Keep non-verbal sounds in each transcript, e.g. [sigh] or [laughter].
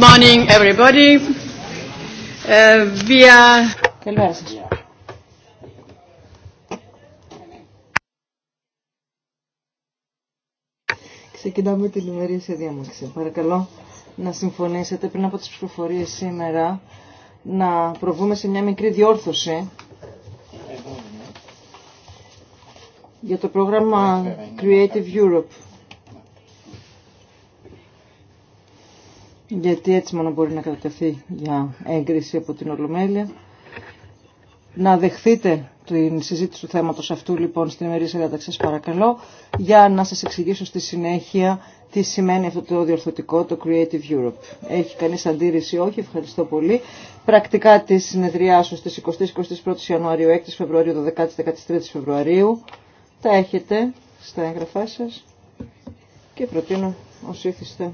Morning everybody. Via... Uh, Καλημέρα σας. Ξεκινάμε την σε διάμαξη. Παρακαλώ να συμφωνήσετε πριν από τις προφορίες σήμερα να προβούμε σε μια μικρή διόρθωση για το πρόγραμμα Creative Europe. γιατί έτσι μόνο μπορεί να κατατεθεί για έγκριση από την Ολομέλεια. Να δεχθείτε την συζήτηση του θέματος αυτού λοιπόν στην ημερήσια σα παρακαλώ για να σας εξηγήσω στη συνέχεια τι σημαίνει αυτό το διορθωτικό, το Creative Europe. Έχει κανείς αντίρρηση, όχι, ευχαριστώ πολύ. Πρακτικά τη συνεδριάσεως στις 20-21 Ιανουαρίου, 6 Φεβρουαρίου, 12-13 Φεβρουαρίου. Τα έχετε στα έγγραφά σας και προτείνω όσοι ήθιστε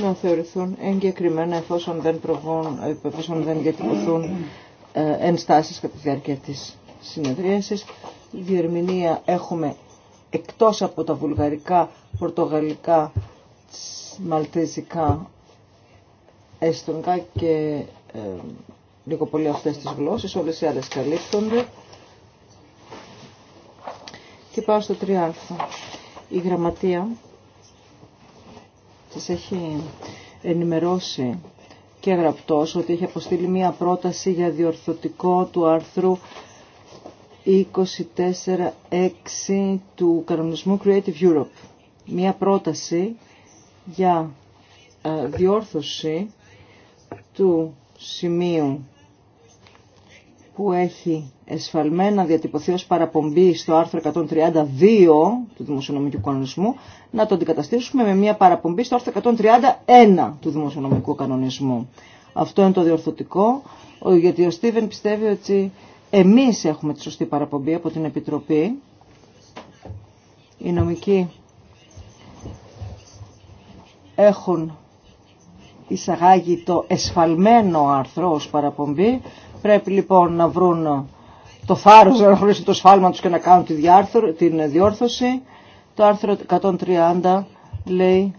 να θεωρηθούν εγκεκριμένα εφόσον δεν, προβούν, εφόσον δεν διατυπωθούν ε, ενστάσεις κατά τη διάρκεια της συνεδρίασης. Διερμηνία έχουμε εκτός από τα βουλγαρικά, πορτογαλικά, μαλτέζικα, εστονικά και ε, λίγο πολύ αυτές τις γλώσσες, όλες οι άλλες καλύπτονται. Και πάω στο 3α. Η γραμματεία σας έχει ενημερώσει και γραπτός ότι έχει αποστείλει μία πρόταση για διορθωτικό του άρθρου 24.6 του κανονισμού Creative Europe. Μία πρόταση για ε, διόρθωση του σημείου που έχει εσφαλμένα διατυπωθεί ως παραπομπή στο άρθρο 132 του Δημοσιονομικού Κανονισμού, να το αντικαταστήσουμε με μια παραπομπή στο άρθρο 131 του Δημοσιονομικού Κανονισμού. Αυτό είναι το διορθωτικό, γιατί ο Στίβεν πιστεύει ότι εμείς έχουμε τη σωστή παραπομπή από την Επιτροπή. Οι νομικοί έχουν εισαγάγει το εσφαλμένο άρθρο ως παραπομπή, Πρέπει λοιπόν να βρουν το θάρρος να χωρίσουν το σφάλμα τους και να κάνουν τη την διόρθωση. Το άρθρο 130 λέει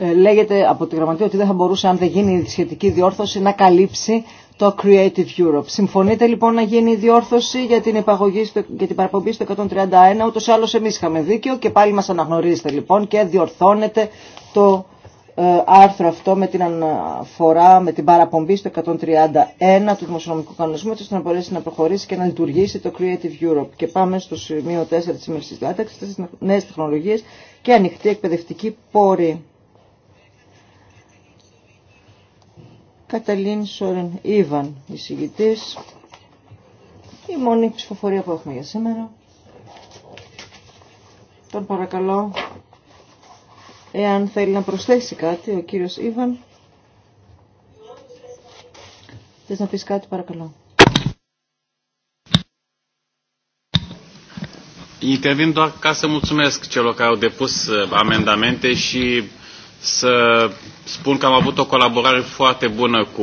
ε, λέγεται από τη γραμματεία ότι δεν θα μπορούσε αν δεν γίνει η σχετική διόρθωση να καλύψει το Creative Europe. Συμφωνείτε λοιπόν να γίνει η διόρθωση για την, υπαγωγή για την παραπομπή στο 131, ούτως ή άλλως εμείς είχαμε δίκιο και πάλι μας αναγνωρίζετε λοιπόν και διορθώνεται το ε, άρθρο αυτό με την αναφορά, με την παραπομπή στο 131 του δημοσιονομικού κανονισμού, ώστε να μπορέσει να προχωρήσει και να λειτουργήσει το Creative Europe. Και πάμε στο σημείο 4 της τη διάταξη, τις νέες τεχνολογίες και ανοιχτή εκπαιδευτική πόρη. Καταλήν Σόρεν Ήβαν, εισηγητή. Η μόνη ψηφοφορία που έχουμε για σήμερα. Τον παρακαλώ Εάν θέλει να προσθέσει κάτι ο κύριος Ήβαν. Θες να πεις κάτι παρακαλώ. Intervin doar ca să mulțumesc celor care au depus eh, amendamente și Să spun că am avut o colaborare foarte bună cu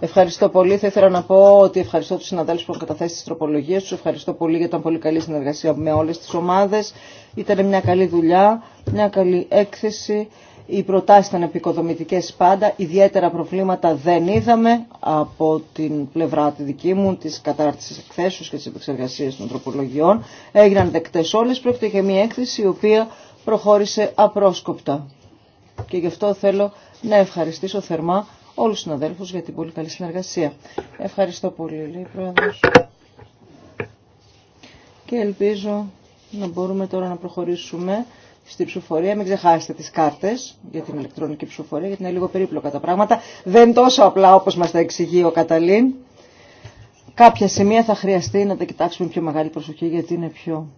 Ευχαριστώ πολύ. Θα ήθελα να πω ότι ευχαριστώ τους συναδέλφους που έχουν καταθέσει τις τροπολογίες τους. Ευχαριστώ πολύ για την πολύ καλή συνεργασία με όλες τις ομάδες. Ήταν μια καλή δουλειά, μια καλή έκθεση. Οι προτάσεις ήταν επικοδομητικές πάντα. Ιδιαίτερα προβλήματα δεν είδαμε από την πλευρά τη δική μου, της κατάρτισης εκθέσεως και της επεξεργασίας των τροπολογιών. Έγιναν δεκτές όλες. Πρόκειται για μια έκθεση η οποία προχώρησε απρόσκοπτα. Και γι' αυτό θέλω να ευχαριστήσω θερμά όλους τους συναδέλφους για την πολύ καλή συνεργασία. Ευχαριστώ πολύ, λέει Πρόεδρος. Και ελπίζω να μπορούμε τώρα να προχωρήσουμε στη ψηφοφορία. Μην ξεχάσετε τις κάρτες για την ηλεκτρονική ψηφοφορία, γιατί είναι λίγο περίπλοκα τα πράγματα. Δεν τόσο απλά όπως μας τα εξηγεί ο Καταλήν. Κάποια σημεία θα χρειαστεί να τα κοιτάξουμε πιο μεγάλη προσοχή, γιατί είναι πιο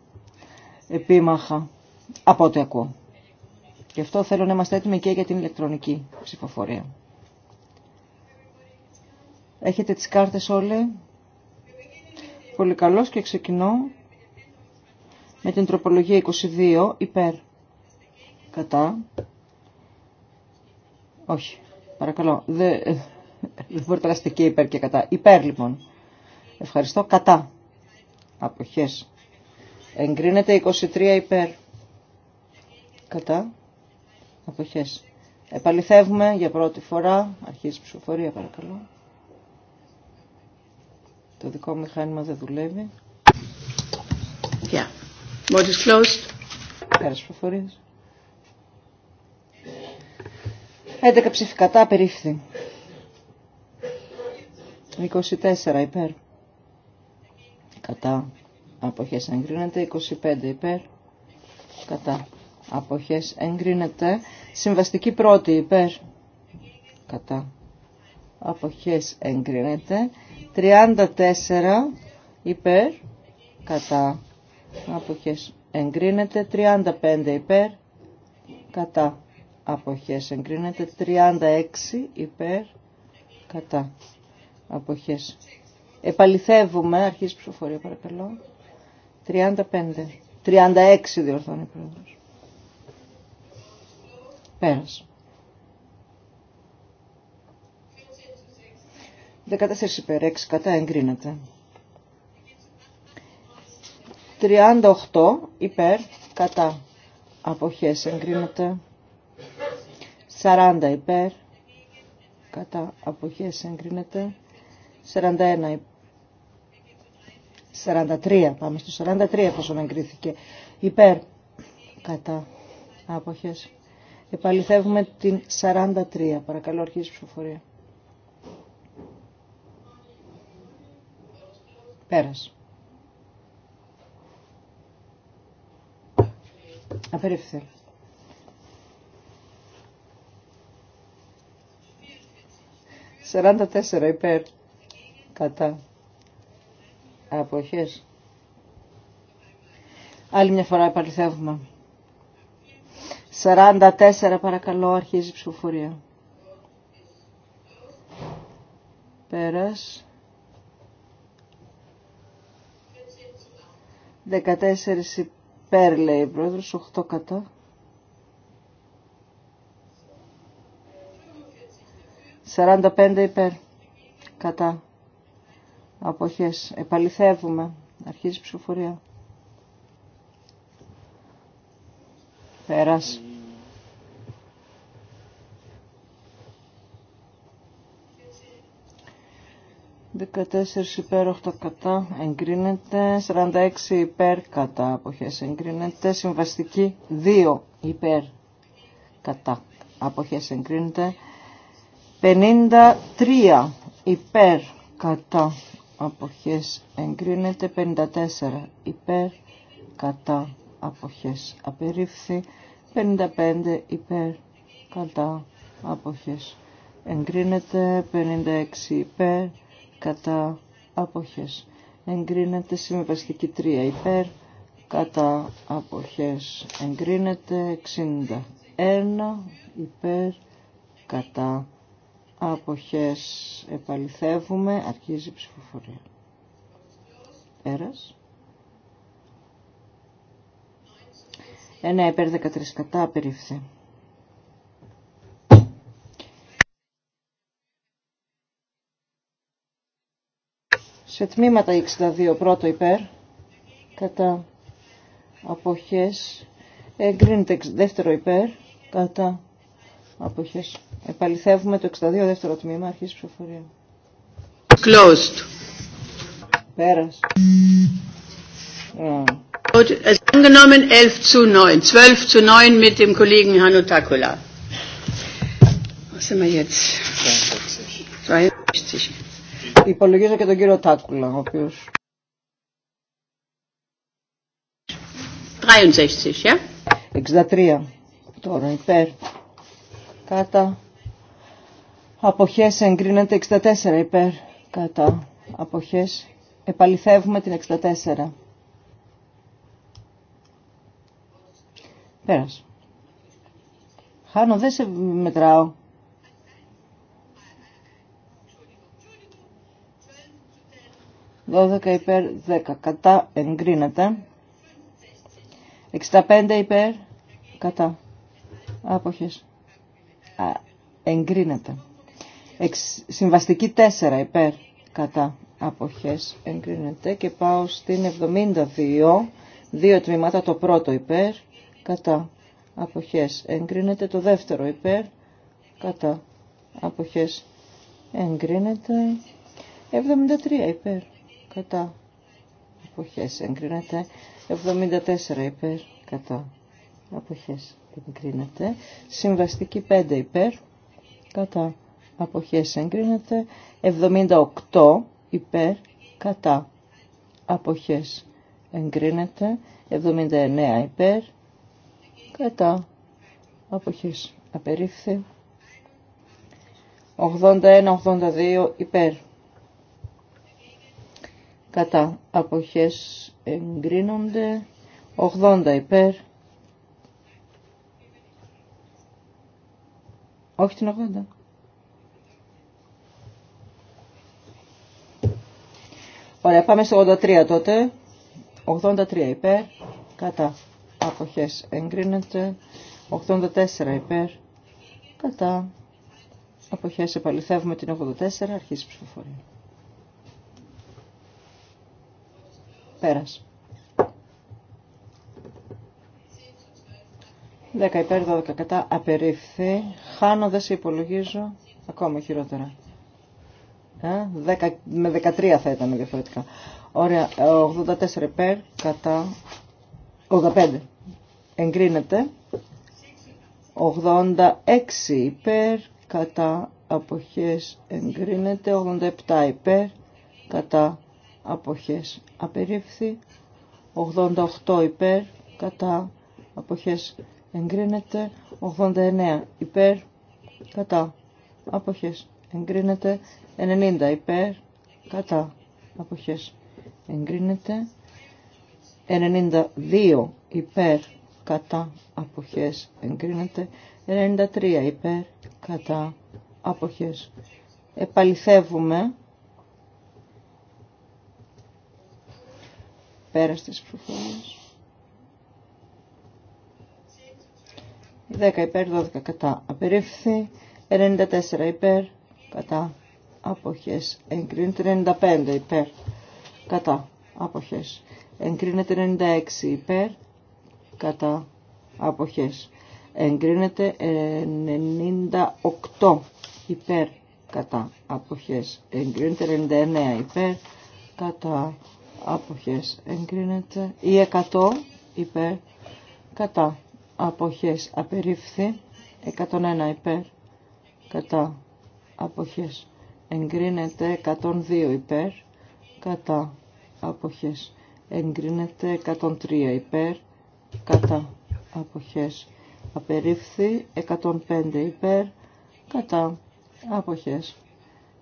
επίμαχα από ό,τι ακούω. Γι' αυτό θέλω να είμαστε έτοιμοι και για την ηλεκτρονική ψηφοφορία. Έχετε τις κάρτες όλοι. Πολύ καλώς και ξεκινώ με την τροπολογία 22 υπέρ. Κατά. Όχι. Παρακαλώ. Ε, δεν μπορείτε να είστε και υπέρ και κατά. Υπέρ λοιπόν. Ευχαριστώ. Κατά. Αποχές. Εγκρίνεται 23 υπέρ. Κατά αποχές. Επαληθεύουμε για πρώτη φορά, αρχίζει η ψηφοφορία παρακαλώ. Το δικό μηχάνημα δεν δουλεύει. Yeah. What is closed. Πέρας 11 ψήφοι. κατά, 24 υπέρ. Κατά. Αποχές εγκρίνεται. 25 υπέρ. Κατά αποχές εγκρίνεται. Συμβαστική πρώτη υπέρ κατά αποχές εγκρίνεται. 34 υπέρ κατά αποχές εγκρίνεται. 35 υπέρ κατά αποχές εγκρίνεται. 36 υπέρ κατά αποχές. Επαληθεύουμε, αρχής ψηφοφορία παρακαλώ. 35. 36 διορθώνει η πρόεδρος. Πέρας. 14 υπέρ 6 κατά εγκρίνεται. 38 υπέρ κατά αποχές εγκρίνεται. 40 υπέρ κατά αποχές εγκρίνεται. 41 43 πάμε στο 43 εφόσον εγκρίθηκε υπέρ κατά αποχές Επαληθεύουμε την 43. Παρακαλώ αρχίζει η ψηφοφορία. Πέρασε. Απερίφθη. 44 υπέρ. Κατά. Αποχές. Άλλη μια φορά επαληθεύουμε. 44 παρακαλώ αρχίζει η ψηφοφορία. Πέρας. 14 υπέρ λέει η πρόεδρος, 8 κατά. 45 υπέρ. Κατά. Αποχές. Επαληθεύουμε. Αρχίζει η ψηφοφορία. Πέρας. 14 υπέρ 8 κατά εγκρίνεται, 46 υπέρ κατά αποχές εγκρίνεται, συμβαστική 2 υπέρ κατά αποχές εγκρίνεται, 53 υπέρ κατά αποχές εγκρίνεται, 54 υπέρ κατά αποχές απερίφθη, 55 υπέρ κατά αποχές εγκρίνεται, 56 υπέρ κατά αποχές. Εγκρίνεται συμβαστική 3 υπέρ κατά αποχές. Εγκρίνεται 61 υπέρ κατά αποχές. Επαληθεύουμε. Αρχίζει η ψηφοφορία. Πέρας. 9 υπέρ 13 κατά περίφθη. Σε τμήματα 62 πρώτο υπέρ, κατά αποχές, εγκρίνεται δεύτερο υπέρ, κατά αποχές. Επαληθεύουμε το 62 δεύτερο τμήμα αρχής ψηφοφορία. Closed. Πέρας. Yeah. angenommen 11 zu 9, 12 zu 9 mit dem Kollegen χανου Χάνου Was sind wir jetzt? 62. 62 υπολογίζω και τον κύριο Τάκουλα, ο οποίο. 63, yeah. 63 τώρα υπέρ κατά αποχές εγκρίνεται 64 υπέρ κατά αποχές επαληθεύουμε την 64 Πέρασε. χάνω δεν σε μετράω 12 υπέρ 10 κατά εγκρίνεται. 65 υπέρ κατά άποχες Α, εγκρίνεται. συμβαστική 4 υπέρ κατά αποχές εγκρίνεται και πάω στην 72 δύο τμήματα το πρώτο υπέρ κατά αποχές εγκρίνεται το δεύτερο υπέρ κατά αποχές εγκρίνεται 73 υπέρ κατά αποχές εγκρίνεται 74 υπέρ κατά αποχές εγκρίνεται συμβαστική 5 υπέρ κατά αποχές εγκρίνεται 78 υπέρ κατά αποχές εγκρίνεται 79 υπέρ κατά αποχές απερίφθη 81-82 υπέρ κατά αποχές εγκρίνονται 80 υπέρ όχι την 80 Ωραία, πάμε στο 83 τότε. 83 υπέρ, κατά αποχές εγκρίνεται. 84 υπέρ, κατά αποχές επαληθεύουμε την 84, αρχίζει η ψηφοφορία. 10 υπέρ, 12 κατά, απερίφθη. Χάνω, δεν σε υπολογίζω. Ακόμα χειρότερα. Ε, 10, με 13 θα ήταν διαφορετικά. Ωραία, 84 ε, υπέρ, κατά 85. Εγκρίνεται. 86 υπέρ, κατά αποχές εγκρίνεται. 87 υπέρ, κατά αποχές απερίφθη 88 υπέρ κατά αποχές εγκρίνεται 89 υπέρ κατά αποχές εγκρίνεται 90 υπέρ κατά αποχές εγκρίνεται 92 υπέρ κατά αποχές εγκρίνεται 93 υπέρ κατά αποχές επαληθεύουμε Πέρας της 10 υπέρ, 12 κατά απερίφθη, 94 υπέρ, κατά αποχές εγκρίνεται, 95 υπέρ, κατά αποχές εγκρίνεται, 96 υπέρ, κατά αποχές εγκρίνεται, 98 υπέρ, κατά αποχές εγκρίνεται, 99 υπέρ, κατά αποχές εγκρίνεται. Η 100 υπέρ κατά αποχές απερίφθη. 101 υπέρ κατά αποχές εγκρίνεται. 102 υπέρ κατά αποχές εγκρίνεται. 103 υπέρ κατά αποχές απερίφθη. 105 υπέρ κατά αποχές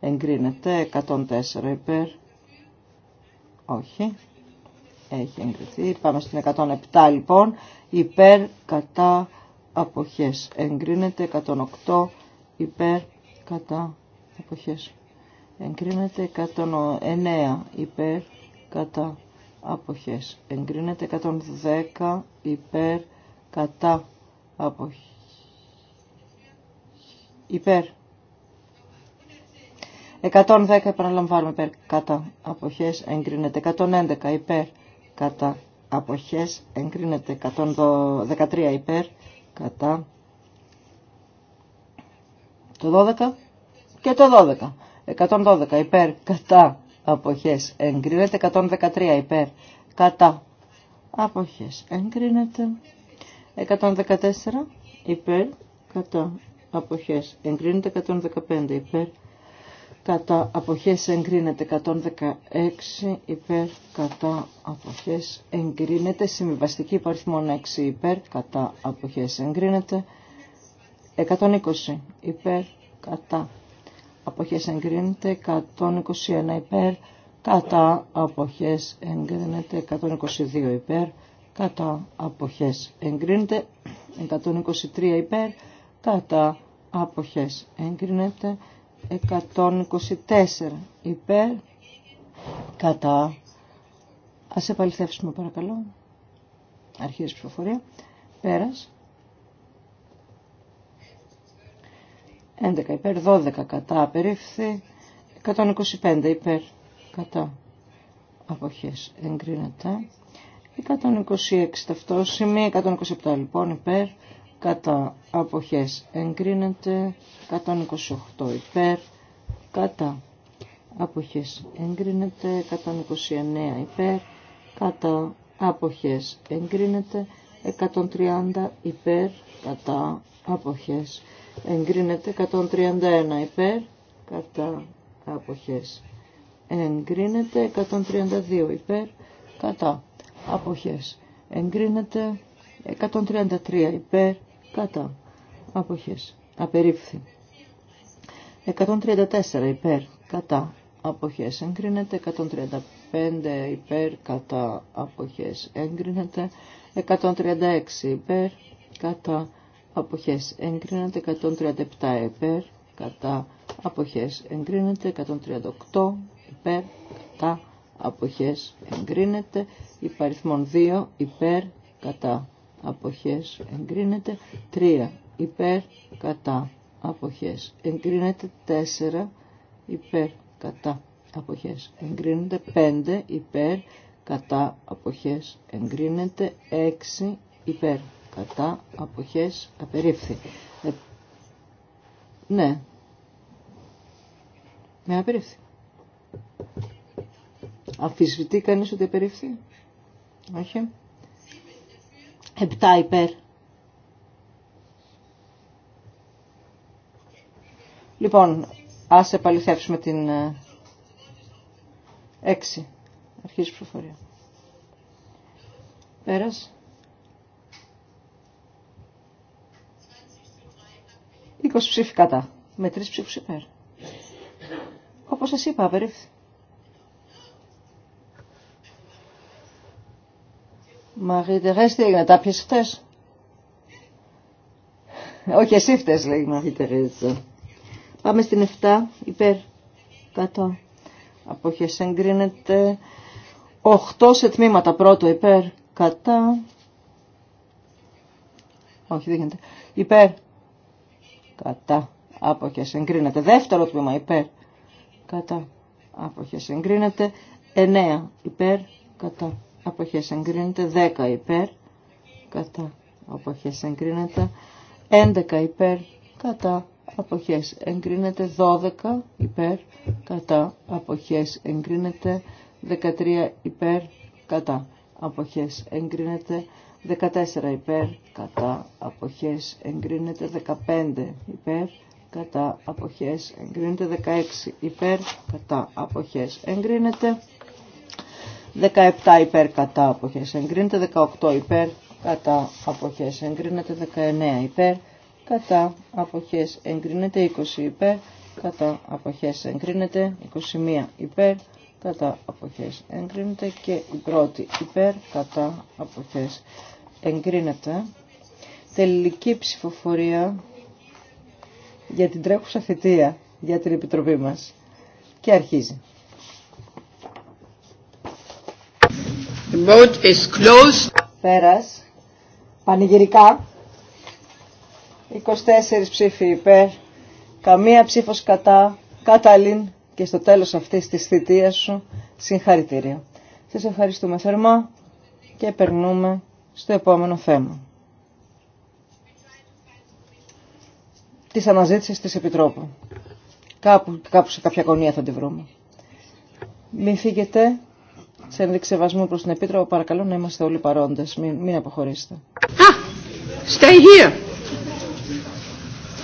εγκρίνεται. 104 υπέρ όχι. Έχει εγκριθεί. Πάμε στην 107 λοιπόν. Υπέρ κατά αποχές. Εγκρίνεται 108 υπέρ κατά αποχές. Εγκρίνεται 109 υπέρ κατά αποχές. Εγκρίνεται 110 υπέρ κατά αποχές. Υπέρ 110 επαναλαμβάνουμε υπέρ κατά αποχές εγκρίνεται. 111 υπέρ κατά αποχές εγκρίνεται. 113 υπέρ κατά το 12 και το 12. 112 υπέρ κατά αποχές εγκρίνεται. 113 υπέρ κατά αποχές εγκρίνεται. 114 υπέρ κατά αποχές εγκρίνεται. 115 υπέρ κατά αποχές εγκρίνεται 116 υπέρ κατά αποχές εγκρίνεται συμβιβαστική υπαριθμών 6 υπέρ κατά αποχές εγκρίνεται 120 υπέρ κατά αποχές εγκρίνεται 121 υπέρ κατά αποχές εγκρίνεται 122 υπέρ κατά αποχές εγκρίνεται 123 υπέρ κατά αποχές εγκρίνεται 124 υπέρ κατά ας επαληθεύσουμε παρακαλώ αρχής ψηφοφορία πέρας 11 υπέρ 12 κατά απερίφθη 125 υπέρ κατά αποχές εγκρίνεται 126 ταυτόσημη 127 λοιπόν υπέρ κατά αποχές εγκρίνεται 128 υπέρ κατά αποχές εγκρίνεται 129 υπέρ κατά αποχές εγκρίνεται 130 υπέρ κατά αποχές εγκρίνεται 131 υπέρ κατά αποχές εγκρίνεται 132 υπέρ κατά αποχές εγκρίνεται 133 υπέρ Κατά. Αποχές. Απερίφθη. 134 υπέρ. Κατά. Αποχές. Εγκρίνεται. 135 υπέρ. Κατά. Αποχές. Εγκρίνεται. 136 υπέρ. Κατά. Αποχές. Εγκρίνεται. 137 υπέρ. Κατά. Αποχές. Εγκρίνεται. 138 υπέρ. Κατά. Αποχές. Εγκρίνεται. Υπαριθμών 2 υπέρ. Κατά αποχές εγκρίνεται 3 υπέρ κατά αποχές εγκρίνεται 4 υπέρ κατά αποχές εγκρίνεται 5 υπέρ κατά αποχές εγκρίνεται 6 υπέρ κατά αποχές απερίφθη ε, ναι με ναι, απερίφθη αφισβητεί κανείς ότι απερίφθη όχι Επτά υπέρ. Λοιπόν, ας επαληθεύσουμε την ε, έξι. Αρχίζει η ψηφοφορία. Πέρας. 20 ψήφοι κατά. Με τρεις ψήφους υπέρ. Όπως σας είπα, απερίφθη. Μαρή Τερές τι έγινε, τα πιες χτες. Όχι εσύ χτες λέει η Μαρή Πάμε στην 7 υπέρ κάτω. Αποχές εγκρίνεται 8 σε τμήματα πρώτο υπέρ κατά. Όχι δεν γίνεται. Υπέρ κατά. Αποχές εγκρίνεται δεύτερο τμήμα υπέρ κατά. Αποχές εγκρίνεται 9 υπέρ κατά αποχές εγκρίνεται 10 υπέρ κατά αποχές εγκρίνεται 11 υπέρ κατά αποχές εγκρίνεται 12 υπέρ κατά αποχές εγκρίνεται 13 υπέρ κατά αποχές εγκρίνεται 14 υπέρ κατά αποχές εγκρίνεται 15 υπέρ κατά αποχές εγκρίνεται 16 υπέρ κατά αποχές εγκρίνεται 17 υπέρ κατά αποχές εγκρίνεται, 18 υπέρ κατά αποχές εγκρίνεται, 19 υπέρ κατά αποχές εγκρίνεται, 20 υπέρ κατά αποχές εγκρίνεται, 21 υπέρ κατά αποχές εγκρίνεται και η πρώτη υπέρ κατά αποχές εγκρίνεται. Τελική ψηφοφορία για την τρέχουσα θητεία για την Επιτροπή μας και αρχίζει. vote is closed. Πέρας. Πανηγυρικά. 24 ψήφοι υπέρ. Καμία ψήφος κατά. Καταλήν. Και στο τέλος αυτής της θητείας σου συγχαρητήρια. Σας ευχαριστούμε θερμά και περνούμε στο επόμενο θέμα. Τη αναζήτηση τη Επιτρόπου. Κάπου, κάπου σε κάποια κονία θα τη βρούμε. Μην φύγετε σε ένδειξη σεβασμού προς την Επίτροπο, παρακαλώ να είμαστε όλοι παρόντες. Μην, μην αποχωρήσετε. Α, stay here.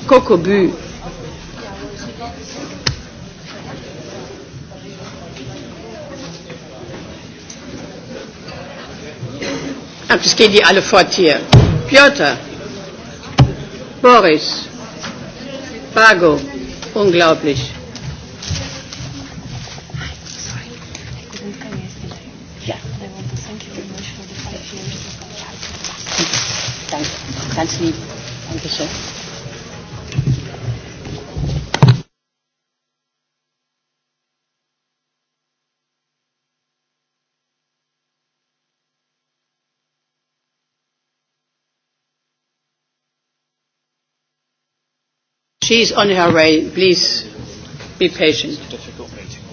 Κοκομπού. Ach, das gehen die alle fort hier. Piotr, Boris, unglaublich. ganz lieb. Dankeschön. She's on her way. Please be patient. It's a difficult meeting.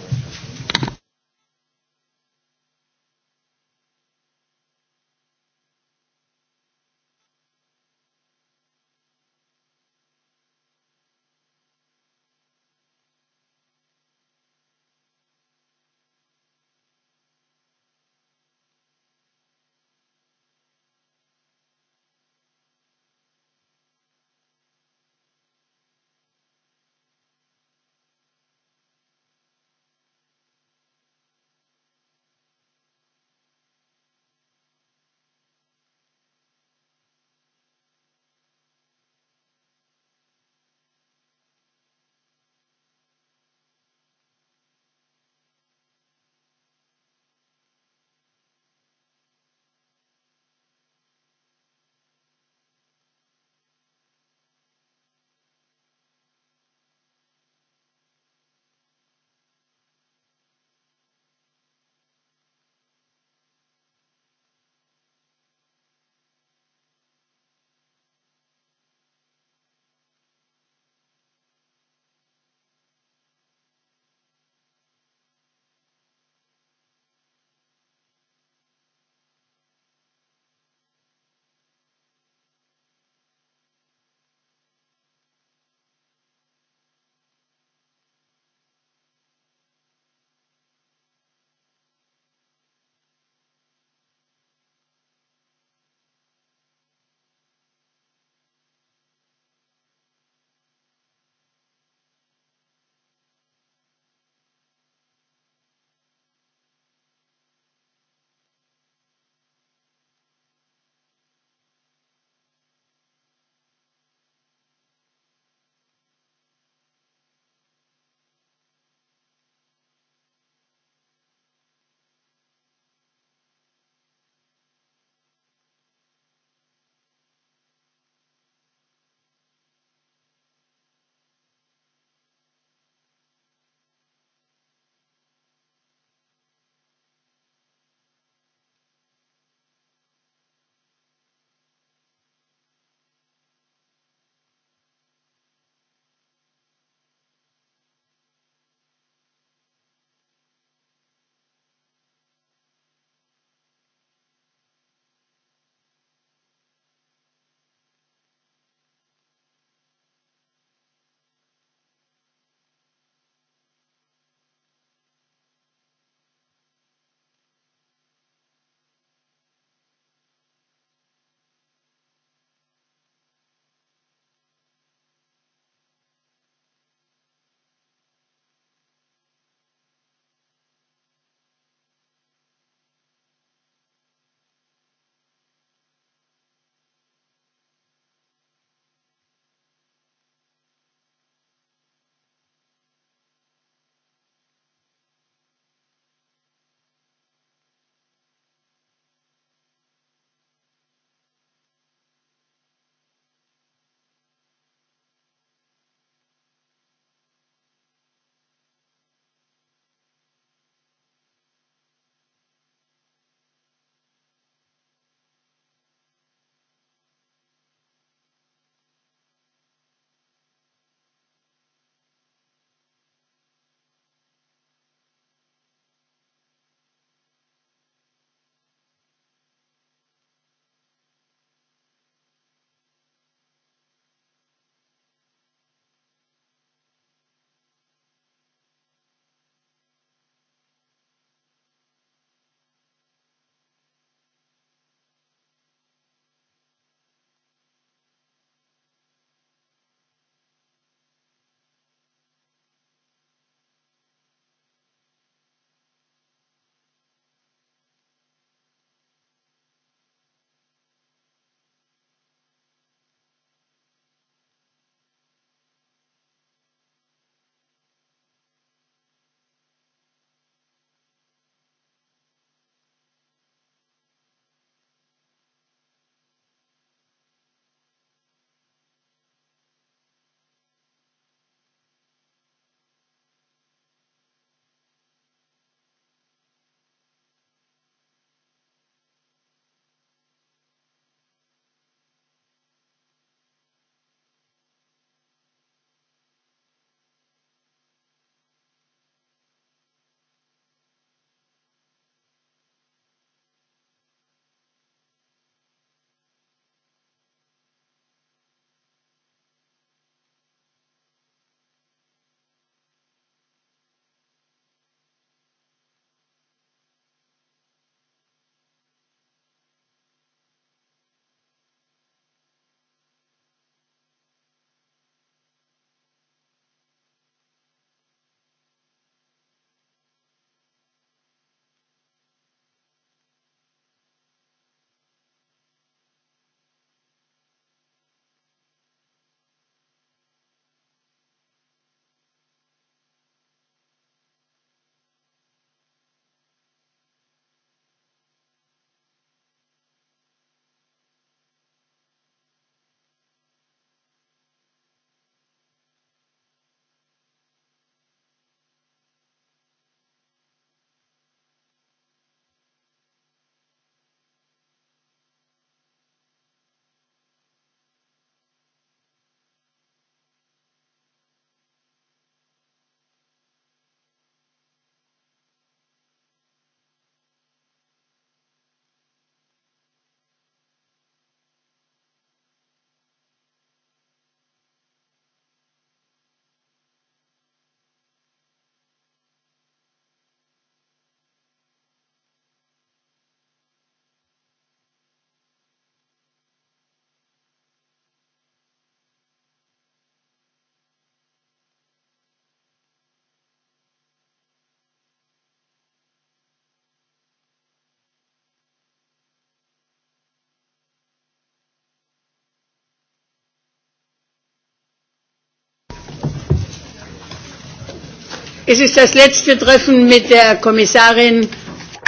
Es ist das letzte Treffen mit der Kommissarin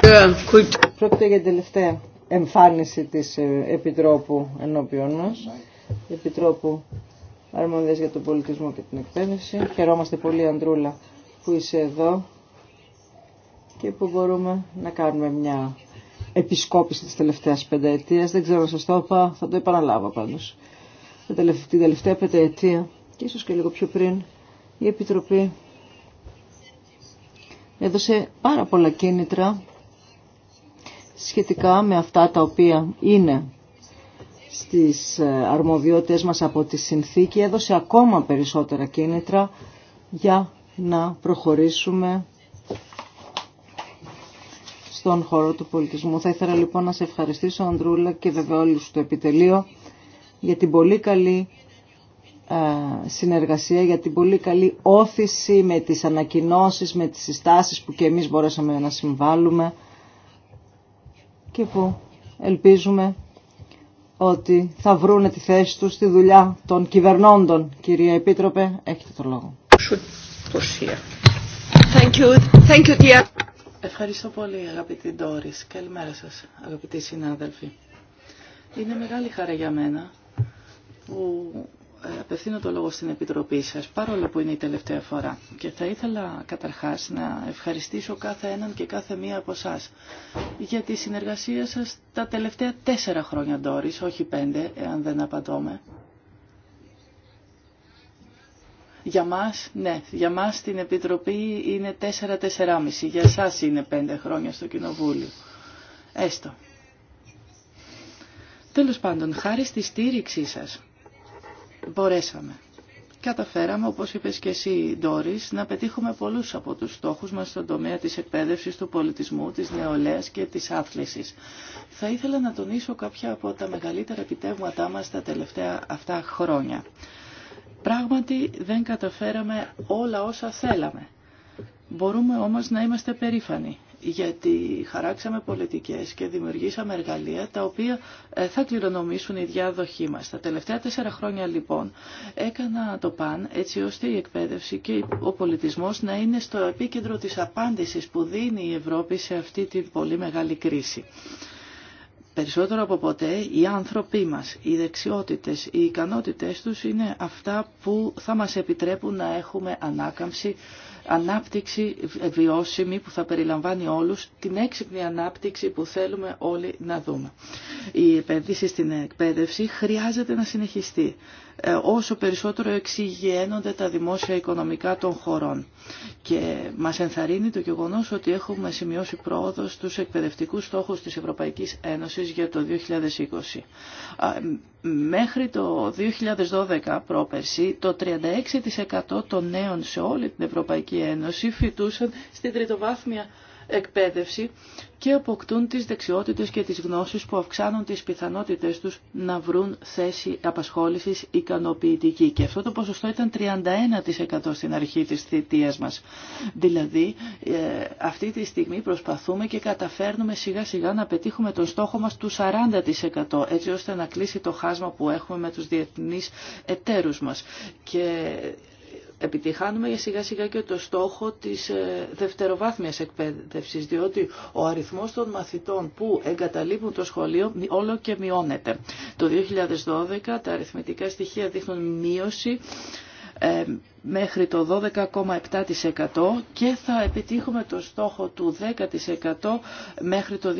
für Kultur. τελευταία εμφάνιση της ε, Επιτρόπου ενώπιον μας, Επιτρόπου Αρμονδίας για τον Πολιτισμό και την Εκπαίδευση. Χαιρόμαστε πολύ, Αντρούλα, που είσαι εδώ και που μπορούμε να κάνουμε μια επισκόπηση της τελευταίας πενταετίας. Δεν ξέρω αν σας το είπα, θα το επαναλάβω πάντως. Την τελευταία πενταετία και ίσως και λίγο πιο πριν η Επιτροπή έδωσε πάρα πολλά κίνητρα σχετικά με αυτά τα οποία είναι στις ε, αρμοδιότητες μας από τη συνθήκη, έδωσε ακόμα περισσότερα κίνητρα για να προχωρήσουμε στον χώρο του πολιτισμού. Θα ήθελα λοιπόν να σε ευχαριστήσω Ανδρούλα και βέβαια όλους στο επιτελείο για την πολύ καλή συνεργασία, για την πολύ καλή όθηση με τις ανακοινώσεις, με τις συστάσεις που και εμείς μπορέσαμε να συμβάλλουμε και που ελπίζουμε ότι θα βρούνε τη θέση τους στη δουλειά των κυβερνώντων. Κυρία Επίτροπε, έχετε το λόγο. Thank you. Thank you, dear. Ευχαριστώ πολύ αγαπητή Ντόρις. Καλημέρα σας αγαπητοί συνάδελφοι. Είναι μεγάλη χαρά για μένα που ε, απευθύνω το λόγο στην Επιτροπή σας, παρόλο που είναι η τελευταία φορά. Και θα ήθελα καταρχάς να ευχαριστήσω κάθε έναν και κάθε μία από εσά για τη συνεργασία σας τα τελευταία τέσσερα χρόνια, Ντόρις, όχι πέντε, εάν δεν απαντώμε. Για μας, ναι, για μας στην Επιτροπή είναι 4-4,5, για εσάς είναι πέντε χρόνια στο Κοινοβούλιο. Έστω. Τέλος πάντων, χάρη στη στήριξή σας, μπορέσαμε. Καταφέραμε, όπως είπες και εσύ Ντόρις, να πετύχουμε πολλούς από τους στόχους μας στον τομέα της εκπαίδευσης, του πολιτισμού, της νεολαίας και της άθλησης. Θα ήθελα να τονίσω κάποια από τα μεγαλύτερα επιτεύγματά μας τα τελευταία αυτά χρόνια. Πράγματι δεν καταφέραμε όλα όσα θέλαμε. Μπορούμε όμως να είμαστε περήφανοι γιατί χαράξαμε πολιτικές και δημιουργήσαμε εργαλεία τα οποία ε, θα κληρονομήσουν οι διάδοχοί μας. Τα τελευταία τέσσερα χρόνια λοιπόν έκανα το παν έτσι ώστε η εκπαίδευση και ο πολιτισμός να είναι στο επίκεντρο της απάντησης που δίνει η Ευρώπη σε αυτή την πολύ μεγάλη κρίση. Περισσότερο από ποτέ οι άνθρωποι μας, οι δεξιότητες, οι ικανότητες τους είναι αυτά που θα μας επιτρέπουν να έχουμε ανάκαμψη ανάπτυξη βιώσιμη που θα περιλαμβάνει όλους, την έξυπνη ανάπτυξη που θέλουμε όλοι να δούμε. Η επένδυση στην εκπαίδευση χρειάζεται να συνεχιστεί ε, όσο περισσότερο εξηγένονται τα δημόσια οικονομικά των χωρών. Και μας ενθαρρύνει το γεγονός ότι έχουμε σημειώσει πρόοδο στους εκπαιδευτικούς στόχους της Ευρωπαϊκής Ένωσης για το 2020. Μέχρι το 2012 πρόπερση, το 36% των νέων σε όλη την Ευρωπαϊκή Ευρωπαϊκή Ένωση φοιτούσαν στην τριτοβάθμια εκπαίδευση και αποκτούν τις δεξιότητες και τις γνώσεις που αυξάνουν τις πιθανότητες τους να βρουν θέση απασχόλησης ικανοποιητική. Και αυτό το ποσοστό ήταν 31% στην αρχή της θητείας μας. Δηλαδή, ε, αυτή τη στιγμή προσπαθούμε και καταφέρνουμε σιγά σιγά να πετύχουμε τον στόχο μας του 40% έτσι ώστε να κλείσει το χάσμα που έχουμε με τους διεθνείς εταίρους μας. Και επιτυχάνουμε σιγά σιγά και το στόχο της ε, δευτεροβάθμιας εκπαίδευσης, διότι ο αριθμός των μαθητών που εγκαταλείπουν το σχολείο όλο και μειώνεται. Το 2012 τα αριθμητικά στοιχεία δείχνουν μείωση ε, μέχρι το 12,7% και θα επιτύχουμε το στόχο του 10% μέχρι το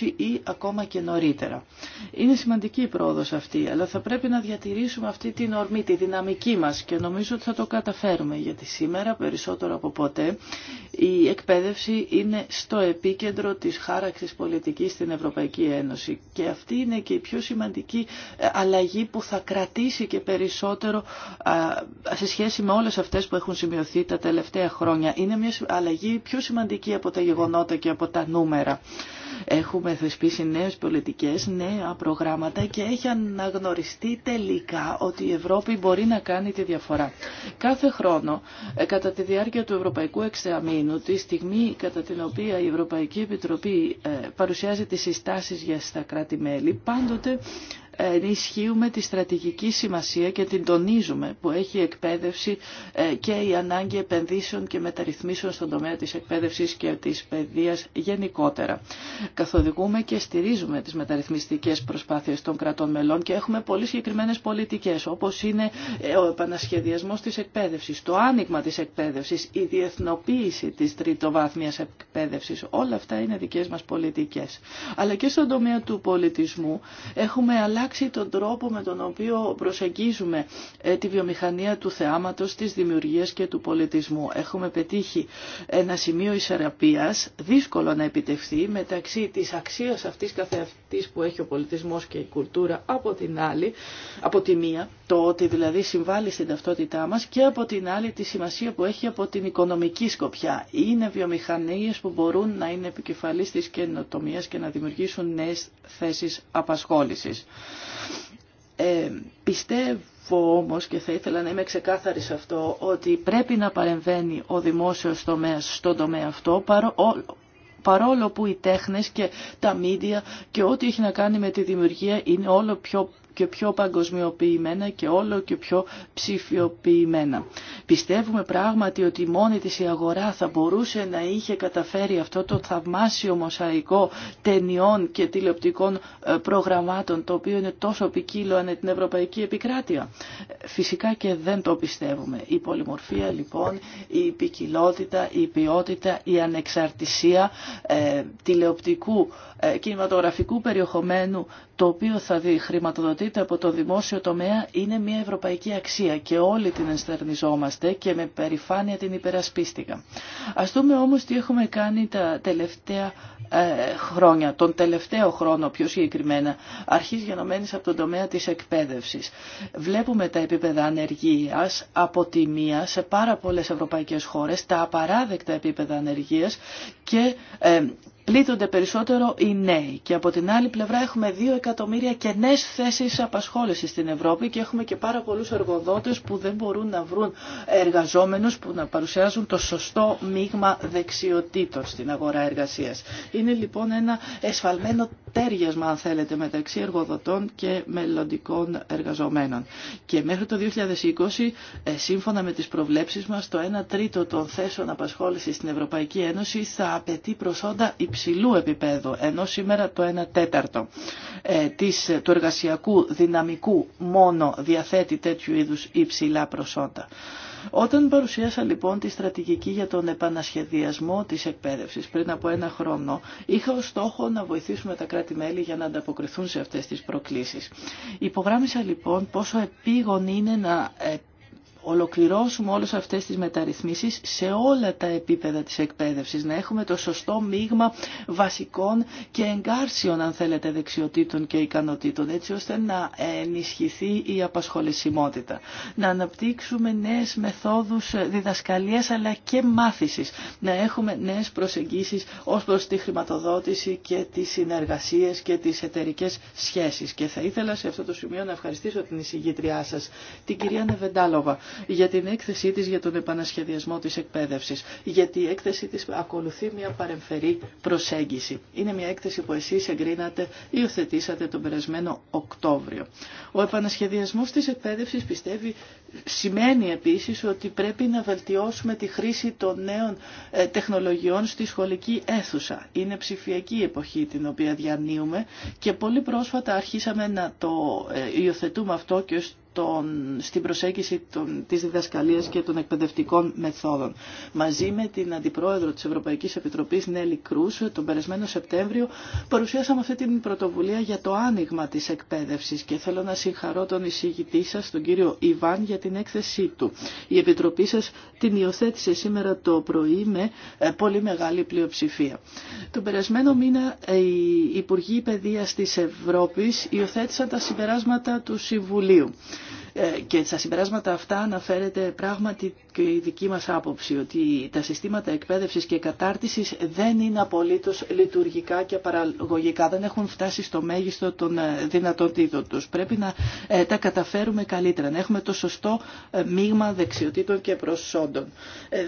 2020 ή ακόμα και νωρίτερα. Είναι σημαντική η πρόοδος αυτή, αλλά θα πρέπει να διατηρήσουμε αυτή την ορμή, τη δυναμική μας και νομίζω ότι θα το καταφέρουμε, γιατί σήμερα περισσότερο από ποτέ η εκπαίδευση είναι στο επίκεντρο της χάραξης πολιτικής στην Ευρωπαϊκή Ένωση και αυτή είναι και η πιο σημαντική ε, αλλαγή που θα κρατήσει και περισσότερο σε σχέση σχέση με όλες αυτές που έχουν σημειωθεί τα τελευταία χρόνια. Είναι μια αλλαγή πιο σημαντική από τα γεγονότα και από τα νούμερα. Έχουμε θεσπίσει νέες πολιτικές, νέα προγράμματα και έχει αναγνωριστεί τελικά ότι η Ευρώπη μπορεί να κάνει τη διαφορά. Κάθε χρόνο, ε, κατά τη διάρκεια του Ευρωπαϊκού Εξαμήνου, τη στιγμή κατά την οποία η Ευρωπαϊκή Επιτροπή ε, παρουσιάζει τις συστάσεις για στα κράτη-μέλη, πάντοτε ενισχύουμε τη στρατηγική σημασία και την τονίζουμε που έχει η εκπαίδευση ε, και η ανάγκη επενδύσεων και μεταρρυθμίσεων στον τομέα της εκπαίδευσης και της παιδείας γενικότερα. Καθοδηγούμε και στηρίζουμε τις μεταρρυθμιστικές προσπάθειες των κρατών μελών και έχουμε πολύ συγκεκριμένε πολιτικές όπως είναι ε, ο επανασχεδιασμός της εκπαίδευσης, το άνοιγμα της εκπαίδευσης, η διεθνοποίηση της τριτοβάθμιας εκπαίδευσης. Όλα αυτά είναι δικές μας πολιτικές. Αλλά και στον τομέα του πολιτισμού έχουμε αλλάξει αλλάξει τον τρόπο με τον οποίο προσεγγίζουμε ε, τη βιομηχανία του θεάματος, της δημιουργίας και του πολιτισμού. Έχουμε πετύχει ένα σημείο ισορροπίας, δύσκολο να επιτευχθεί, μεταξύ της αξίας αυτής καθεαυτής που έχει ο πολιτισμός και η κουλτούρα από την άλλη, από τη μία, το ότι δηλαδή συμβάλλει στην ταυτότητά μας και από την άλλη τη σημασία που έχει από την οικονομική σκοπιά. Είναι βιομηχανίες που μπορούν να είναι επικεφαλής της καινοτομίας και να δημιουργήσουν νέες θέσεις απασχόλησης. Ε, πιστεύω όμως και θα ήθελα να είμαι ξεκάθαρη σε αυτό ότι πρέπει να παρεμβαίνει ο δημόσιος τομέας στον τομέα αυτό παρόλο που οι τέχνες και τα μίντια και ό,τι έχει να κάνει με τη δημιουργία είναι όλο πιο και πιο παγκοσμιοποιημένα και όλο και πιο ψηφιοποιημένα. Πιστεύουμε πράγματι ότι μόνη της η αγορά θα μπορούσε να είχε καταφέρει αυτό το θαυμάσιο μοσαϊκό ταινιών και τηλεοπτικών ε, προγραμμάτων το οποίο είναι τόσο ποικίλο ανε την ευρωπαϊκή επικράτεια. Φυσικά και δεν το πιστεύουμε. Η πολυμορφία λοιπόν, η ποικιλότητα, η ποιότητα, η ανεξαρτησία ε, τηλεοπτικού ε, κινηματογραφικού περιεχομένου το οποίο θα δει, χρηματοδοτείται από το δημόσιο τομέα είναι μια ευρωπαϊκή αξία και όλοι την ενστερνιζόμαστε και με περηφάνεια την υπερασπίστηκα. Ας δούμε όμως τι έχουμε κάνει τα τελευταία ε, χρόνια, τον τελευταίο χρόνο πιο συγκεκριμένα, αρχής γενομένης από τον τομέα της εκπαίδευσης. Βλέπουμε τα επίπεδα ανεργίας από τη μία σε πάρα πολλές ευρωπαϊκές χώρες, τα απαράδεκτα επίπεδα ανεργία και ε, πλήττονται περισσότερο οι νέοι. Και από την άλλη πλευρά έχουμε 2 εκατομμύρια κενέ θέσει απασχόληση στην Ευρώπη και έχουμε και πάρα πολλού εργοδότε που δεν μπορούν να βρουν εργαζόμενου που να παρουσιάζουν το σωστό μείγμα δεξιοτήτων στην αγορά εργασία. Είναι λοιπόν ένα εσφαλμένο τέριασμα, αν θέλετε, μεταξύ εργοδοτών και μελλοντικών εργαζομένων. Και μέχρι το 2020, ε, σύμφωνα με τι προβλέψει μα, το 1 τρίτο των θέσεων απασχόληση στην Ευρωπαϊκή Ένωση θα απαιτεί προσόντα υψηλή υψηλού επίπεδου, ενώ σήμερα το 1 τέταρτο ε, της, του εργασιακού δυναμικού μόνο διαθέτει τέτοιου είδους υψηλά προσόντα. Όταν παρουσίασα λοιπόν τη στρατηγική για τον επανασχεδιασμό της εκπαίδευσης πριν από ένα χρόνο, είχα ως στόχο να βοηθήσουμε τα κράτη-μέλη για να ανταποκριθούν σε αυτές τις προκλήσεις. Υπογράμμισα λοιπόν πόσο επίγον είναι να ε, ολοκληρώσουμε όλες αυτές τις μεταρρυθμίσεις σε όλα τα επίπεδα της εκπαίδευσης, να έχουμε το σωστό μείγμα βασικών και εγκάρσιων, αν θέλετε, δεξιοτήτων και ικανοτήτων, έτσι ώστε να ενισχυθεί η απασχολησιμότητα. Να αναπτύξουμε νέες μεθόδους διδασκαλίας αλλά και μάθησης, να έχουμε νέες προσεγγίσεις ως προς τη χρηματοδότηση και τις συνεργασίες και τις εταιρικές σχέσεις. Και θα ήθελα σε αυτό το σημείο να ευχαριστήσω την εισηγήτριά σας, την κυρία Νεβεντάλοβα, για την έκθεσή της για τον επανασχεδιασμό της εκπαίδευσης. Γιατί η έκθεσή της ακολουθεί μια παρεμφερή προσέγγιση. Είναι μια έκθεση που εσείς εγκρίνατε, υιοθετήσατε τον περασμένο Οκτώβριο. Ο επανασχεδιασμός της εκπαίδευσης πιστεύει σημαίνει επίσης ότι πρέπει να βελτιώσουμε τη χρήση των νέων ε, τεχνολογιών στη σχολική αίθουσα. Είναι ψηφιακή εποχή την οποία διανύουμε και πολύ πρόσφατα αρχίσαμε να το ε, υιοθετούμε αυτό και στην προσέγγιση των, της διδασκαλίας και των εκπαιδευτικών μεθόδων. Μαζί με την Αντιπρόεδρο της Ευρωπαϊκής Επιτροπής Νέλη Κρούς τον περασμένο Σεπτέμβριο παρουσιάσαμε αυτή την πρωτοβουλία για το άνοιγμα της εκπαίδευσης και θέλω να συγχαρώ τον εισηγητή σας, τον κύριο Ιβάν, για την έκθεσή του. Η Επιτροπή σας την υιοθέτησε σήμερα το πρωί με ε, πολύ μεγάλη πλειοψηφία. Τον περασμένο μήνα ε, οι Υπουργοί Παιδείας της Ευρώπης υιοθέτησαν τα συμπεράσματα του Συμβουλίου. Ε, και στα συμπεράσματα αυτά αναφέρεται πράγματι και η δική μας άποψη ότι τα συστήματα εκπαίδευσης και κατάρτισης δεν είναι απολύτως λειτουργικά και παραγωγικά, δεν έχουν φτάσει στο μέγιστο των ε, δυνατοτήτων τους. Πρέπει να ε, τα καταφέρουμε καλύτερα, να έχουμε το σωστό μείγμα δεξιοτήτων και προσόντων.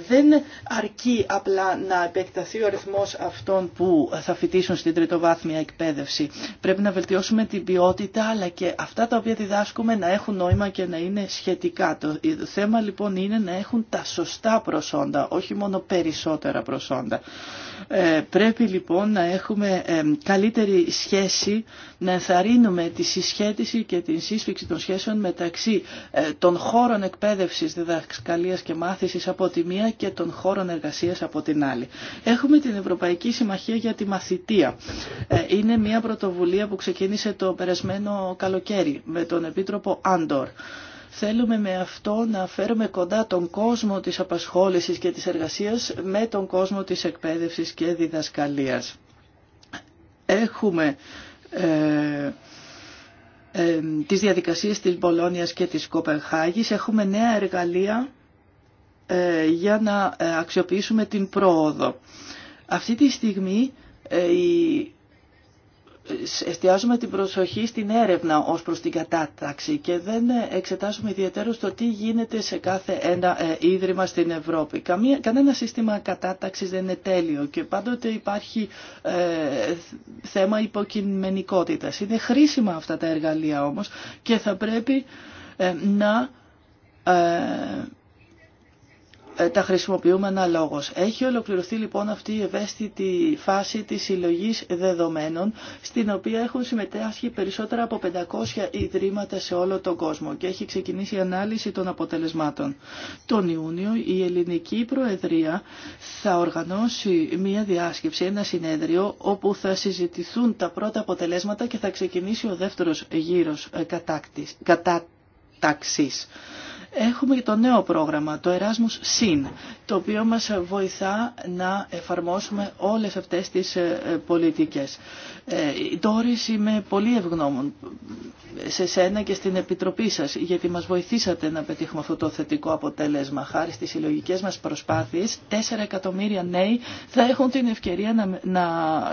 Δεν αρκεί απλά να επεκταθεί ο αριθμός αυτών που θα φοιτήσουν στην τριτοβάθμια εκπαίδευση. Πρέπει να βελτιώσουμε την ποιότητα αλλά και αυτά τα οποία διδάσκουμε να έχουν νόημα και να είναι σχετικά. Το θέμα λοιπόν είναι να έχουν τα σωστά προσόντα, όχι μόνο περισσότερα προσόντα. Ε, πρέπει λοιπόν να έχουμε ε, καλύτερη σχέση, να ενθαρρύνουμε τη συσχέτιση και την σύσφυξη των σχέσεων μεταξύ ε, των χώρων εκπαίδευσης, διδασκαλίας και μάθησης από τη μία και των χώρων εργασίας από την άλλη. Έχουμε την Ευρωπαϊκή Συμμαχία για τη Μαθητεία. Είναι μια πρωτοβουλία που ξεκίνησε το περασμένο καλοκαίρι με τον Επίτροπο Άντορ. Θέλουμε με αυτό να φέρουμε κοντά τον κόσμο της απασχόλησης και της εργασίας με τον κόσμο της εκπαίδευσης και διδασκαλίας. Έχουμε ε, ε, τις διαδικασίες της Μπολόνιας και της Κοπενχάγης. Έχουμε νέα εργαλεία ε, για να ε, αξιοποιήσουμε την πρόοδο. Αυτή τη στιγμή ε, η εστιάζουμε την προσοχή στην έρευνα ως προς την κατάταξη και δεν εξετάζουμε ιδιαίτερο στο τι γίνεται σε κάθε ένα ε, ίδρυμα στην Ευρώπη. Καμία, κανένα σύστημα κατάταξης δεν είναι τέλειο και πάντοτε υπάρχει ε, θέμα υποκειμενικότητας. Είναι χρήσιμα αυτά τα εργαλεία όμως και θα πρέπει ε, να... Ε, ε, τα χρησιμοποιούμε αναλόγως. Έχει ολοκληρωθεί λοιπόν αυτή η ευαίσθητη φάση της συλλογή δεδομένων, στην οποία έχουν συμμετέχει περισσότερα από 500 ιδρύματα σε όλο τον κόσμο και έχει ξεκινήσει η ανάλυση των αποτελεσμάτων. Τον Ιούνιο η Ελληνική Προεδρία θα οργανώσει μία διάσκεψη, ένα συνέδριο, όπου θα συζητηθούν τα πρώτα αποτελέσματα και θα ξεκινήσει ο δεύτερος γύρος ε, κατάκτης, κατάταξης. Έχουμε και το νέο πρόγραμμα, το Erasmus Sin, το οποίο μας βοηθά να εφαρμόσουμε όλες αυτές τις ε, ε, πολιτικές. Τόρη, ε, είμαι πολύ ευγνώμων σε σένα και στην Επιτροπή σας, γιατί μας βοηθήσατε να πετύχουμε αυτό το θετικό αποτέλεσμα. Χάρη στις συλλογικέ μας προσπάθειες, 4 εκατομμύρια νέοι θα έχουν την ευκαιρία να, να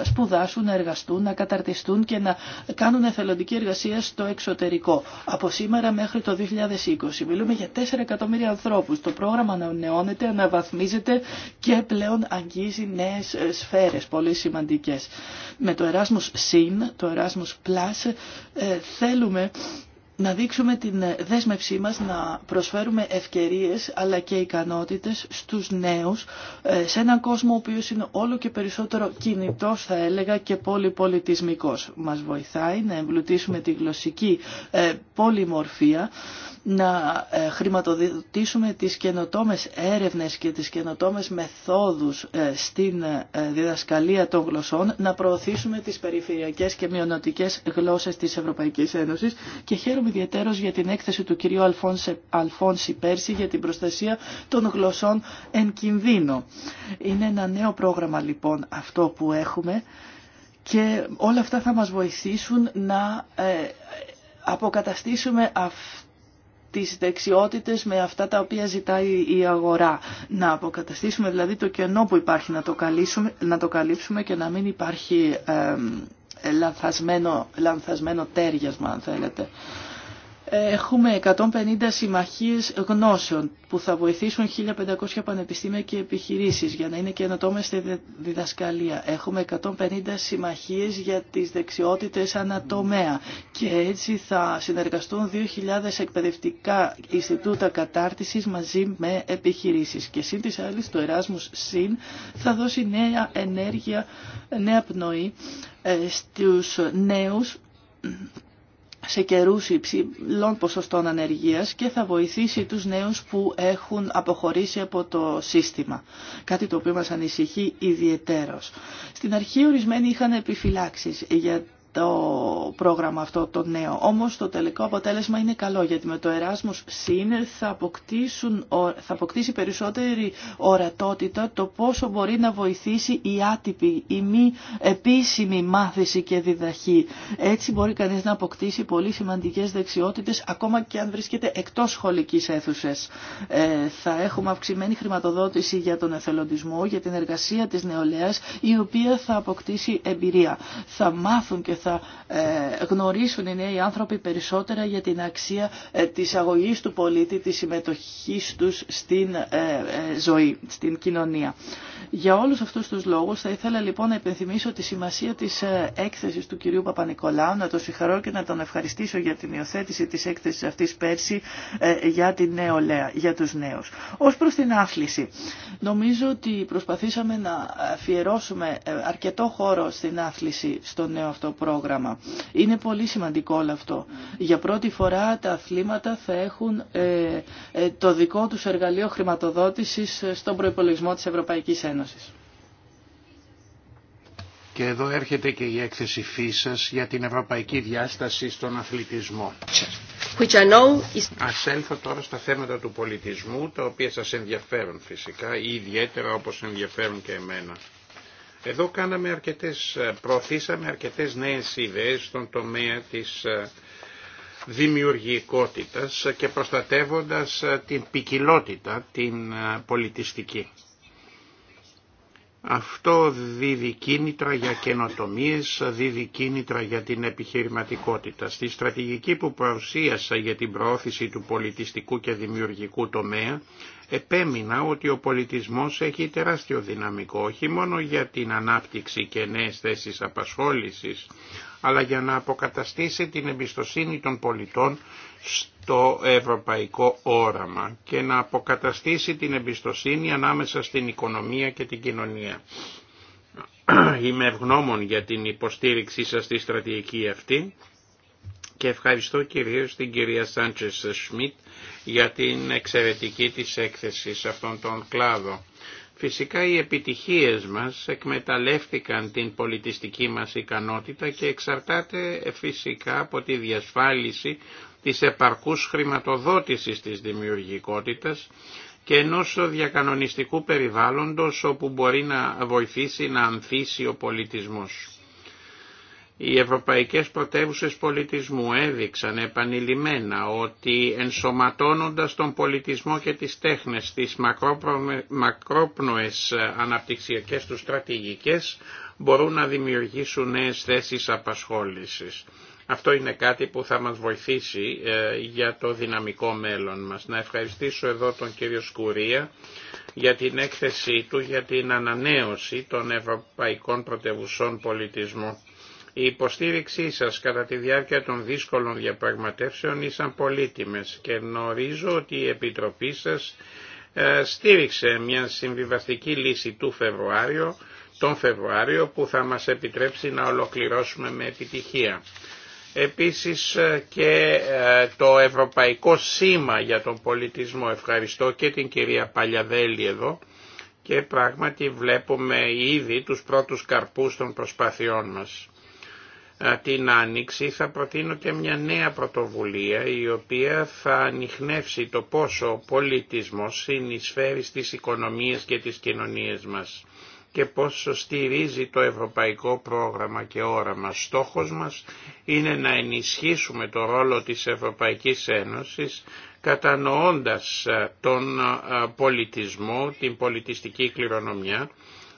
σπουδάσουν, να εργαστούν, να καταρτιστούν και να κάνουν εθελοντική εργασία στο εξωτερικό. Από σήμερα μέχρι το 2020 μιλούμε για 4 εκατομμύρια ανθρώπους. Το πρόγραμμα ανανεώνεται, αναβαθμίζεται και πλέον αγγίζει νέε ε, σφαίρες πολύ σημαντικέ. Με το Erasmus Συν, το Erasmus Plus, ε, θέλουμε να δείξουμε την δέσμευσή μας να προσφέρουμε ευκαιρίες αλλά και ικανότητες στους νέους ε, σε έναν κόσμο ο οποίος είναι όλο και περισσότερο κινητός θα έλεγα και πολυπολιτισμικός. Μας βοηθάει να εμπλουτίσουμε τη γλωσσική ε, πολυμορφία να ε, χρηματοδοτήσουμε τις καινοτόμες έρευνες και τις καινοτόμες μεθόδους ε, στην ε, διδασκαλία των γλωσσών, να προωθήσουμε τις περιφερειακές και μειονοτικές γλώσσες της Ευρωπαϊκής Ένωσης και χαίρομαι ιδιαίτερος για την έκθεση του κυρίου Αλφόνσε, Αλφόνση Πέρση για την προστασία των γλωσσών εν κινδύνο. Είναι ένα νέο πρόγραμμα λοιπόν αυτό που έχουμε και όλα αυτά θα μας βοηθήσουν να αποκαταστήσουμε αυτό τις δεξιότητες με αυτά τα οποία ζητάει η αγορά. Να αποκαταστήσουμε δηλαδή το κενό που υπάρχει, να το, καλύψουμε, να το καλύψουμε και να μην υπάρχει ε, λανθασμένο, λανθασμένο τέριασμα αν θέλετε. Έχουμε 150 συμμαχίες γνώσεων που θα βοηθήσουν 1500 πανεπιστήμια και επιχειρήσεις για να είναι καινοτόμες στη διδασκαλία. Έχουμε 150 συμμαχίες για τις δεξιότητες ανατομέα και έτσι θα συνεργαστούν 2.000 εκπαιδευτικά Ινστιτούτα Κατάρτισης μαζί με επιχειρήσεις. Και σύν της άλλης το Erasmus ΣΥΝ θα δώσει νέα ενέργεια, νέα πνοή ε, στους νέους σε καιρούς υψηλών ποσοστών ανεργίας και θα βοηθήσει τους νέους που έχουν αποχωρήσει από το σύστημα. Κάτι το οποίο μας ανησυχεί ιδιαιτέρως. Στην αρχή ορισμένοι είχαν επιφυλάξεις για το πρόγραμμα αυτό το νέο. Όμως το τελικό αποτέλεσμα είναι καλό γιατί με το Erasmus Sinner θα, θα αποκτήσει περισσότερη ορατότητα το πόσο μπορεί να βοηθήσει η άτυπη, η μη επίσημη μάθηση και διδαχή. Έτσι μπορεί κανείς να αποκτήσει πολύ σημαντικές δεξιότητες ακόμα και αν βρίσκεται εκτός σχολικής αίθουσες. Ε, θα έχουμε αυξημένη χρηματοδότηση για τον εθελοντισμό, για την εργασία της νεολαίας η οποία θα αποκτήσει εμπειρία. Θα μάθουν και θα ε, γνωρίσουν οι νέοι άνθρωποι περισσότερα για την αξία ε, της αγωγής του πολίτη, της συμμετοχής τους στην ε, ζωή, στην κοινωνία. Για όλους αυτούς τους λόγους θα ήθελα λοιπόν να υπενθυμίσω τη σημασία της έκθεσης του κυρίου Παπα-Νικολάου, να τον συγχαρώ και να τον ευχαριστήσω για την υιοθέτηση της έκθεσης αυτής πέρσι για την νεολαία, για τους νέους. Ως προς την άθληση, νομίζω ότι προσπαθήσαμε να αφιερώσουμε αρκετό χώρο στην άθληση στο νέο αυτό είναι πολύ σημαντικό όλο αυτό. Για πρώτη φορά τα αθλήματα θα έχουν ε, ε, το δικό τους εργαλείο χρηματοδότησης ε, στον προϋπολογισμό της Ευρωπαϊκής Ένωσης. Και εδώ έρχεται και η έκθεση φύσας για την ευρωπαϊκή διάσταση στον αθλητισμό. Which I know is... Ας έλθω τώρα στα θέματα του πολιτισμού, τα οποία σας ενδιαφέρουν φυσικά ή ιδιαίτερα όπως ενδιαφέρουν και εμένα. Εδώ κάναμε αρκετές, ε, προωθήσαμε αρκετές νέες ιδέες στον τομέα της ε, δημιουργικότητας και προστατεύοντας ε, την ποικιλότητα, την πολιτιστική. Αυτό δίδει κίνητρα για καινοτομίες, δίδει κίνητρα για την επιχειρηματικότητα. Στη στρατηγική που παρουσίασα για την προώθηση του πολιτιστικού και δημιουργικού τομέα, επέμεινα ότι ο πολιτισμός έχει τεράστιο δυναμικό όχι μόνο για την ανάπτυξη και νέες θέσεις απασχόλησης αλλά για να αποκαταστήσει την εμπιστοσύνη των πολιτών στο ευρωπαϊκό όραμα και να αποκαταστήσει την εμπιστοσύνη ανάμεσα στην οικονομία και την κοινωνία. Είμαι ευγνώμων για την υποστήριξή σας στη στρατηγική αυτή και ευχαριστώ κυρίως την κυρία Σάντσες Σμιτ για την εξαιρετική της έκθεση σε αυτόν τον κλάδο. Φυσικά οι επιτυχίες μας εκμεταλλεύτηκαν την πολιτιστική μας ικανότητα και εξαρτάται φυσικά από τη διασφάλιση της επαρκούς χρηματοδότησης της δημιουργικότητας και ενός διακανονιστικού περιβάλλοντος όπου μπορεί να βοηθήσει να ανθίσει ο πολιτισμός. Οι ευρωπαϊκές πρωτεύουσες πολιτισμού έδειξαν επανειλημμένα ότι ενσωματώνοντας τον πολιτισμό και τις τέχνες στις μακρόπνοες αναπτυξιακές του στρατηγικές μπορούν να δημιουργήσουν νέες θέσεις απασχόλησης. Αυτό είναι κάτι που θα μας βοηθήσει ε, για το δυναμικό μέλλον μας. Να ευχαριστήσω εδώ τον κύριο Σκουρία για την έκθεσή του για την ανανέωση των Ευρωπαϊκών Πρωτευουσών Πολιτισμού. Η υποστήριξή σας κατά τη διάρκεια των δύσκολων διαπραγματεύσεων ήσαν πολύτιμες και γνωρίζω ότι η Επιτροπή σας ε, στήριξε μια συμβιβαστική λύση του Φεβρουάριο, τον Φεβρουάριο που θα μας επιτρέψει να ολοκληρώσουμε με επιτυχία. Επίσης ε, και ε, το Ευρωπαϊκό Σήμα για τον Πολιτισμό. Ευχαριστώ και την κυρία Παλιαδέλη εδώ και πράγματι βλέπουμε ήδη τους πρώτους καρπούς των προσπαθειών μας. Ε, την Άνοιξη θα προτείνω και μια νέα πρωτοβουλία η οποία θα ανοιχνεύσει το πόσο ο πολιτισμός συνεισφέρει στις οικονομίες και τις κοινωνίες μας και πόσο στηρίζει το ευρωπαϊκό πρόγραμμα και όραμα. Στόχος μας είναι να ενισχύσουμε το ρόλο της Ευρωπαϊκής Ένωσης κατανοώντας τον ε, πολιτισμό, την πολιτιστική κληρονομιά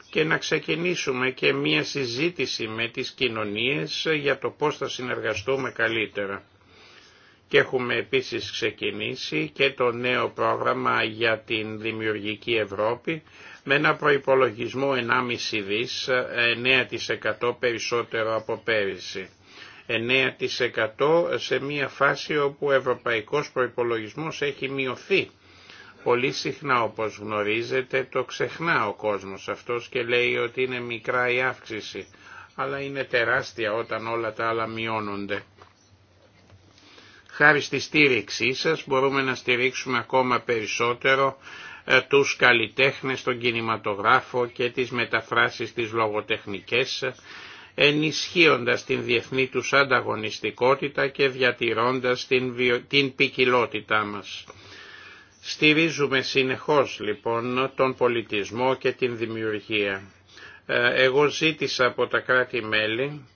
και να ξεκινήσουμε και μία συζήτηση με τις κοινωνίες για το πώς θα συνεργαστούμε καλύτερα. Και έχουμε επίσης ξεκινήσει και το νέο πρόγραμμα για την Δημιουργική Ευρώπη με ένα προϋπολογισμό 1,5 δις, 9% περισσότερο από πέρυσι. 9% σε μια φάση όπου ο ευρωπαϊκός προϋπολογισμός έχει μειωθεί Πολύ συχνά όπως γνωρίζετε το ξεχνά ο κόσμος αυτός και λέει ότι είναι μικρά η αύξηση, αλλά είναι τεράστια όταν όλα τα άλλα μειώνονται. Χάρη στη στήριξή σας μπορούμε να στηρίξουμε ακόμα περισσότερο ε, τους καλλιτέχνες, τον κινηματογράφο και τις μεταφράσεις της λογοτεχνικές, ενισχύοντας την διεθνή τους ανταγωνιστικότητα και διατηρώντας την ποικιλότητά μας. Στηρίζουμε συνεχώς λοιπόν τον πολιτισμό και την δημιουργία. Ε, εγώ ζήτησα από τα κράτη-μέλη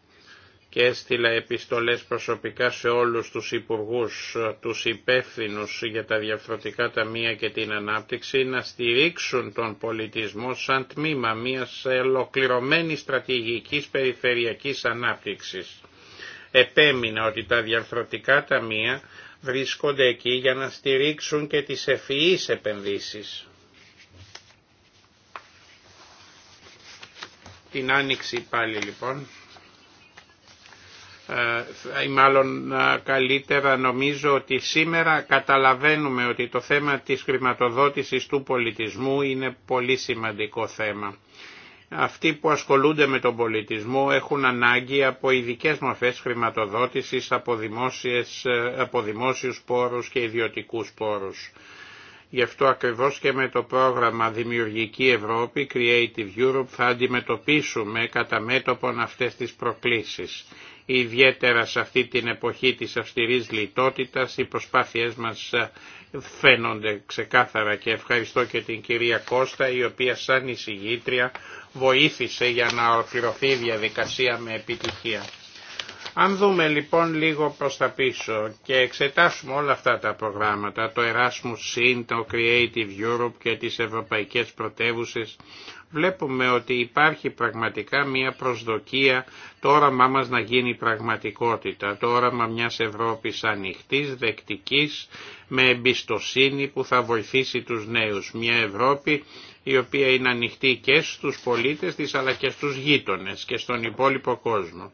και έστειλα επιστολές προσωπικά σε όλους τους υπουργούς, τους υπεύθυνους για τα τα ταμεία και την ανάπτυξη να στηρίξουν τον πολιτισμό σαν τμήμα μιας ολοκληρωμένης στρατηγικής περιφερειακής ανάπτυξης. Επέμεινα ότι τα διαφθορτικά ταμεία βρίσκονται εκεί για να στηρίξουν και τις ευφυείς επενδύσεις. Την άνοιξη πάλι λοιπόν, ε, μάλλον ε, καλύτερα νομίζω ότι σήμερα καταλαβαίνουμε ότι το θέμα της χρηματοδότησης του πολιτισμού είναι πολύ σημαντικό θέμα αυτοί που ασχολούνται με τον πολιτισμό έχουν ανάγκη από ειδικέ μορφές χρηματοδότησης από, δημόσιες, από δημόσιους πόρους και ιδιωτικούς πόρους. Γι' αυτό ακριβώς και με το πρόγραμμα Δημιουργική Ευρώπη, Creative Europe, θα αντιμετωπίσουμε κατά μέτωπον αυτές τις προκλήσεις. Ιδιαίτερα σε αυτή την εποχή της αυστηρής λιτότητας οι προσπάθειές μας φαίνονται ξεκάθαρα και ευχαριστώ και την κυρία Κώστα η οποία σαν εισηγήτρια βοήθησε για να ολοκληρωθεί η διαδικασία με επιτυχία. Αν δούμε λοιπόν λίγο προς τα πίσω και εξετάσουμε όλα αυτά τα προγράμματα, το Erasmus Sin, το Creative Europe και τις ευρωπαϊκές πρωτεύουσες, βλέπουμε ότι υπάρχει πραγματικά μια προσδοκία το όραμά μας να γίνει πραγματικότητα, το όραμα μιας Ευρώπης ανοιχτής, δεκτικής, με εμπιστοσύνη που θα βοηθήσει τους νέους. Μια Ευρώπη η οποία είναι ανοιχτή και στους πολίτες της αλλά και στους γείτονες και στον υπόλοιπο κόσμο.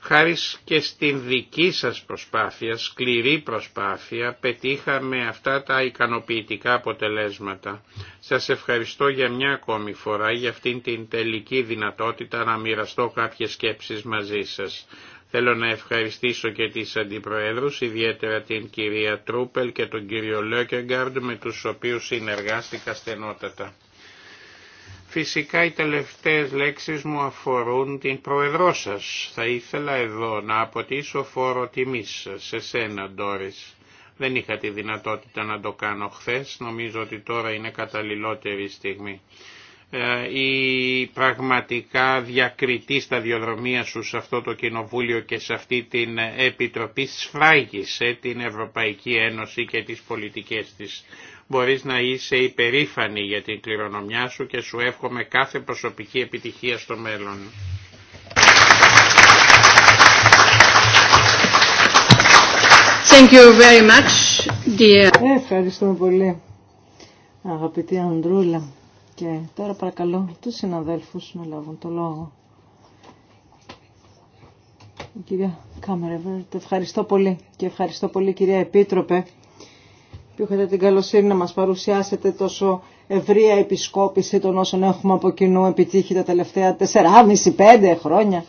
Χάρη και στην δική σας προσπάθεια, σκληρή προσπάθεια, πετύχαμε αυτά τα ικανοποιητικά αποτελέσματα. Σας ευχαριστώ για μια ακόμη φορά για αυτήν την τελική δυνατότητα να μοιραστώ κάποιες σκέψεις μαζί σας. Θέλω να ευχαριστήσω και τις αντιπροέδρους, ιδιαίτερα την κυρία Τρούπελ και τον κύριο Λόκεγκάρντ με τους οποίους συνεργάστηκα στενότατα. Φυσικά οι τελευταίες λέξεις μου αφορούν την προεδρό σας. Θα ήθελα εδώ να αποτίσω φόρο τιμής σε σένα, Ντόρις. Δεν είχα τη δυνατότητα να το κάνω χθες, νομίζω ότι τώρα είναι καταλληλότερη στιγμή. Ε, η πραγματικά διακριτή σταδιοδρομία σου σε αυτό το κοινοβούλιο και σε αυτή την επιτροπή σφράγισε την Ευρωπαϊκή Ένωση και τις πολιτικές της. Μπορείς να είσαι υπερήφανη για την κληρονομιά σου και σου εύχομαι κάθε προσωπική επιτυχία στο μέλλον. Thank you very much, dear. Ε, Ευχαριστούμε πολύ, αγαπητή Ανδρούλα. Και τώρα παρακαλώ τους συναδέλφους να λάβουν το λόγο. Κυρία Κάμερεβερτ, ευχαριστώ πολύ και ευχαριστώ πολύ κυρία Επίτροπε που είχατε την καλοσύνη να μας παρουσιάσετε τόσο ευρία επισκόπηση των όσων έχουμε από κοινού επιτύχει τα τελευταία 4,5-5 χρόνια.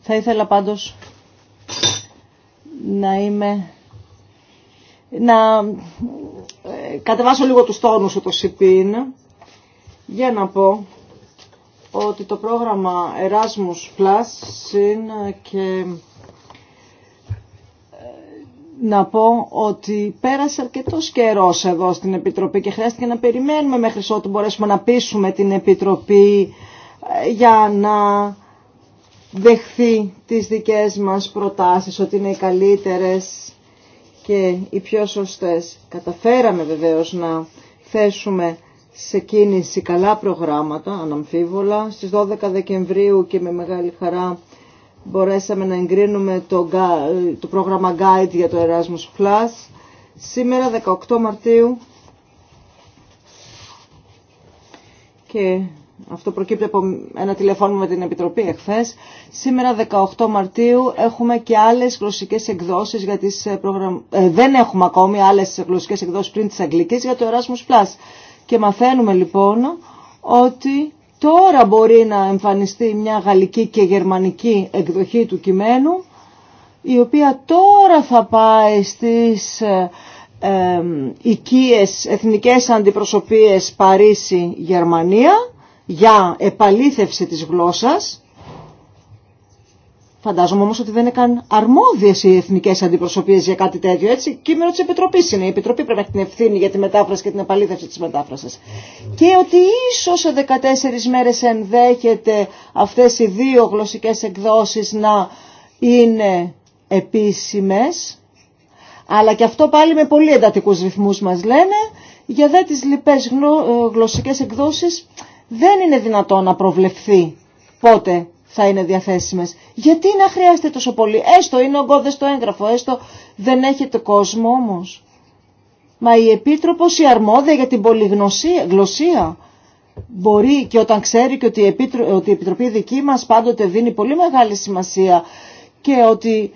Θα ήθελα πάντως να είμαι... να ε, κατεβάσω λίγο τους τόνους το ΣΥΠΗΝ για να πω ότι το πρόγραμμα Erasmus Plus είναι και να πω ότι πέρασε αρκετό καιρό εδώ στην Επιτροπή και χρειάστηκε να περιμένουμε μέχρι ότου μπορέσουμε να πείσουμε την Επιτροπή ε, για να δεχθεί τις δικές μας προτάσεις ότι είναι οι καλύτερες και οι πιο σωστές. Καταφέραμε βεβαίως να θέσουμε σε κίνηση καλά προγράμματα, αναμφίβολα. Στις 12 Δεκεμβρίου και με μεγάλη χαρά μπορέσαμε να εγκρίνουμε το, το πρόγραμμα Guide για το Erasmus Plus. Σήμερα 18 Μαρτίου και αυτό προκύπτει από ένα τηλεφώνημα με την Επιτροπή εχθές. Σήμερα 18 Μαρτίου έχουμε και άλλες γλωσσικές εκδόσεις για τις ε, προγραμ... Ε, δεν έχουμε ακόμη άλλες γλωσσικές εκδόσεις πριν της αγγλικές για το Erasmus Plus. Και μαθαίνουμε λοιπόν ότι Τώρα μπορεί να εμφανιστεί μια γαλλική και γερμανική εκδοχή του κειμένου, η οποία τώρα θα πάει στις ε, οικίες εθνικές αντιπροσωπείες Παρίσι-Γερμανία για επαλήθευση της γλώσσας Φαντάζομαι όμως ότι δεν είναι καν αρμόδιες οι εθνικές αντιπροσωπείες για κάτι τέτοιο. Έτσι, κείμενο της Επιτροπής είναι. Η Επιτροπή πρέπει να έχει την ευθύνη για τη μετάφραση και την επαλήθευση της μετάφρασης. Και ότι ίσως σε 14 μέρες ενδέχεται αυτές οι δύο γλωσσικές εκδόσεις να είναι επίσημες. Αλλά και αυτό πάλι με πολύ εντατικούς ρυθμούς μας λένε. Για δε τις λοιπές ε, γλωσσικές εκδόσεις δεν είναι δυνατόν να προβλεφθεί πότε θα είναι διαθέσιμες. Γιατί να χρειάζεται τόσο πολύ. Έστω είναι ογκώδες το έγγραφο, έστω δεν έχετε κόσμο όμως. Μα η Επίτροπος η αρμόδια για την πολυγλωσία μπορεί και όταν ξέρει και ότι η, Επιτροπή δική μας πάντοτε δίνει πολύ μεγάλη σημασία και ότι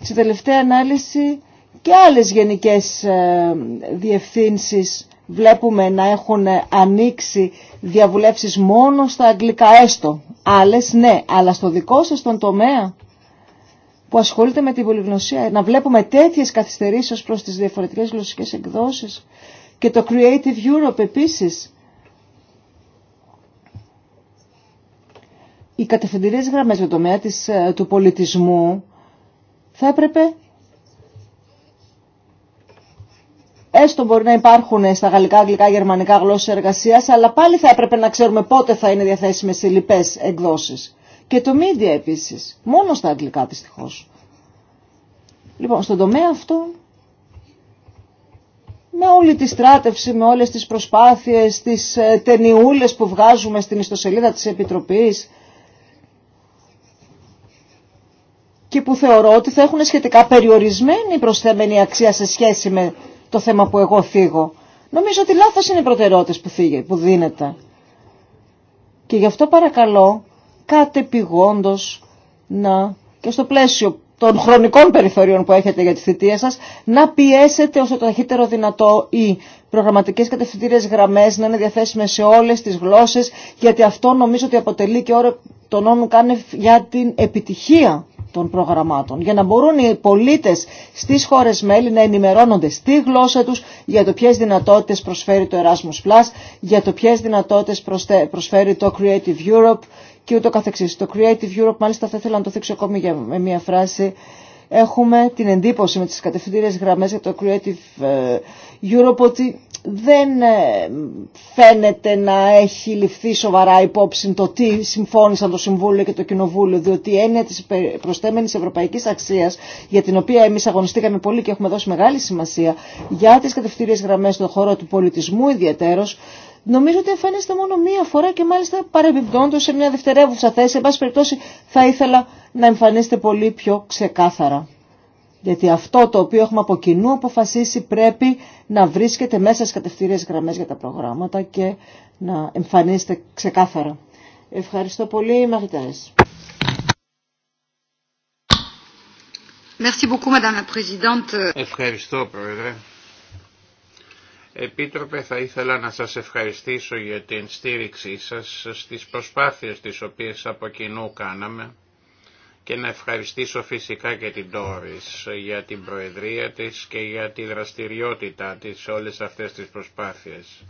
σε τελευταία ανάλυση και άλλες γενικές ε, διευθύνσεις βλέπουμε να έχουν ανοίξει διαβουλεύσεις μόνο στα αγγλικά έστω. Άλλες ναι, αλλά στο δικό σας τον τομέα που ασχολείται με την πολυγνωσία, να βλέπουμε τέτοιες καθυστερήσεις προς τις διαφορετικές γλωσσικές εκδόσεις και το Creative Europe επίσης. Οι κατευθυντηρίες γραμμές για το τομέα της, ε, του πολιτισμού θα έπρεπε Έστω μπορεί να υπάρχουν στα γαλλικά, αγγλικά, γερμανικά γλώσσε εργασία, αλλά πάλι θα έπρεπε να ξέρουμε πότε θα είναι διαθέσιμε οι λοιπέ εκδόσει. Και το media επίση. Μόνο στα αγγλικά δυστυχώ. Λοιπόν, στον τομέα αυτό, με όλη τη στράτευση, με όλες τις προσπάθειες, τις ε, ταινιούλες που βγάζουμε στην ιστοσελίδα της Επιτροπής και που θεωρώ ότι θα έχουν σχετικά περιορισμένη προσθέμενη αξία σε σχέση με το θέμα που εγώ θίγω. Νομίζω ότι λάθος είναι οι προτεραιότητες που, που δίνεται. Και γι' αυτό παρακαλώ κατεπηγόντως να και στο πλαίσιο των χρονικών περιθωρίων που έχετε για τις θητείες σας, να πιέσετε όσο το ταχύτερο δυνατό οι προγραμματικές κατευθυντήριες γραμμές να είναι διαθέσιμες σε όλες τις γλώσσες, γιατί αυτό νομίζω ότι αποτελεί και όρο τον νόμο κάνει για την επιτυχία των προγραμμάτων. Για να μπορούν οι πολίτες στις χώρες μέλη να ενημερώνονται στη γλώσσα τους για το ποιες δυνατότητες προσφέρει το Erasmus Plus, για το ποιες δυνατότητες προσφέρει το Creative Europe και ούτω καθεξής. Το Creative Europe μάλιστα θα ήθελα να το θέξω ακόμη για, με μια φράση. Έχουμε την εντύπωση με τις κατευθυντήρε γραμμές για το Creative ε, Europe ότι δεν ε, φαίνεται να έχει ληφθεί σοβαρά υπόψη το τι συμφώνησαν το Συμβούλιο και το Κοινοβούλιο, διότι η έννοια της προστέμενης ευρωπαϊκής αξίας, για την οποία εμείς αγωνιστήκαμε πολύ και έχουμε δώσει μεγάλη σημασία, για τις κατευθυντήριες γραμμές στον χώρο του πολιτισμού ιδιαίτερος, Νομίζω ότι εμφανίζεται μόνο μία φορά και μάλιστα παρεμπιπτόντω σε μια δευτερεύουσα θέση. Εν πάση περιπτώσει, θα ήθελα να εμφανίζεται πολύ πιο ξεκάθαρα. Γιατί αυτό το οποίο έχουμε από κοινού αποφασίσει πρέπει να βρίσκεται μέσα στις κατευθυντήριες γραμμές για τα προγράμματα και να εμφανίζεται ξεκάθαρα. Ευχαριστώ πολύ, Μαγιτάρες. Ευχαριστώ, Πρόεδρε. Επίτροπε, θα ήθελα να σας ευχαριστήσω για την στήριξή σας στις προσπάθειες τις οποίες από κοινού κάναμε και να ευχαριστήσω φυσικά και την Τόρις για την προεδρία της και για τη δραστηριότητα της σε όλες αυτές τις προσπάθειες.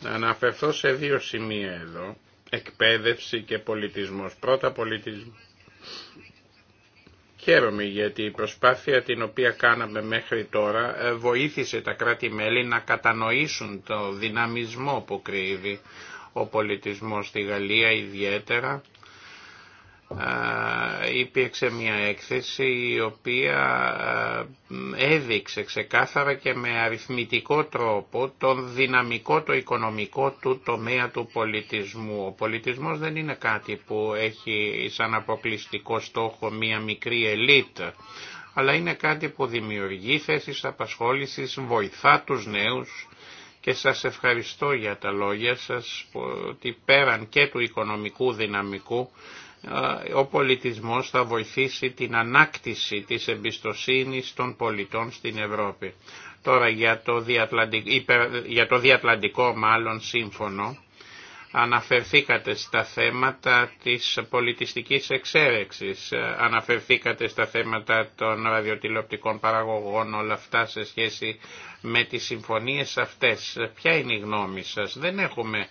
Να αναφερθώ σε δύο σημεία εδώ, εκπαίδευση και πολιτισμός. Πρώτα πολιτισμό. Χαίρομαι γιατί η προσπάθεια την οποία κάναμε μέχρι τώρα ε, βοήθησε τα κράτη-μέλη να κατανοήσουν το δυναμισμό που κρύβει ο πολιτισμός στη Γαλλία ιδιαίτερα υπήρξε μια έκθεση η οποία έδειξε ξεκάθαρα και με αριθμητικό τρόπο τον δυναμικό, το οικονομικό του τομέα του πολιτισμού. Ο πολιτισμός δεν είναι κάτι που έχει σαν αποκλειστικό στόχο μια μικρή ελίτ, αλλά είναι κάτι που δημιουργεί θέσεις απασχόλησης, βοηθά τους νέους, και σας ευχαριστώ για τα λόγια σας ότι πέραν και του οικονομικού δυναμικού ο πολιτισμός θα βοηθήσει την ανάκτηση της εμπιστοσύνης των πολιτών στην Ευρώπη. Τώρα για το διατλαντικό, για το μάλλον σύμφωνο αναφερθήκατε στα θέματα της πολιτιστικής εξέρεξης, ε, αναφερθήκατε στα θέματα των ραδιοτηλεοπτικών παραγωγών, όλα αυτά σε σχέση με τις συμφωνίες αυτές. Ποια είναι η γνώμη σας. Δεν έχουμε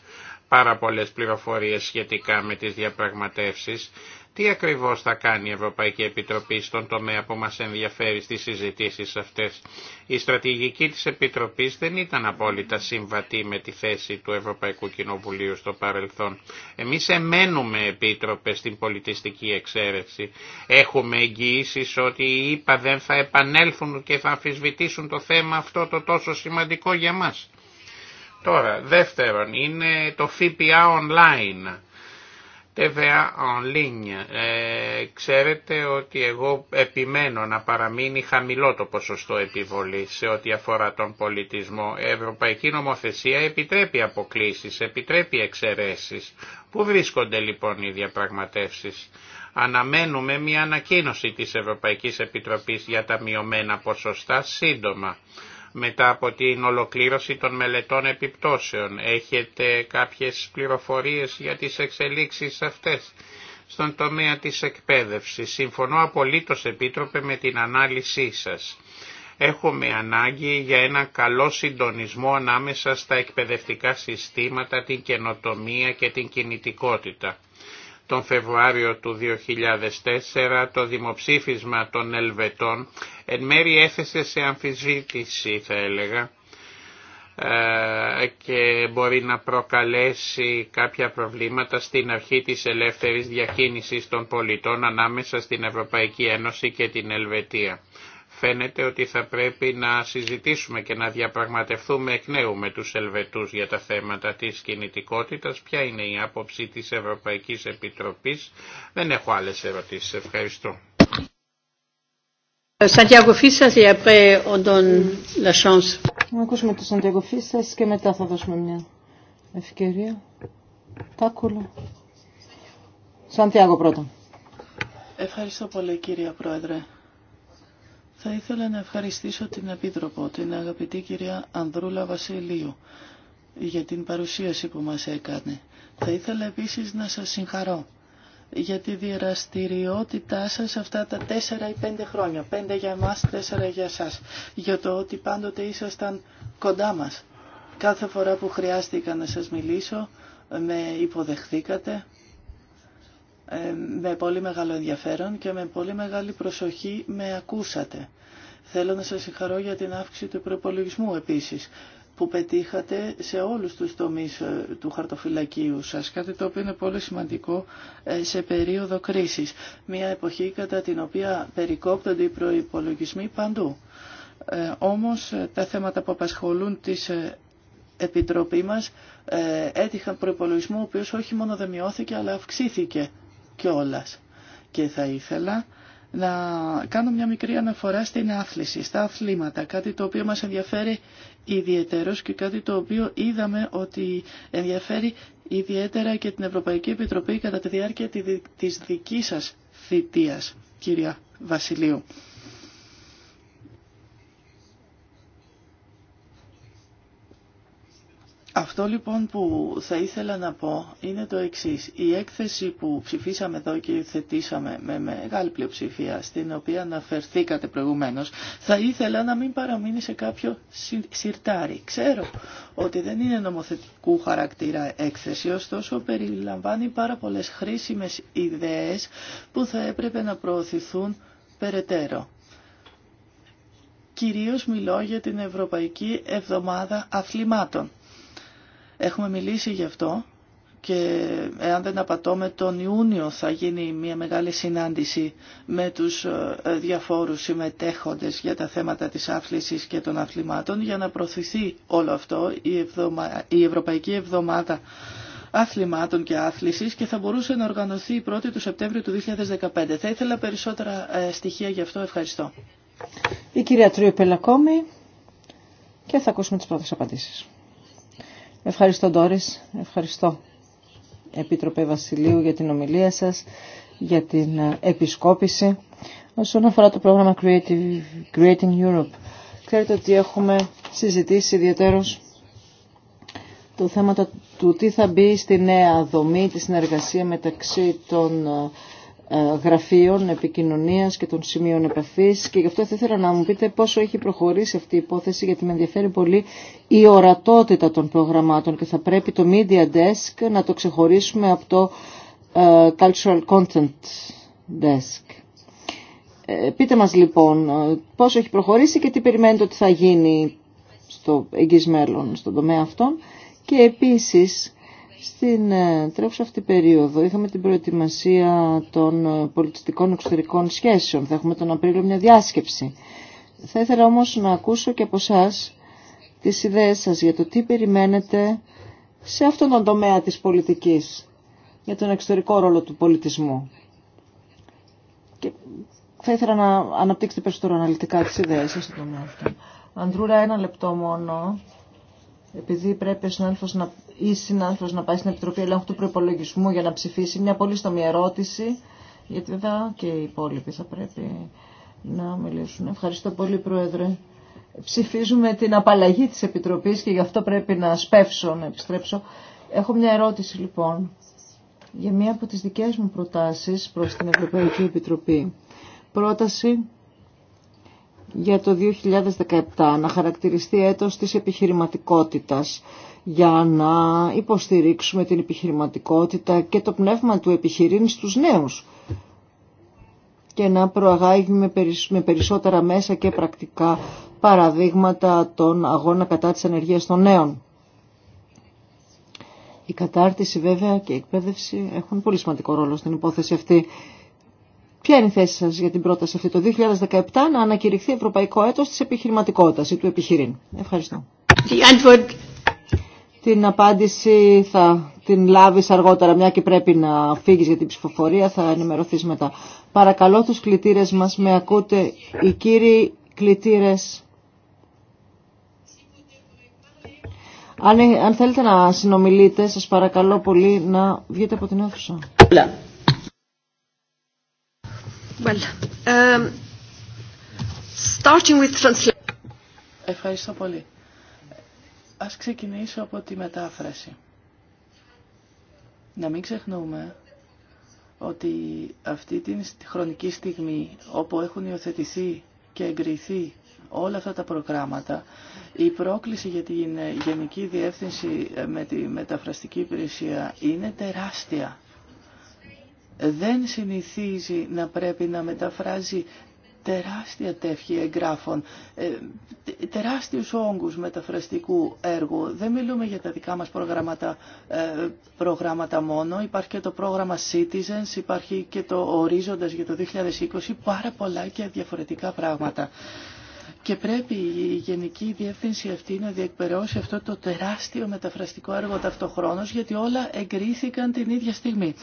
πάρα πολλές πληροφορίες σχετικά με τις διαπραγματεύσεις. Τι ακριβώς θα κάνει η Ευρωπαϊκή Επιτροπή στον τομέα που μας ενδιαφέρει στις συζητήσεις αυτές. Η στρατηγική της Επιτροπής δεν ήταν απόλυτα συμβατή με τη θέση του Ευρωπαϊκού Κοινοβουλίου στο παρελθόν. Εμείς εμένουμε επίτροπε στην πολιτιστική εξαίρεση. Έχουμε εγγυήσει ότι οι ΙΠΑ δεν θα επανέλθουν και θα αμφισβητήσουν το θέμα αυτό το τόσο σημαντικό για μας. Τώρα, δεύτερον, είναι το ΦΠΑ online. TVA online. Ε, ξέρετε ότι εγώ επιμένω να παραμείνει χαμηλό το ποσοστό επιβολή σε ό,τι αφορά τον πολιτισμό. Η Ευρωπαϊκή νομοθεσία επιτρέπει αποκλήσεις, επιτρέπει εξαιρέσεις. Πού βρίσκονται λοιπόν οι διαπραγματεύσεις. Αναμένουμε μια ανακοίνωση της Ευρωπαϊκής Επιτροπής για τα μειωμένα ποσοστά σύντομα μετά από την ολοκλήρωση των μελετών επιπτώσεων. Έχετε κάποιες πληροφορίες για τις εξελίξεις αυτές στον τομέα της εκπαίδευσης. Συμφωνώ απολύτως επίτροπε με την ανάλυση σας. Έχουμε ανάγκη για ένα καλό συντονισμό ανάμεσα στα εκπαιδευτικά συστήματα, την καινοτομία και την κινητικότητα τον Φεβρουάριο του 2004 το δημοψήφισμα των Ελβετών εν μέρη έθεσε σε αμφισβήτηση θα έλεγα ε, και μπορεί να προκαλέσει κάποια προβλήματα στην αρχή της ελεύθερης διακίνησης των πολιτών ανάμεσα στην Ευρωπαϊκή Ένωση και την Ελβετία φαίνεται ότι θα πρέπει να συζητήσουμε και να διαπραγματευτούμε εκ νέου με τους Ελβετούς για τα θέματα της κινητικότητας. Ποια είναι η άποψη της Ευρωπαϊκής Επιτροπής. Δεν έχω άλλες ερωτήσεις. Ευχαριστώ. Ε, Σαντιάγο και Να και μετά θα δώσουμε μια ευκαιρία. Σαντιάγο πρώτα. Ευχαριστώ πολύ κύριε Πρόεδρε. Θα ήθελα να ευχαριστήσω την Επίτροπο, την αγαπητή κυρία Ανδρούλα Βασιλείου, για την παρουσίαση που μας έκανε. Θα ήθελα επίσης να σας συγχαρώ για τη διεραστηριότητά σας αυτά τα τέσσερα ή πέντε χρόνια. Πέντε για εμάς, τέσσερα για σας. Για το ότι πάντοτε ήσασταν κοντά μας. Κάθε φορά που χρειάστηκα να σας μιλήσω, με υποδεχθήκατε, ε, με πολύ μεγάλο ενδιαφέρον και με πολύ μεγάλη προσοχή με ακούσατε. Θέλω να σας συγχαρώ για την αύξηση του προπολογισμού επίσης που πετύχατε σε όλους τους τομείς ε, του χαρτοφυλακίου σας, κάτι το οποίο είναι πολύ σημαντικό ε, σε περίοδο κρίσης. Μια εποχή κατά την οποία περικόπτονται οι προϋπολογισμοί παντού. Όμως τα θέματα που απασχολούν τις Επιτροπή μας έτυχαν προϋπολογισμό ο οποίος όχι μόνο δεν μειώθηκε αλλά αυξήθηκε κιόλα. Και θα ήθελα να κάνω μια μικρή αναφορά στην άθληση, στα αθλήματα, κάτι το οποίο μας ενδιαφέρει ιδιαίτερος και κάτι το οποίο είδαμε ότι ενδιαφέρει ιδιαίτερα και την Ευρωπαϊκή Επιτροπή κατά τη διάρκεια της δικής σας θητείας, κυρία Βασιλείου. Αυτό λοιπόν που θα ήθελα να πω είναι το εξής. Η έκθεση που ψηφίσαμε εδώ και θετήσαμε με μεγάλη πλειοψηφία, στην οποία αναφερθήκατε προηγουμένως, θα ήθελα να μην παραμείνει σε κάποιο σιρτάρι. Ξέρω ότι δεν είναι νομοθετικού χαρακτήρα έκθεση, ωστόσο περιλαμβάνει πάρα πολλές χρήσιμες ιδέες που θα έπρεπε να προωθηθούν περαιτέρω. Κυρίως μιλώ για την Ευρωπαϊκή Εβδομάδα Αθλημάτων Έχουμε μιλήσει γι' αυτό και εάν δεν απατώμε τον Ιούνιο θα γίνει μια μεγάλη συνάντηση με τους ε, διαφόρους συμμετέχοντες για τα θέματα της άφλησης και των αθλημάτων για να προωθηθεί όλο αυτό η, η Ευρωπαϊκή Εβδομάδα αθλημάτων και άθλησης και θα μπορούσε να οργανωθεί η 1η του Σεπτέμβριου του 2015. Θα ήθελα περισσότερα ε, στοιχεία γι' αυτό. Ευχαριστώ. Η κυρία Τρίου και θα ακούσουμε τις πρώτες απαντήσεις. Ευχαριστώ Ντόρις, ευχαριστώ Επίτροπε Βασιλείου για την ομιλία σας, για την ε, επισκόπηση. Όσον αφορά το πρόγραμμα Creative, Creating Europe, ξέρετε ότι έχουμε συζητήσει ιδιαίτερως το θέμα του τι θα μπει στη νέα δομή, τη συνεργασία μεταξύ των ε, ε, γραφείων επικοινωνίας και των σημείων επαφής και γι' αυτό θα ήθελα να μου πείτε πόσο έχει προχωρήσει αυτή η υπόθεση γιατί με ενδιαφέρει πολύ η ορατότητα των προγραμμάτων και θα πρέπει το Media Desk να το ξεχωρίσουμε από το ε, Cultural Content Desk. Ε, πείτε μας λοιπόν πόσο έχει προχωρήσει και τι περιμένετε ότι θα γίνει στο εγγύς μέλλον στον τομέα αυτό και επίσης στην ε, τρέχουσα αυτή περίοδο είχαμε την προετοιμασία των ε, πολιτιστικών εξωτερικών σχέσεων. Θα έχουμε τον Απρίλιο μια διάσκεψη. Θα ήθελα όμως να ακούσω και από εσά τις ιδέες σας για το τι περιμένετε σε αυτόν τον τομέα της πολιτικής, για τον εξωτερικό ρόλο του πολιτισμού. Και θα ήθελα να αναπτύξετε περισσότερο αναλυτικά τις ιδέες σας στον τομέα αυτό. Αντρούρα, ένα λεπτό μόνο, επειδή πρέπει ο συνάδελφος να ή συνάνθρωπο να πάει στην Επιτροπή Ελέγχου του Προπολογισμού για να ψηφίσει. Μια πολύ στομή ερώτηση, γιατί βέβαια και οι υπόλοιποι θα πρέπει να μιλήσουν. Ευχαριστώ πολύ, Πρόεδρε. Ψηφίζουμε την απαλλαγή τη Επιτροπής και γι' αυτό πρέπει να σπεύσω, να επιστρέψω. Έχω μια ερώτηση, λοιπόν, για μία από τις δικές μου προτάσεις προς την Ευρωπαϊκή Επιτροπή. Πρόταση για το 2017 να χαρακτηριστεί έτος της επιχειρηματικότητας για να υποστηρίξουμε την επιχειρηματικότητα και το πνεύμα του επιχειρήν στους νέους και να προαγάγουμε με περισσότερα μέσα και πρακτικά παραδείγματα των αγώνα κατά της ενεργείας των νέων. Η κατάρτιση βέβαια και η εκπαίδευση έχουν πολύ σημαντικό ρόλο στην υπόθεση αυτή. Ποια είναι η θέση σας για την πρόταση αυτή το 2017 να ανακηρυχθεί Ευρωπαϊκό Έτος της Επιχειρηματικότητας ή του επιχειρήν. Ευχαριστώ. Την απάντηση θα την λάβεις αργότερα, μια και πρέπει να φύγεις για την ψηφοφορία, θα ενημερωθείς μετά. Παρακαλώ τους κλητήρες μας, με ακούτε, οι κύριοι κλητήρες. Αν, θέλετε να συνομιλείτε, σας παρακαλώ πολύ να βγείτε από την αίθουσα. Um, Ευχαριστώ πολύ. Ας ξεκινήσω από τη μετάφραση. Να μην ξεχνούμε ότι αυτή τη χρονική στιγμή όπου έχουν υιοθετηθεί και εγκριθεί όλα αυτά τα προγράμματα, η πρόκληση για την Γενική Διεύθυνση ε, με τη Μεταφραστική Υπηρεσία είναι τεράστια. Δεν συνηθίζει να πρέπει να μεταφράζει τεράστια τεύχη εγγράφων, ε, τεράστιους όγκους μεταφραστικού έργου. Δεν μιλούμε για τα δικά μας προγράμματα, ε, προγράμματα μόνο. Υπάρχει και το πρόγραμμα Citizens, υπάρχει και το Ορίζοντας για το 2020, πάρα πολλά και διαφορετικά πράγματα. Και πρέπει η Γενική Διεύθυνση αυτή να διεκπαιρεώσει αυτό το τεράστιο μεταφραστικό έργο ταυτοχρόνως, γιατί όλα εγκρίθηκαν την ίδια στιγμή.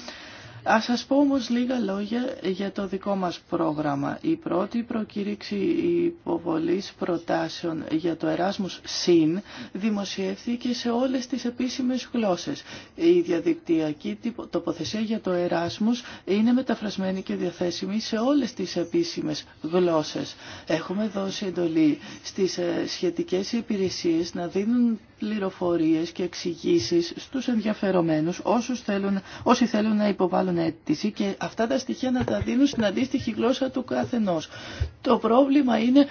Ας σας πω όμως λίγα λόγια για το δικό μας πρόγραμμα. Η πρώτη προκήρυξη υποβολής προτάσεων για το Εράσμους Συν δημοσιεύθηκε σε όλες τις επίσημες γλώσσες. Η διαδικτυακή τοποθεσία για το Erasmus είναι μεταφρασμένη και διαθέσιμη σε όλες τις επίσημες γλώσσες. Έχουμε δώσει εντολή στις ε, σχετικές υπηρεσίες να δίνουν πληροφορίες και εξηγήσεις στους ενδιαφερομένους όσους θέλουν, όσοι θέλουν να υποβάλουν και αυτά τα στοιχεία να τα δίνουν στην αντίστοιχη γλώσσα του καθενός. Το πρόβλημα είναι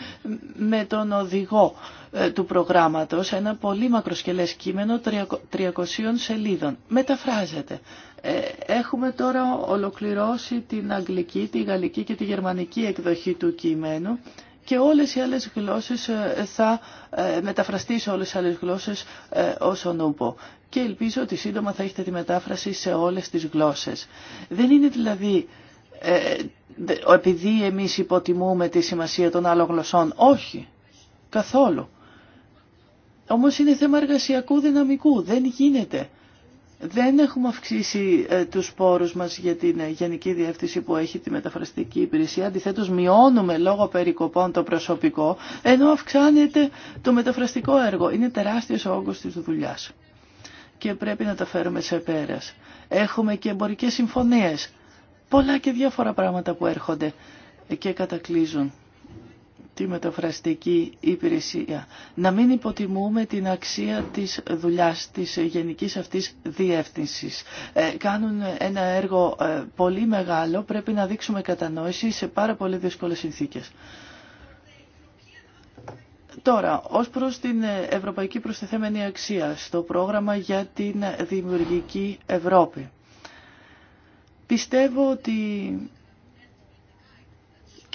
με τον οδηγό ε, του προγράμματος, ένα πολύ μακροσκελές κείμενο 300 σελίδων. Μεταφράζεται. Ε, έχουμε τώρα ολοκληρώσει την αγγλική, τη γαλλική και τη γερμανική εκδοχή του κειμένου και όλες οι άλλες γλώσσες ε, θα ε, μεταφραστεί σε όλες τις άλλες γλώσσες ε, όσο πω. Και ελπίζω ότι σύντομα θα έχετε τη μετάφραση σε όλες τις γλώσσες. Δεν είναι δηλαδή επειδή εμείς υποτιμούμε τη σημασία των άλλων γλωσσών. Όχι, καθόλου. Όμως είναι θέμα εργασιακού δυναμικού. Δεν γίνεται δεν έχουμε αυξήσει ε, τους πόρους μας για την ε, γενική διεύθυνση που έχει τη μεταφραστική υπηρεσία. Αντιθέτως, μειώνουμε λόγω περικοπών το προσωπικό, ενώ αυξάνεται το μεταφραστικό έργο. Είναι τεράστιος ο όγκος της δουλειάς και πρέπει να τα φέρουμε σε πέρας. Έχουμε και εμπορικές συμφωνίες, πολλά και διάφορα πράγματα που έρχονται και κατακλείζουν τη μεταφραστική υπηρεσία. Να μην υποτιμούμε την αξία της δουλειάς, της γενικής αυτής διεύθυνσης. Ε, κάνουν ένα έργο ε, πολύ μεγάλο, πρέπει να δείξουμε κατανόηση σε πάρα πολύ δύσκολες συνθήκες. Τώρα, ως προς την ευρωπαϊκή Προσθεθέμενη αξία στο πρόγραμμα για την δημιουργική Ευρώπη. Πιστεύω ότι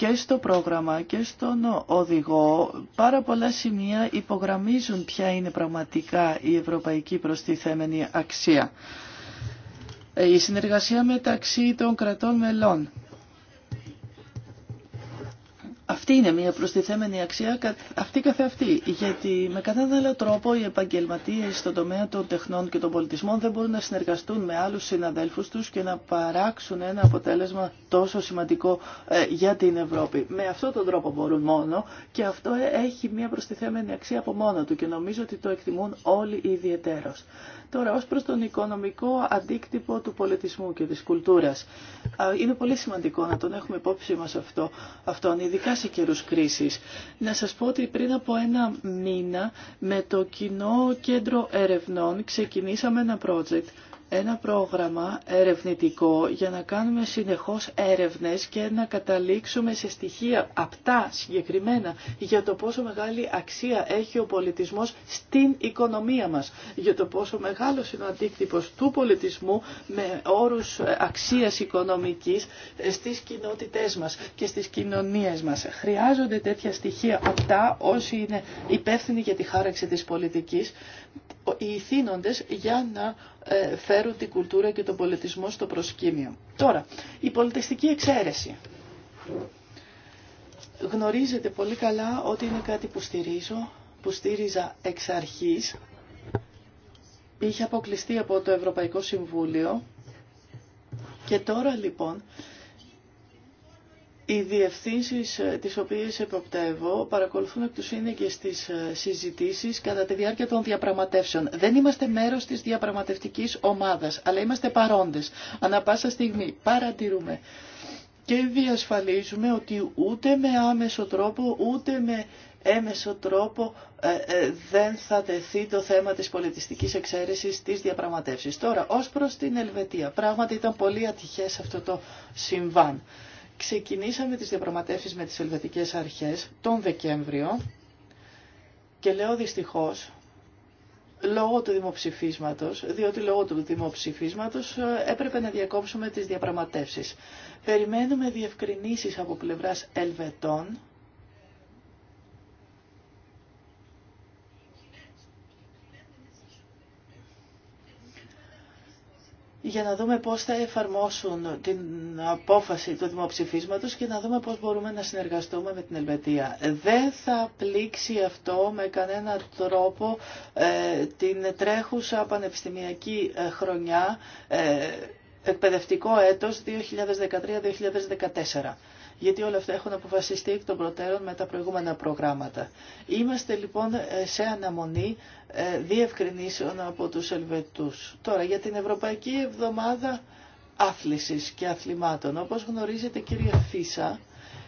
και στο πρόγραμμα και στον οδηγό πάρα πολλά σημεία υπογραμμίζουν ποια είναι πραγματικά η ευρωπαϊκή προστιθέμενη αξία. Ε, η συνεργασία μεταξύ των κρατών μελών αυτή είναι μια προστιθέμενη αξία αυτή καθεαυτή, γιατί με κανέναν άλλο τρόπο οι επαγγελματίε στον τομέα των τεχνών και των πολιτισμών δεν μπορούν να συνεργαστούν με άλλους συναδέλφους τους και να παράξουν ένα αποτέλεσμα τόσο σημαντικό ε, για την Ευρώπη. Με αυτόν τον τρόπο μπορούν μόνο και αυτό ε, έχει μια προστιθέμενη αξία από μόνο του και νομίζω ότι το εκτιμούν όλοι ιδιαιτέρω. Τώρα, ως προς τον οικονομικό αντίκτυπο του πολιτισμού και της κουλτούρας. Είναι πολύ σημαντικό να τον έχουμε υπόψη μας αυτό, αυτόν, ειδικά σε καιρούς κρίσης. Να σας πω ότι πριν από ένα μήνα με το Κοινό Κέντρο Ερευνών ξεκινήσαμε ένα project ένα πρόγραμμα ερευνητικό για να κάνουμε συνεχώς έρευνες και να καταλήξουμε σε στοιχεία απτά συγκεκριμένα για το πόσο μεγάλη αξία έχει ο πολιτισμός στην οικονομία μας, για το πόσο μεγάλος είναι ο αντίκτυπος του πολιτισμού με όρους αξίας οικονομικής στις κοινότητές μας και στις κοινωνίες μας. Χρειάζονται τέτοια στοιχεία απτά όσοι είναι υπεύθυνοι για τη χάραξη της πολιτικής οι ηθήνοντες για να ε, φέρουν την κουλτούρα και τον πολιτισμό στο προσκήνιο. Τώρα, η πολιτιστική εξαίρεση. Γνωρίζετε πολύ καλά ότι είναι κάτι που στηρίζω, που στήριζα εξ αρχής. Είχε αποκλειστεί από το Ευρωπαϊκό Συμβούλιο και τώρα λοιπόν οι διευθύνσεις ε, τις οποίες εποπτεύω παρακολουθούν εκ του και τι ε, συζητήσει κατά τη διάρκεια των διαπραγματεύσεων. Δεν είμαστε μέρος της διαπραγματευτικής ομάδας, αλλά είμαστε παρόντες. Ανά πάσα στιγμή παρατηρούμε και διασφαλίζουμε ότι ούτε με άμεσο τρόπο, ούτε με έμεσο τρόπο ε, δεν θα τεθεί το θέμα της πολιτιστικής εξαίρεσης της διαπραγματεύσης. Τώρα, ως προς την Ελβετία, πράγματι ήταν πολύ ατυχές αυτό το συμβάν. Ξεκινήσαμε τις διαπραγματεύσεις με τις ελβετικές αρχές τον Δεκέμβριο και λέω δυστυχώς λόγω του δημοψηφίσματος, διότι λόγω του δημοψηφίσματος ε, έπρεπε να διακόψουμε τις διαπραγματεύσεις. Περιμένουμε διευκρινήσεις από πλευράς Ελβετών για να δούμε πώς θα εφαρμόσουν την απόφαση του δημοψηφίσματος και να δούμε πώς μπορούμε να συνεργαστούμε με την Ελβετία. Δεν θα πλήξει αυτό με κανένα τρόπο ε, την τρέχουσα πανεπιστημιακή ε, χρονιά, ε, εκπαιδευτικό έτος 2013-2014 γιατί όλα αυτά έχουν αποφασιστεί εκ των προτέρων με τα προηγούμενα προγράμματα. Είμαστε λοιπόν ε, σε αναμονή ε, διευκρινήσεων από τους Ελβετούς. Τώρα για την Ευρωπαϊκή Εβδομάδα Άθλησης και Αθλημάτων. Όπως γνωρίζετε κύριε Φίσα,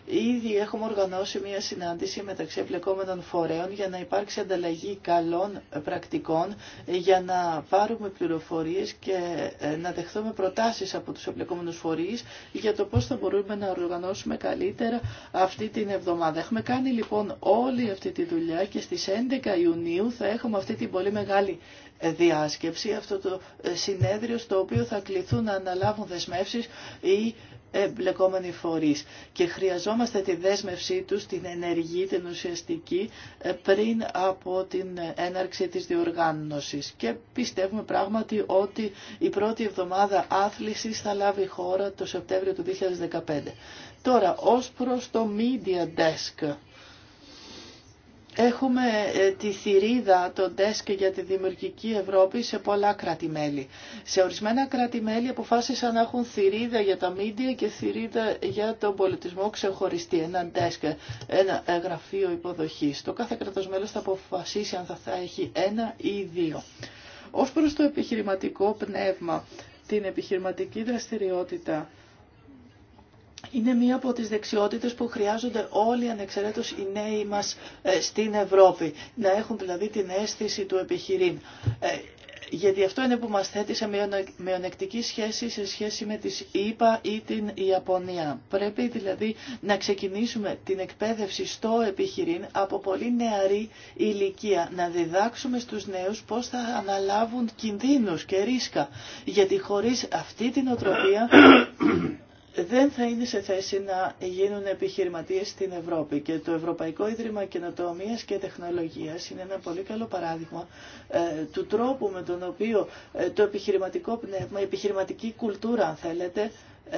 Ήδη έχουμε οργανώσει μια συνάντηση μεταξύ εμπλεκόμενων φορέων για να υπάρξει ανταλλαγή καλών πρακτικών, για να πάρουμε πληροφορίες και ε, να δεχθούμε προτάσεις από τους εμπλεκόμενους φορείς για το πώς θα μπορούμε να οργανώσουμε καλύτερα αυτή την εβδομάδα. Έχουμε κάνει λοιπόν όλη αυτή τη δουλειά και στις 11 Ιουνίου θα έχουμε αυτή την πολύ μεγάλη ε, διάσκεψη, αυτό το ε, συνέδριο στο οποίο θα κληθούν να αναλάβουν δεσμεύσεις οι εμπλεκόμενοι φορείς και χρειαζόμαστε τη δέσμευσή τους, την ενεργή, την ουσιαστική ε, πριν από την έναρξη της διοργάνωσης και πιστεύουμε πράγματι ότι η πρώτη εβδομάδα άθλησης θα λάβει χώρα το Σεπτέμβριο του 2015. Τώρα, ως προς το Media Desk, Έχουμε ε, τη θηρίδα, το τέσκε για τη Δημιουργική Ευρώπη σε πολλά κράτη-μέλη. Σε ορισμένα κράτη-μέλη αποφάσισαν να έχουν θηρίδα για τα μίντια και θηρίδα για τον πολιτισμό ξεχωριστή. Ένα τέσκε, ένα γραφείο υποδοχής. Το κάθε κρατος μέλος θα αποφασίσει αν θα έχει ένα ή δύο. Ως προς το επιχειρηματικό πνεύμα, την επιχειρηματική δραστηριότητα, είναι μία από τις δεξιότητες που χρειάζονται όλοι ανεξαιρέτως οι νέοι μας ε, στην Ευρώπη. Να έχουν δηλαδή την αίσθηση του επιχειρήν. Ε, γιατί αυτό είναι που μας θέτει σε μειονεκτική σχέση σε σχέση με τις ΙΠΑ ή την Ιαπωνία. Πρέπει δηλαδή να ξεκινήσουμε την εκπαίδευση στο επιχειρήν από πολύ νεαρή ηλικία. Να διδάξουμε στους νέους πώς θα αναλάβουν κινδύνους και ρίσκα. Γιατί χωρίς αυτή την οτροπία δεν θα είναι σε θέση να γίνουν επιχειρηματίες στην Ευρώπη. Και το Ευρωπαϊκό Ίδρυμα Καινοτομίας και Τεχνολογίας είναι ένα πολύ καλό παράδειγμα ε, του τρόπου με τον οποίο ε, το επιχειρηματικό πνεύμα, η επιχειρηματική κουλτούρα αν θέλετε, ε,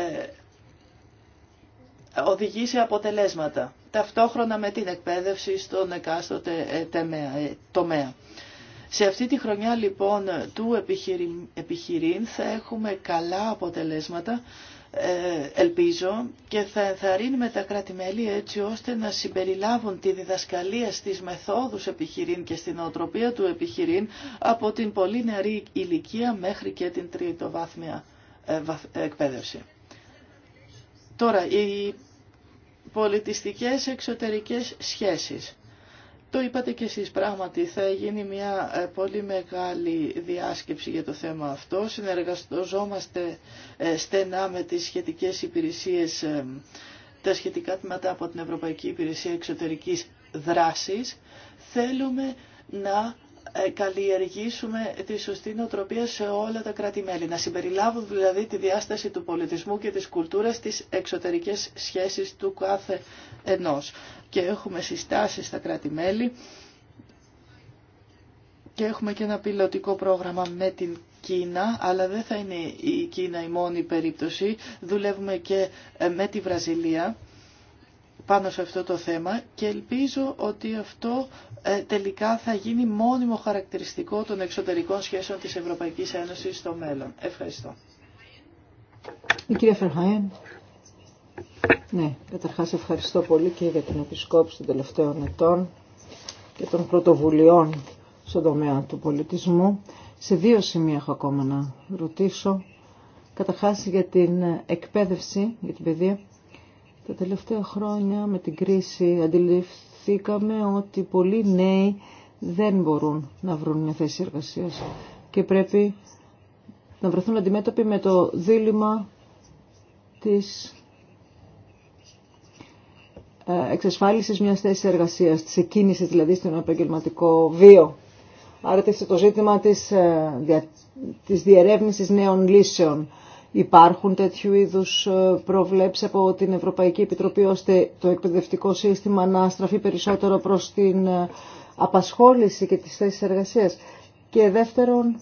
οδηγεί σε αποτελέσματα. Ταυτόχρονα με την εκπαίδευση στον εκάστοτε τομέα. Σε αυτή τη χρονιά λοιπόν του επιχειρήν θα έχουμε καλά αποτελέσματα ε, ελπίζω και θα ενθαρρύνουμε τα κράτη-μέλη έτσι ώστε να συμπεριλάβουν τη διδασκαλία στις μεθόδους επιχειρήν και στην οτροπία του επιχειρήν από την πολύ νεαρή ηλικία μέχρι και την τριτοβάθμια ε, εκπαίδευση. Τώρα, οι πολιτιστικές εξωτερικές σχέσεις. Το είπατε και εσείς πράγματι, θα γίνει μια ε, πολύ μεγάλη διάσκεψη για το θέμα αυτό. Συνεργαζόμαστε ε, στενά με τις σχετικές υπηρεσίες, ε, τα σχετικά τμήματα από την Ευρωπαϊκή Υπηρεσία Εξωτερικής Δράσης. Θέλουμε να καλλιεργήσουμε τη σωστή νοοτροπία σε όλα τα κράτη-μέλη. Να συμπεριλάβουν δηλαδή τη διάσταση του πολιτισμού και της κουλτούρας στις εξωτερικές σχέσεις του κάθε ενός. Και έχουμε συστάσεις στα κράτη-μέλη και έχουμε και ένα πιλωτικό πρόγραμμα με την Κίνα, αλλά δεν θα είναι η Κίνα η μόνη περίπτωση. Δουλεύουμε και ε, με τη Βραζιλία πάνω σε αυτό το θέμα και ελπίζω ότι αυτό ε, τελικά θα γίνει μόνιμο χαρακτηριστικό των εξωτερικών σχέσεων της Ευρωπαϊκής Ένωσης στο μέλλον. Ευχαριστώ. Η κυρία Φερχαέν. Ναι, καταρχάς ευχαριστώ πολύ και για την επισκόπηση των τελευταίων ετών και των πρωτοβουλειών στον τομέα του πολιτισμού. Σε δύο σημεία έχω ακόμα να ρωτήσω. Καταρχάς για την εκπαίδευση, για την παιδεία τα τελευταία χρόνια με την κρίση αντιληφθήκαμε ότι πολλοί νέοι δεν μπορούν να βρουν μια θέση εργασίας και πρέπει να βρεθούν αντιμέτωποι με το δίλημα της ε, εξασφάλισης μιας θέσης εργασίας, της εκκίνησης δηλαδή στον επαγγελματικό βίο. Άρα το ζήτημα της, ε, δια, της διερεύνησης νέων λύσεων Υπάρχουν τέτοιου είδους ε, προβλέψει από την Ευρωπαϊκή Επιτροπή ώστε το εκπαιδευτικό σύστημα να στραφεί περισσότερο προς την ε, απασχόληση και τις θέσεις εργασίας. Και δεύτερον,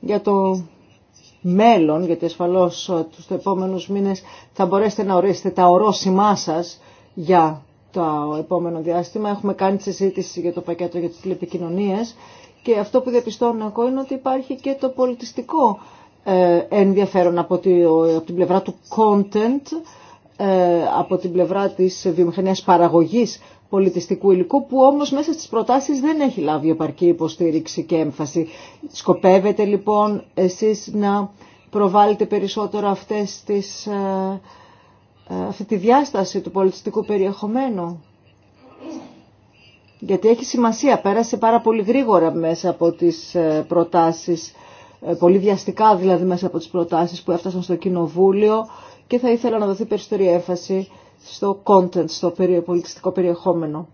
για το μέλλον, γιατί ασφαλώς ε, τους επόμενους μήνες θα μπορέσετε να ορίσετε τα ορόσημά σας για το επόμενο διάστημα. Έχουμε κάνει τη συζήτηση για το πακέτο για τις τηλεπικοινωνίες και αυτό που διαπιστώνω εγώ είναι ότι υπάρχει και το πολιτιστικό ε, ενδιαφέρον από, την πλευρά του content, ε, από την πλευρά της βιομηχανίας παραγωγής πολιτιστικού υλικού που όμως μέσα στις προτάσεις δεν έχει λάβει επαρκή υποστήριξη και έμφαση. Σκοπεύετε λοιπόν εσείς να προβάλλετε περισσότερο αυτές τις, ε, αυτή τη διάσταση του πολιτιστικού περιεχομένου. Γιατί έχει σημασία, πέρασε πάρα πολύ γρήγορα μέσα από τις προτάσεις ε, πολύ βιαστικά δηλαδή μέσα από τις προτάσεις που έφτασαν στο Κοινοβούλιο και θα ήθελα να δοθεί περισσότερη έμφαση στο content, στο πολιτιστικό περιεχόμενο.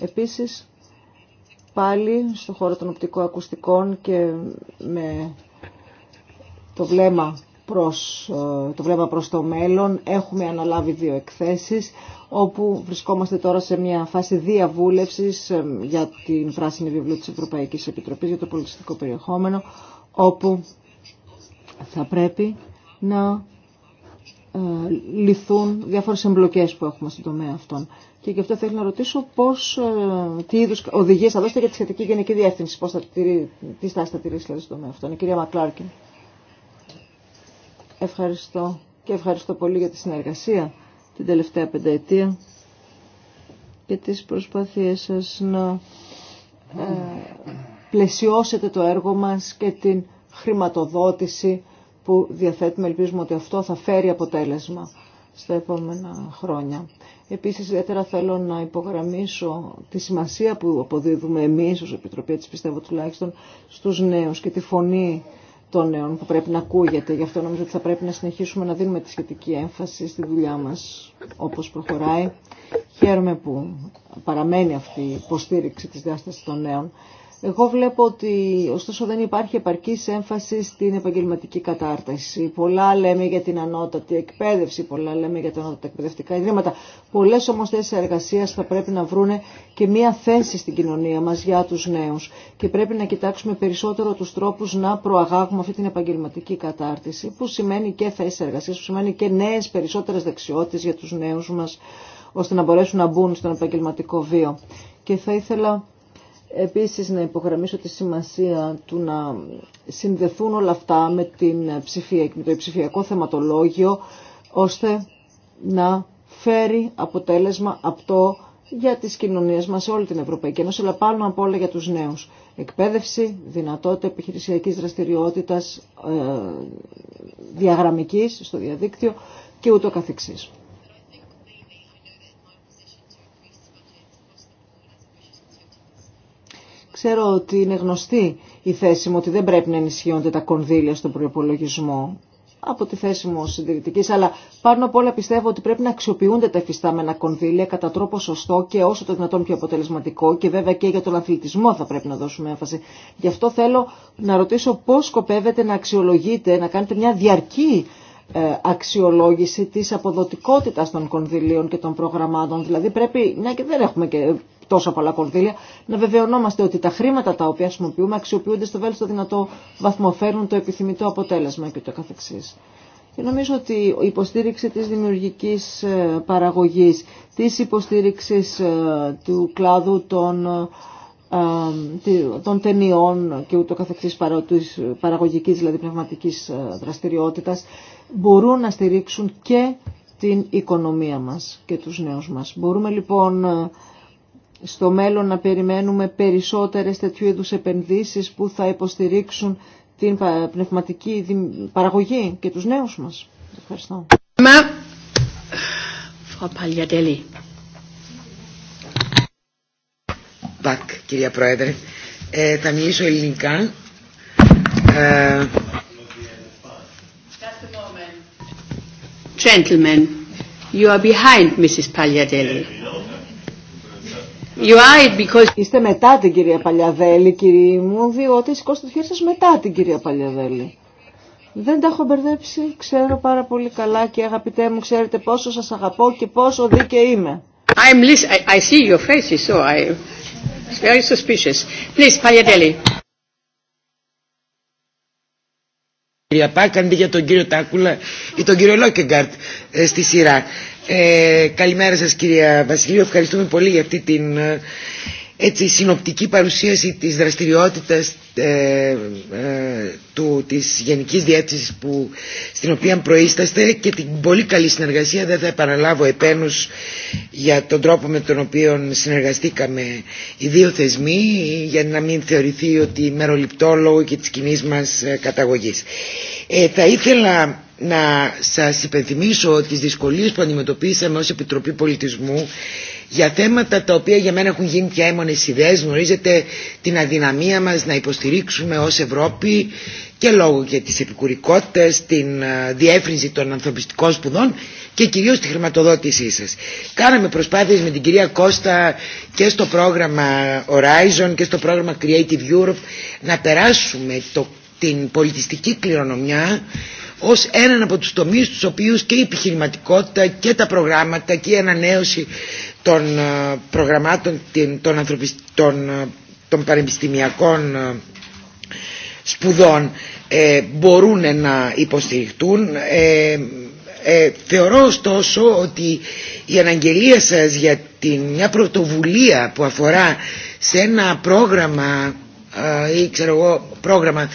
Επίσης, πάλι στον χώρο των οπτικοακουστικών και με το βλέμμα προς, ε, το βλέμμα προς το μέλλον. Έχουμε αναλάβει δύο εκθέσεις όπου βρισκόμαστε τώρα σε μια φάση διαβούλευσης ε, για την πράσινη βιβλία της Ευρωπαϊκής Επιτροπής για το πολιτιστικό περιεχόμενο όπου θα πρέπει να ε, λυθούν διάφορες εμπλοκές που έχουμε στον τομέα αυτών. Και γι' αυτό θέλω να ρωτήσω πώς, τι είδους οδηγίες θα δώσετε για τη σχετική γενική διεύθυνση, πώς θα τηρεί, τι στάση θα τηρήσει δηλαδή, στον τομέα αυτών. Η κυρία Μακλάρκιν. Ευχαριστώ και ευχαριστώ πολύ για τη συνεργασία την τελευταία πενταετία και τις προσπάθειές σας να ε, πλαισιώσετε το έργο μας και την χρηματοδότηση που διαθέτουμε. Ελπίζουμε ότι αυτό θα φέρει αποτέλεσμα στα επόμενα χρόνια. Επίσης, ιδιαίτερα θέλω να υπογραμμίσω τη σημασία που αποδίδουμε εμείς ως Επιτροπή, της πιστεύω τουλάχιστον, στους νέους και τη φωνή των νέων που πρέπει να ακούγεται. Γι' αυτό νομίζω ότι θα πρέπει να συνεχίσουμε να δίνουμε τη σχετική έμφαση στη δουλειά μας όπως προχωράει. Χαίρομαι που παραμένει αυτή η υποστήριξη της διάστασης των νέων εγώ βλέπω ότι ωστόσο δεν υπάρχει επαρκή έμφαση στην επαγγελματική κατάρτιση. Πολλά λέμε για την ανώτατη εκπαίδευση, πολλά λέμε για τα ανώτατα εκπαιδευτικά ιδρύματα. Πολλέ όμω θέσει εργασία θα πρέπει να βρούνε και μία θέση στην κοινωνία μα για του νέου. Και πρέπει να κοιτάξουμε περισσότερο του τρόπου να προαγάγουμε αυτή την επαγγελματική κατάρτιση, που σημαίνει και θέσει εργασία, που σημαίνει και νέε περισσότερε δεξιότητε για του νέου μα ώστε να μπορέσουν να μπουν στον επαγγελματικό βίο. Και θα ήθελα Επίσης να υπογραμμίσω τη σημασία του να συνδεθούν όλα αυτά με, την το ψηφιακό θεματολόγιο ώστε να φέρει αποτέλεσμα αυτό για τις κοινωνίες μας σε όλη την Ευρωπαϊκή Ένωση, αλλά πάνω απ' όλα για τους νέους. Εκπαίδευση, δυνατότητα επιχειρησιακής δραστηριότητας, ε, διαγραμμικής στο διαδίκτυο και ούτω καθεξής. Ξέρω ότι είναι γνωστή η θέση μου ότι δεν πρέπει να ενισχύονται τα κονδύλια στον προπολογισμό από τη θέση μου συντηρητική, αλλά πάνω απ' όλα πιστεύω ότι πρέπει να αξιοποιούνται τα εφιστάμενα κονδύλια κατά τρόπο σωστό και όσο το δυνατόν πιο αποτελεσματικό και βέβαια και για τον αθλητισμό θα πρέπει να δώσουμε έμφαση. Γι' αυτό θέλω να ρωτήσω πώς σκοπεύετε να αξιολογείτε, να κάνετε μια διαρκή ε, αξιολόγηση της αποδοτικότητας των κονδυλίων και των προγραμμάτων. Δηλαδή πρέπει, να και δεν έχουμε και τόσο πολλά κονδύλια, να βεβαιωνόμαστε ότι τα χρήματα τα οποία χρησιμοποιούμε αξιοποιούνται στο βέλτιστο δυνατό βαθμό, το επιθυμητό αποτέλεσμα και το καθεξής. Και νομίζω ότι η υποστήριξη της δημιουργικής ε, παραγωγής, της υποστήριξης ε, του κλάδου των, ε, των ταινιών και ούτω καθεξής παραγωγικής δηλαδή πνευματικής δραστηριότητας μπορούν να στηρίξουν και την οικονομία μας και τους νέους μας. Μπορούμε λοιπόν στο μέλλον να περιμένουμε περισσότερες τέτοιου είδους επενδύσεις που θα υποστηρίξουν την πνευματική παραγωγή και τους νέους μας. Ευχαριστώ. Μπακ, κυρία Πρόεδρε. Ε, θα μιλήσω ελληνικά. Ε, Gentlemen, you are behind Mrs. Pagliadelli. Είστε μετά την κυρία Παλιαδέλη, κύριε μου, διότι σηκώστε το χέρι σας μετά την κυρία Παλιαδέλη. Δεν τα έχω μπερδέψει, ξέρω πάρα πολύ καλά και αγαπητέ μου, ξέρετε πόσο σας αγαπώ και πόσο δίκαιη είμαι. I'm I, see your so I'm very suspicious. Please, Παλιαδέλη. κυρία Πάκ για τον κύριο Τάκουλα ή τον κύριο Λόκεγκαρτ ε, στη σειρά. Ε, καλημέρα σας κυρία Βασιλείου, ευχαριστούμε πολύ για αυτή την ε, έτσι, η συνοπτική παρουσίαση της δραστηριότητας ε, ε, του, της Γενικής Διεύθυνσης που, στην οποία προείσταστε και την πολύ καλή συνεργασία δεν θα επαναλάβω επένους για τον τρόπο με τον οποίο συνεργαστήκαμε οι δύο θεσμοί για να μην θεωρηθεί ότι μεροληπτό λόγω και της κοινή μας ε, καταγωγής. Ε, θα ήθελα να σας υπενθυμίσω τις δυσκολίες που αντιμετωπίσαμε ως Επιτροπή Πολιτισμού για θέματα τα οποία για μένα έχουν γίνει πια έμονες ιδέε, Γνωρίζετε την αδυναμία μα να υποστηρίξουμε ω Ευρώπη και λόγω και της επικουρικότητα, την ε, διεύρυνση των ανθρωπιστικών σπουδών και κυρίω τη χρηματοδότησή σα. Κάναμε προσπάθειε με την κυρία Κώστα και στο πρόγραμμα Horizon και στο πρόγραμμα Creative Europe να περάσουμε το, την πολιτιστική κληρονομιά ως έναν από τους τομείς τους οποίους και η επιχειρηματικότητα και τα προγράμματα και η ανανέωση των ε, προγραμμάτων των, των, ε, των πανεπιστημιακών ε, σπουδών ε, μπορούν να υποστηριχτούν. θεωρώ ωστόσο ότι η αναγγελία σας για την, μια πρωτοβουλία που αφορά σε ένα πρόγραμμα ή ξέρω πρόγραμμα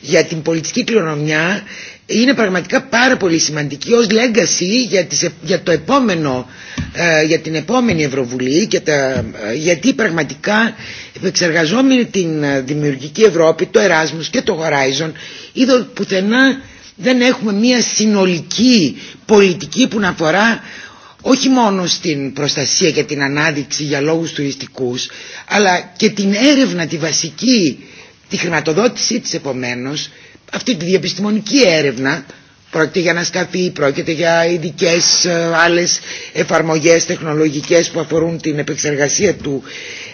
για την πολιτική κληρονομιά είναι πραγματικά πάρα πολύ σημαντική ως legacy για, το επόμενο, ε, για την επόμενη Ευρωβουλή και τα, ε, γιατί πραγματικά επεξεργαζόμενη την ε, δημιουργική Ευρώπη, το Erasmus και το Horizon είδα πουθενά δεν έχουμε μια συνολική πολιτική που να αφορά όχι μόνο στην προστασία και την ανάδειξη για λόγους τουριστικούς αλλά και την έρευνα τη βασική, τη χρηματοδότησή της επομένως αυτή τη διαπιστημονική έρευνα πρόκειται για να σκαθεί, πρόκειται για ειδικέ ε, άλλες εφαρμογές τεχνολογικές που αφορούν την επεξεργασία του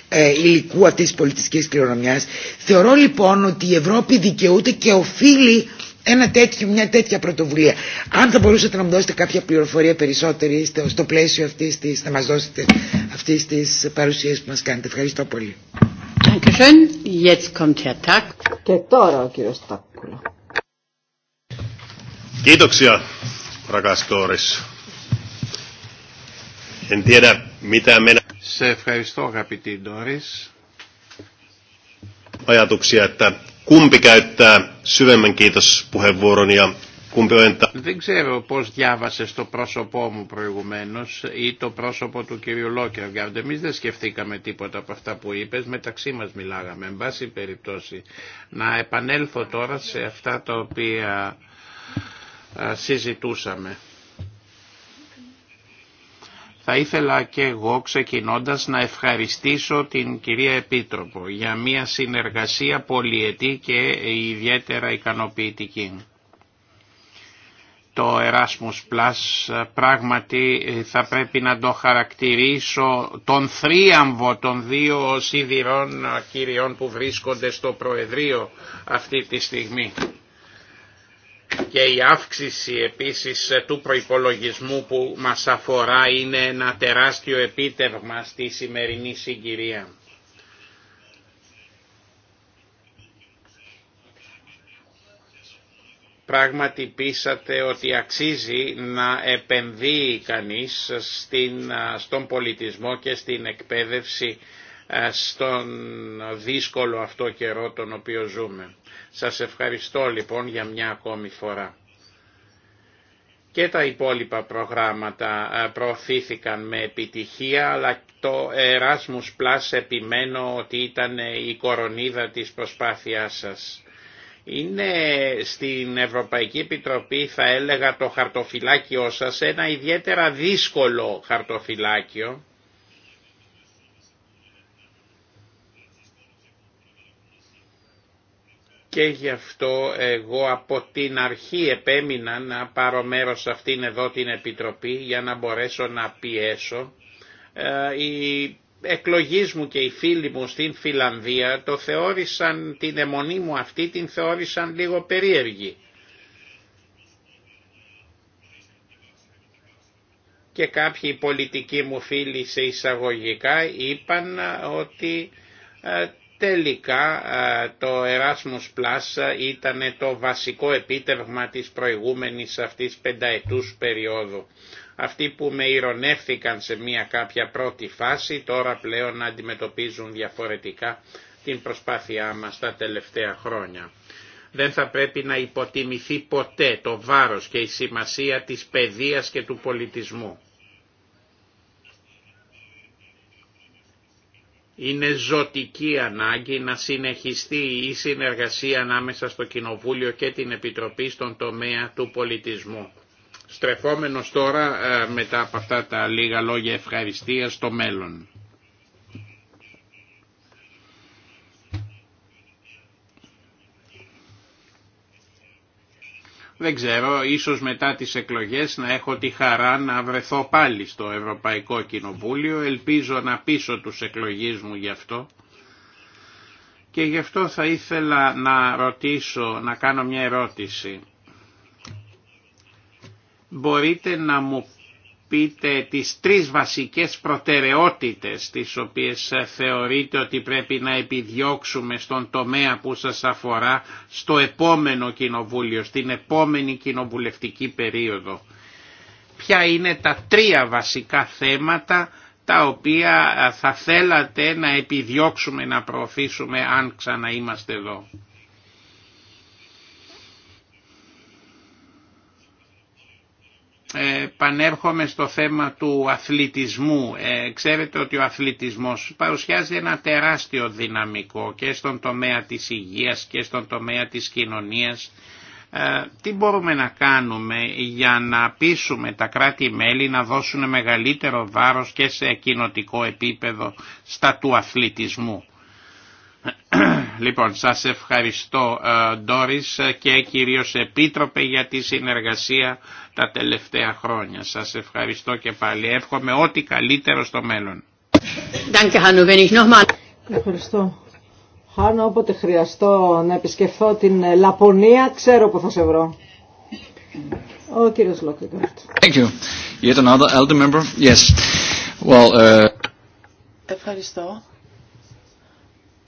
ε, υλικού αυτής της πολιτιστικής κληρονομιάς. Θεωρώ λοιπόν ότι η Ευρώπη δικαιούται και οφείλει ένα τέτοιο, μια τέτοια πρωτοβουλία. Αν θα μπορούσατε να μου δώσετε κάποια πληροφορία περισσότερη στο πλαίσιο αυτής της, να μας δώσετε αυτής της παρουσίας που μας κάνετε. Ευχαριστώ πολύ. Και τώρα ο κύριος Τάκ. Παπαδόπουλο. Kiitoksia, rakas En tiedä, mitä mennä... Σε ευχαριστώ, αγαπητή Doris. Ajatuksia, että kumpi käyttää syvemmän kiitos puheenvuoron ja δεν ξέρω πώς διάβασες το πρόσωπό μου προηγουμένως ή το πρόσωπο του κυρίου Γιατί Εμείς δεν σκεφτήκαμε τίποτα από αυτά που είπες, μεταξύ μας μιλάγαμε. Εν πάση περιπτώσει, να επανέλθω τώρα σε αυτά τα οποία συζητούσαμε. Θα ήθελα και εγώ ξεκινώντας να ευχαριστήσω την κυρία Επίτροπο για μια συνεργασία πολυετή και ιδιαίτερα ικανοποιητική το Erasmus Plus ε, πράγματι ε, θα πρέπει να το χαρακτηρίσω τον θρίαμβο των δύο σιδηρών ε, κυριών που βρίσκονται στο Προεδρείο αυτή τη στιγμή. Και η αύξηση επίσης του προϋπολογισμού που μας αφορά είναι ένα τεράστιο επίτευγμα στη σημερινή συγκυρία. πράγματι πείσατε ότι αξίζει να επενδύει κανείς στην, στον πολιτισμό και στην εκπαίδευση στον δύσκολο αυτό καιρό τον οποίο ζούμε. Σας ευχαριστώ λοιπόν για μια ακόμη φορά. Και τα υπόλοιπα προγράμματα προωθήθηκαν με επιτυχία, αλλά το Erasmus Plus επιμένω ότι ήταν η κορονίδα της προσπάθειάς σας είναι στην Ευρωπαϊκή Επιτροπή θα έλεγα το χαρτοφυλάκιό σας ένα ιδιαίτερα δύσκολο χαρτοφυλάκιο και γι' αυτό εγώ από την αρχή επέμεινα να πάρω μέρος σε αυτήν εδώ την Επιτροπή για να μπορέσω να πιέσω ε, η εκλογής μου και οι φίλοι μου στην Φιλανδία το θεώρησαν, την αιμονή μου αυτή την θεώρησαν λίγο περίεργη. Και κάποιοι πολιτικοί μου φίλοι σε εισαγωγικά είπαν ότι τελικά το Erasmus Plus ήταν το βασικό επίτευγμα της προηγούμενης αυτής πενταετούς περίοδου. Αυτοί που με ηρωνεύθηκαν σε μια κάποια πρώτη φάση τώρα πλέον αντιμετωπίζουν διαφορετικά την προσπάθειά μας τα τελευταία χρόνια. Δεν θα πρέπει να υποτιμηθεί ποτέ το βάρος και η σημασία της παιδείας και του πολιτισμού. Είναι ζωτική ανάγκη να συνεχιστεί η συνεργασία ανάμεσα στο Κοινοβούλιο και την Επιτροπή στον τομέα του πολιτισμού στρεφόμενος τώρα ε, μετά από αυτά τα λίγα λόγια ευχαριστίας στο μέλλον. Δεν ξέρω, ίσως μετά τις εκλογές να έχω τη χαρά να βρεθώ πάλι στο Ευρωπαϊκό Κοινοβούλιο. Ελπίζω να πείσω τους εκλογείς μου γι' αυτό. Και γι' αυτό θα ήθελα να ρωτήσω, να κάνω μια ερώτηση μπορείτε να μου πείτε τις τρεις βασικές προτεραιότητες τις οποίες θεωρείτε ότι πρέπει να επιδιώξουμε στον τομέα που σας αφορά στο επόμενο κοινοβούλιο, στην επόμενη κοινοβουλευτική περίοδο. Ποια είναι τα τρία βασικά θέματα τα οποία θα θέλατε να επιδιώξουμε να προωθήσουμε αν ξαναείμαστε εδώ. Πανέρχομαι στο θέμα του αθλητισμού. Ε, ξέρετε ότι ο αθλητισμός παρουσιάζει ένα τεράστιο δυναμικό και στον τομέα της υγείας και στον τομέα της κοινωνίας. Ε, τι μπορούμε να κάνουμε για να πείσουμε τα κράτη-μέλη να δώσουν μεγαλύτερο βάρος και σε κοινοτικό επίπεδο στα του αθλητισμού. [clears throat] Λοιπόν, σας ευχαριστώ ε, Ντόρις και κυρίως Επίτροπε για τη συνεργασία τα τελευταία χρόνια. Σας ευχαριστώ και πάλι. Εύχομαι ό,τι καλύτερο στο μέλλον. Ευχαριστώ. Χάνω όποτε χρειαστώ να επισκεφθώ την Λαπωνία, ξέρω που θα σε βρω. Ο κύριος Λόκεγκαρτ. Thank you. Yet another elder member. Yes. Well, uh, Ευχαριστώ.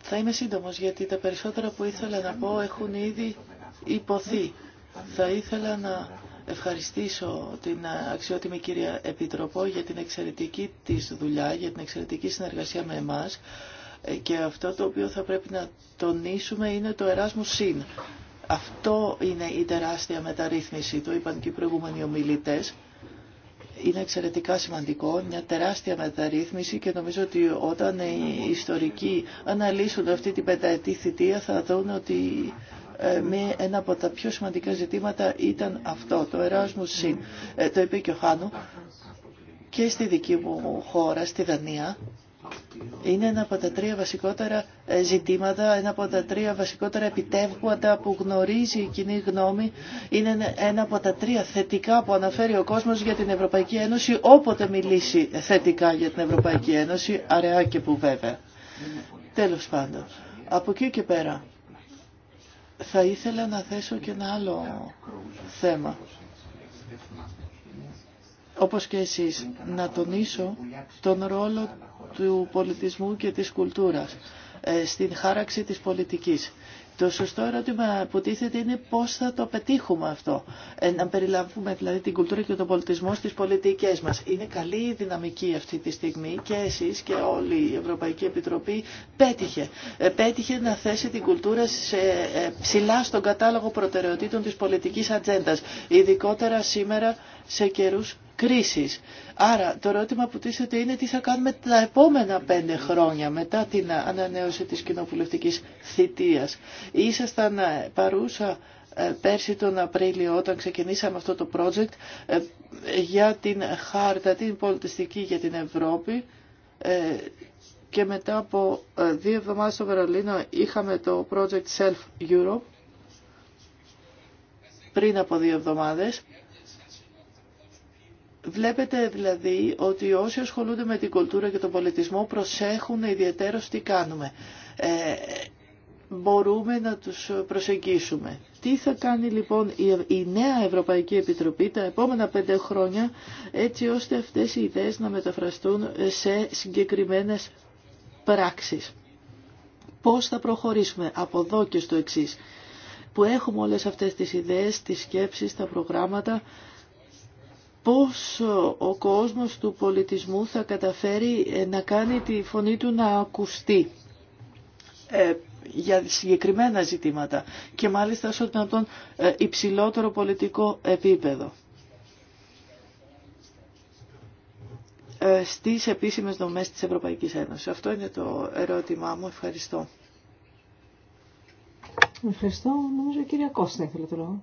Θα είμαι σύντομος γιατί τα περισσότερα που ήθελα να πω έχουν ήδη υποθεί. Θα ήθελα να ευχαριστήσω την αξιότιμη κυρία Επιτροπό για την εξαιρετική της δουλειά, για την εξαιρετική συνεργασία με εμάς ε, και αυτό το οποίο θα πρέπει να τονίσουμε είναι το Erasmus ΣΥΝ. Αυτό είναι η τεράστια μεταρρύθμιση, το είπαν και οι προηγούμενοι ομιλητές. Είναι εξαιρετικά σημαντικό, μια τεράστια μεταρρύθμιση και νομίζω ότι όταν οι ιστορικοί αναλύσουν αυτή την πενταετή θητεία θα δουν ότι με ένα από τα πιο σημαντικά ζητήματα ήταν αυτό, το Erasmus σύν, ε, Το είπε και ο Χάνου και στη δική μου χώρα, στη Δανία. Είναι ένα από τα τρία βασικότερα ε, ζητήματα, ένα από τα τρία βασικότερα επιτεύγματα που γνωρίζει η κοινή γνώμη. Είναι ένα από τα τρία θετικά που αναφέρει ο κόσμος για την Ευρωπαϊκή Ένωση, όποτε μιλήσει θετικά για την Ευρωπαϊκή Ένωση, αραιά και που βέβαια. Τέλος πάντων. Από εκεί και πέρα, θα ήθελα να θέσω και ένα άλλο θέμα. Όπως και εσείς, να τονίσω τον ρόλο του πολιτισμού και της κουλτούρας ε, στην χάραξη της πολιτικής. Το σωστό ερώτημα που τίθεται είναι πώς θα το πετύχουμε αυτό. Ε, να περιλαμβούμε δηλαδή την κουλτούρα και τον πολιτισμό στις πολιτικές μας. Είναι καλή η δυναμική αυτή τη στιγμή και εσείς και όλη η Ευρωπαϊκή Επιτροπή πέτυχε. Ε, πέτυχε να θέσει την κουλτούρα σε, ε, ψηλά στον κατάλογο προτεραιοτήτων της πολιτικής ατζέντα. Ειδικότερα σήμερα σε καιρούς κρίσης. Άρα το ερώτημα που τίθεται είναι τι θα κάνουμε τα επόμενα πέντε χρόνια μετά την ανανέωση της κοινοβουλευτικής θητείας. Ήσασταν ε, παρούσα ε, πέρσι τον Απρίλιο όταν ξεκινήσαμε αυτό το project ε, για την χάρτα, την πολιτιστική για την Ευρώπη και μετά από δύο εβδομάδες στο Βερολίνο είχαμε το project Self Europe πριν από δύο εβδομάδες Βλέπετε δηλαδή ότι όσοι ασχολούνται με την κουλτούρα και τον πολιτισμό προσέχουν ιδιαίτερα τι κάνουμε. Ε, μπορούμε να τους προσεγγίσουμε. Τι θα κάνει λοιπόν η νέα Ευρωπαϊκή Επιτροπή τα επόμενα πέντε χρόνια έτσι ώστε αυτές οι ιδέες να μεταφραστούν σε συγκεκριμένες πράξεις. Πώς θα προχωρήσουμε από εδώ και στο εξής που έχουμε όλες αυτές τις ιδέες, τις σκέψεις, τα προγράμματα πώς ο κόσμος του πολιτισμού θα καταφέρει ε, να κάνει τη φωνή του να ακουστεί ε, για συγκεκριμένα ζητήματα και μάλιστα σε τον ε, υψηλότερο πολιτικό επίπεδο. στις επίσημες δομές της Ευρωπαϊκής Ένωσης. Αυτό είναι το ερώτημά μου. Ευχαριστώ. Ευχαριστώ. Νομίζω η κυρία Κώστα ήθελε το λόγο.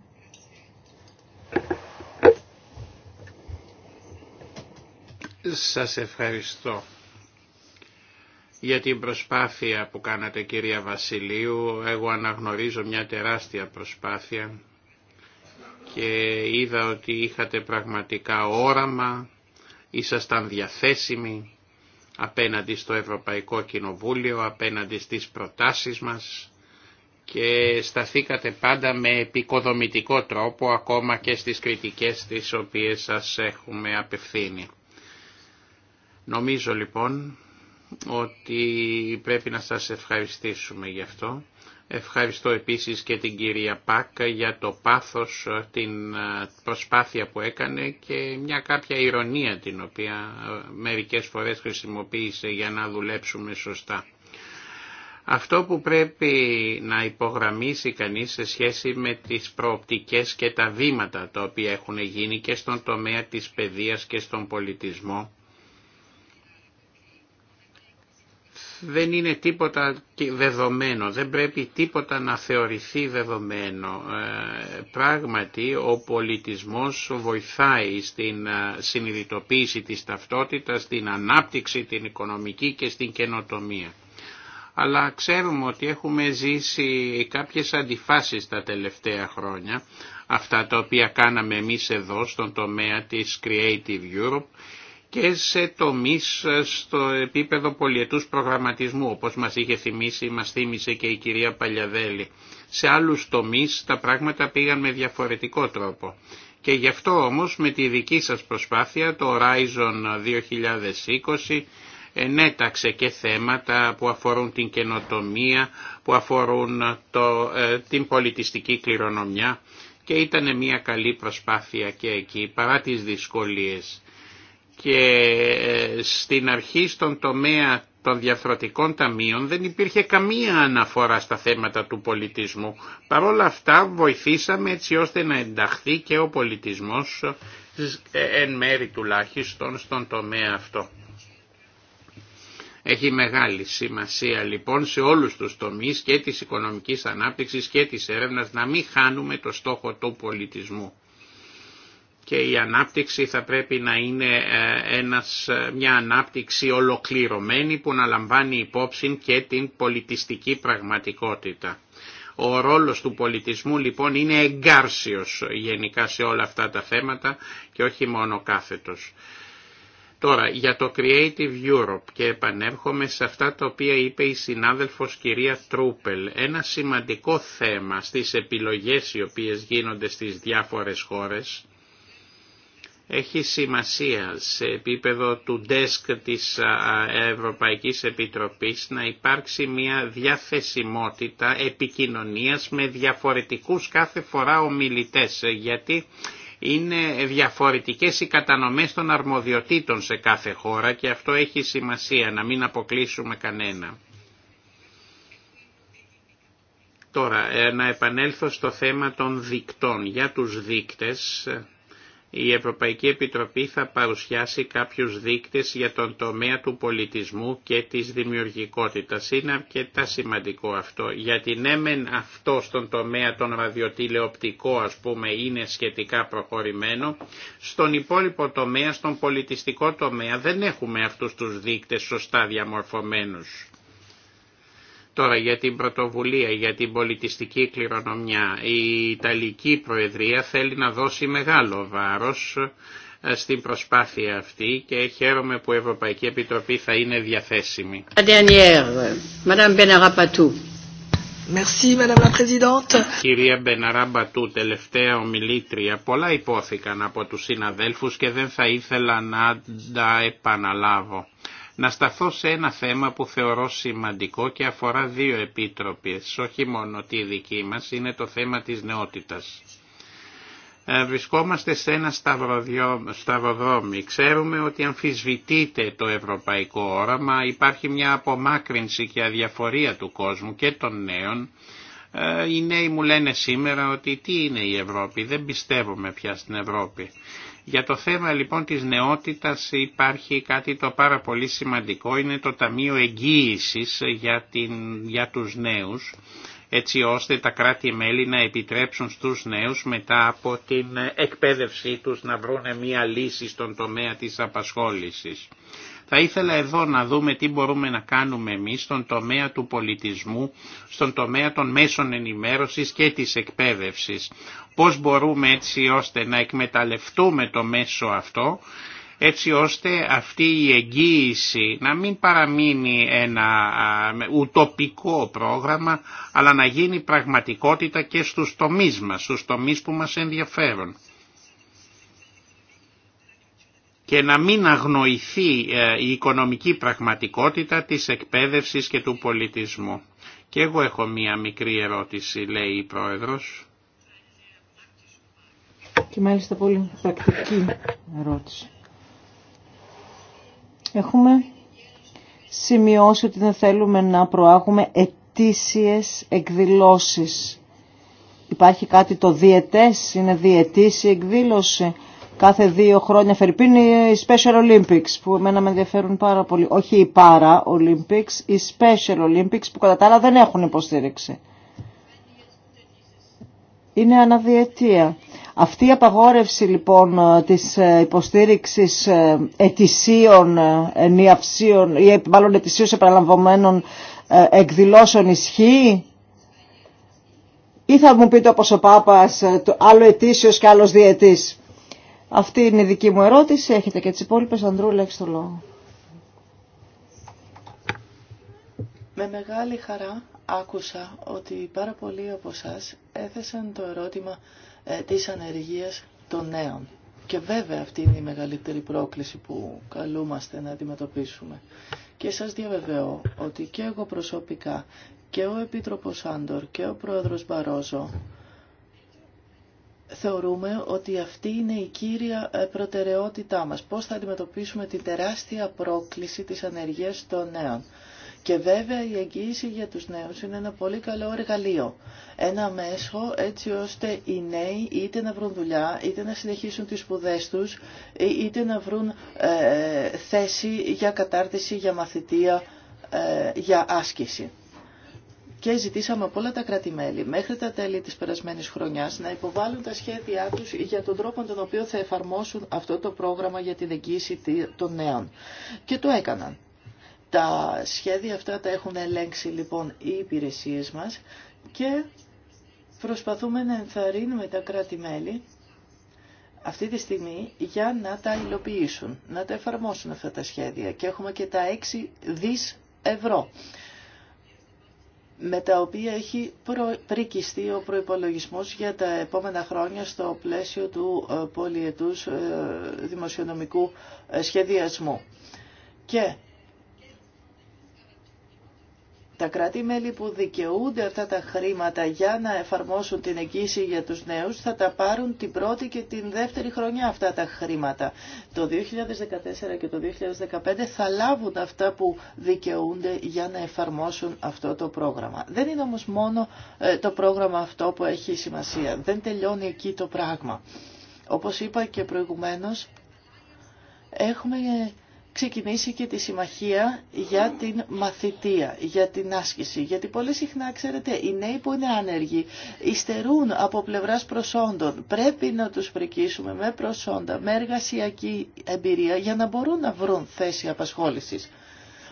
Σας ευχαριστώ για την προσπάθεια που κάνατε κυρία Βασιλείου. Εγώ αναγνωρίζω μια τεράστια προσπάθεια και είδα ότι είχατε πραγματικά όραμα, ήσασταν διαθέσιμοι απέναντι στο Ευρωπαϊκό Κοινοβούλιο, απέναντι στις προτάσεις μας και σταθήκατε πάντα με επικοδομητικό τρόπο ακόμα και στις κριτικές τις οποίες σας έχουμε απευθύνει. Νομίζω λοιπόν ότι πρέπει να σας ευχαριστήσουμε γι' αυτό. Ευχαριστώ επίσης και την κυρία Πάκα για το πάθος, την ε, προσπάθεια που έκανε και μια κάποια ηρωνία την οποία ε, μερικές φορές χρησιμοποίησε για να δουλέψουμε σωστά. Αυτό που πρέπει να υπογραμμίσει κανείς σε σχέση με τις προοπτικές και τα βήματα τα οποία έχουν γίνει και στον τομέα της παιδείας και στον πολιτισμό δεν είναι τίποτα δεδομένο, δεν πρέπει τίποτα να θεωρηθεί δεδομένο. Ε, πράγματι ο πολιτισμός βοηθάει στην ε, συνειδητοποίηση της ταυτότητας, στην ανάπτυξη, την οικονομική και στην καινοτομία. Αλλά ξέρουμε ότι έχουμε ζήσει κάποιες αντιφάσεις τα τελευταία χρόνια, αυτά τα οποία κάναμε εμείς εδώ στον τομέα της Creative Europe, και σε τομείς ε, στο επίπεδο πολιετούς προγραμματισμού, όπως μας είχε θυμίσει, μας θύμισε και η κυρία Παλιαδέλη. Σε άλλους τομείς τα πράγματα πήγαν με διαφορετικό τρόπο. Και γι' αυτό όμως με τη δική σας προσπάθεια το Horizon 2020 ενέταξε και θέματα που αφορούν την καινοτομία, που αφορούν ε, το, ε, την πολιτιστική κληρονομιά και ήταν μια καλή προσπάθεια και εκεί παρά τις δυσκολίες και ε, στην αρχή στον τομέα των διαφθορτικών ταμείων δεν υπήρχε καμία αναφορά στα θέματα του πολιτισμού. Παρ' αυτά βοηθήσαμε έτσι ώστε να ενταχθεί και ο πολιτισμός ε, εν μέρη τουλάχιστον στον τομέα αυτό. Έχει μεγάλη σημασία λοιπόν σε όλους τους τομείς και της οικονομικής ανάπτυξης και της έρευνας να μην χάνουμε το στόχο του πολιτισμού και η ανάπτυξη θα πρέπει να είναι ε, ένας, ε, μια ανάπτυξη ολοκληρωμένη που να λαμβάνει υπόψη και την πολιτιστική πραγματικότητα. Ο ρόλος του πολιτισμού λοιπόν είναι εγκάρσιος γενικά σε όλα αυτά τα θέματα και όχι μόνο κάθετος. Τώρα για το Creative Europe και επανέρχομαι σε αυτά τα οποία είπε η συνάδελφος κυρία Τρούπελ. Ένα σημαντικό θέμα στις επιλογές οι οποίες γίνονται στις διάφορες χώρες έχει σημασία σε επίπεδο του desk της Ευρωπαϊκής Επιτροπής να υπάρξει μια διαθεσιμότητα επικοινωνίας με διαφορετικούς κάθε φορά ομιλητές γιατί είναι διαφορετικές οι κατανομές των αρμοδιοτήτων σε κάθε χώρα και αυτό έχει σημασία να μην αποκλείσουμε κανένα. Τώρα, ε, να επανέλθω στο θέμα των δικτών. Για τους δίκτες, η Ευρωπαϊκή Επιτροπή θα παρουσιάσει κάποιους δείκτες για τον τομέα του πολιτισμού και της δημιουργικότητας. Είναι αρκετά σημαντικό αυτό, γιατί ναι μεν αυτό στον τομέα τον ραδιοτηλεοπτικό ας πούμε είναι σχετικά προχωρημένο, στον υπόλοιπο τομέα, στον πολιτιστικό τομέα δεν έχουμε αυτούς τους δείκτες σωστά διαμορφωμένους. Τώρα για την πρωτοβουλία, για την πολιτιστική κληρονομιά. Η Ιταλική Προεδρία θέλει να δώσει μεγάλο βάρος ε, στην προσπάθεια αυτή και χαίρομαι που η Ευρωπαϊκή Επιτροπή θα είναι διαθέσιμη. Merci, Madame la Présidente. Κυρία τελευταία ομιλήτρια, πολλά υπόθηκαν από τους συναδέλφους και δεν θα ήθελα να τα επαναλάβω να σταθώ σε ένα θέμα που θεωρώ σημαντικό και αφορά δύο επίτροπες, όχι μόνο τη δική μας, είναι το θέμα της νεότητας. Ε, βρισκόμαστε σε ένα σταυροδρόμι. Ξέρουμε ότι αμφισβητείται το ευρωπαϊκό όραμα, υπάρχει μια απομάκρυνση και αδιαφορία του κόσμου και των νέων. Ε, οι νέοι μου λένε σήμερα ότι τι είναι η Ευρώπη, δεν πιστεύουμε πια στην Ευρώπη. Για το θέμα λοιπόν της νεότητας υπάρχει κάτι το πάρα πολύ σημαντικό, είναι το Ταμείο Εγγύησης για, την, για τους νέους, έτσι ώστε τα κράτη-μέλη να επιτρέψουν στους νέους μετά από την εκπαίδευσή τους να βρουν μια λύση στον τομέα της απασχόλησης. Θα ήθελα εδώ να δούμε τι μπορούμε να κάνουμε εμείς στον τομέα του πολιτισμού, στον τομέα των μέσων ενημέρωσης και της εκπαίδευσης. Πώς μπορούμε έτσι ώστε να εκμεταλλευτούμε το μέσο αυτό έτσι ώστε αυτή η εγγύηση να μην παραμείνει ένα ουτοπικό πρόγραμμα, αλλά να γίνει πραγματικότητα και στους τομείς μας, στους τομείς που μας ενδιαφέρουν και να μην αγνοηθεί ε, η οικονομική πραγματικότητα της εκπαίδευσης και του πολιτισμού. Και εγώ έχω μία μικρή ερώτηση, λέει η Πρόεδρος. Και μάλιστα πολύ πρακτική ερώτηση. Έχουμε σημειώσει ότι δεν θέλουμε να προάγουμε ετήσιες εκδηλώσεις. Υπάρχει κάτι το διετές, είναι διετής εκδήλωση κάθε δύο χρόνια φερπίνει οι Special Olympics που εμένα με ενδιαφέρουν πάρα πολύ. Όχι οι Para Olympics, οι Special Olympics που κατά τα άλλα δεν έχουν υποστήριξη. Είναι αναδιαιτία. Αυτή η απαγόρευση λοιπόν της ε, υποστήριξης ε, ετησίων ε, ενιαυσίων ή μάλλον ετησίως επαναλαμβωμένων εκδηλώσεων ισχύει ή θα μου πείτε όπως ο Πάπας άλλο ετήσιος και άλλος διετής. Αυτή είναι η δική μου ερώτηση. Έχετε και τι υπόλοιπε Ανδρούλα, το λόγο. Με μεγάλη χαρά άκουσα ότι πάρα πολλοί από εσά έθεσαν το ερώτημα ε, της ανεργίας των νέων. Και βέβαια αυτή είναι η μεγαλύτερη πρόκληση που καλούμαστε να αντιμετωπίσουμε. Και σας διαβεβαιώ ότι και εγώ προσωπικά και ο Επίτροπος Άντορ και ο Πρόεδρος Μπαρόζο θεωρούμε ότι αυτή είναι η κύρια ε, προτεραιότητά μας. Πώς θα αντιμετωπίσουμε την τεράστια πρόκληση της ανεργίας των νέων. Και βέβαια η εγγύηση για τους νέους είναι ένα πολύ καλό εργαλείο. Ένα μέσο έτσι ώστε οι νέοι είτε να βρουν δουλειά, είτε να συνεχίσουν τις σπουδές τους, είτε να βρουν ε, ε, θέση για κατάρτιση, για μαθητεία, για άσκηση και ζητήσαμε από όλα τα κράτη-μέλη μέχρι τα τέλη της περασμένης χρονιάς να υποβάλουν τα σχέδιά τους για τον τρόπο τον οποίο θα εφαρμόσουν αυτό το πρόγραμμα για την εγγύηση των νέων. Και το έκαναν. Τα σχέδια αυτά τα έχουν ελέγξει λοιπόν οι υπηρεσίες μας και προσπαθούμε να ενθαρρύνουμε τα κράτη-μέλη αυτή τη στιγμή για να τα υλοποιήσουν, να τα εφαρμόσουν αυτά τα σχέδια. Και έχουμε και τα 6 δις ευρώ με τα οποία έχει πρικιστεί ο προϋπολογισμός για τα επόμενα χρόνια στο πλαίσιο του ε, πολιετούς ε, δημοσιονομικού ε, σχεδιασμού. Και τα κράτη-μέλη που δικαιούνται αυτά τα χρήματα για να εφαρμόσουν την εγγύηση για τους νέους θα τα πάρουν την πρώτη και την δεύτερη χρονιά αυτά τα χρήματα. Το 2014 και το 2015 θα λάβουν αυτά που δικαιούνται για να εφαρμόσουν αυτό το πρόγραμμα. Δεν είναι όμως μόνο ε, το πρόγραμμα αυτό που έχει σημασία. Δεν τελειώνει εκεί το πράγμα. Όπως είπα και προηγουμένως, έχουμε ξεκινήσει και τη συμμαχία για την μαθητεία, για την άσκηση. Γιατί πολύ συχνά, ξέρετε, οι νέοι που είναι άνεργοι υστερούν από πλευράς προσόντων. Πρέπει να τους φρικίσουμε με προσόντα, με εργασιακή εμπειρία για να μπορούν να βρουν θέση απασχόλησης.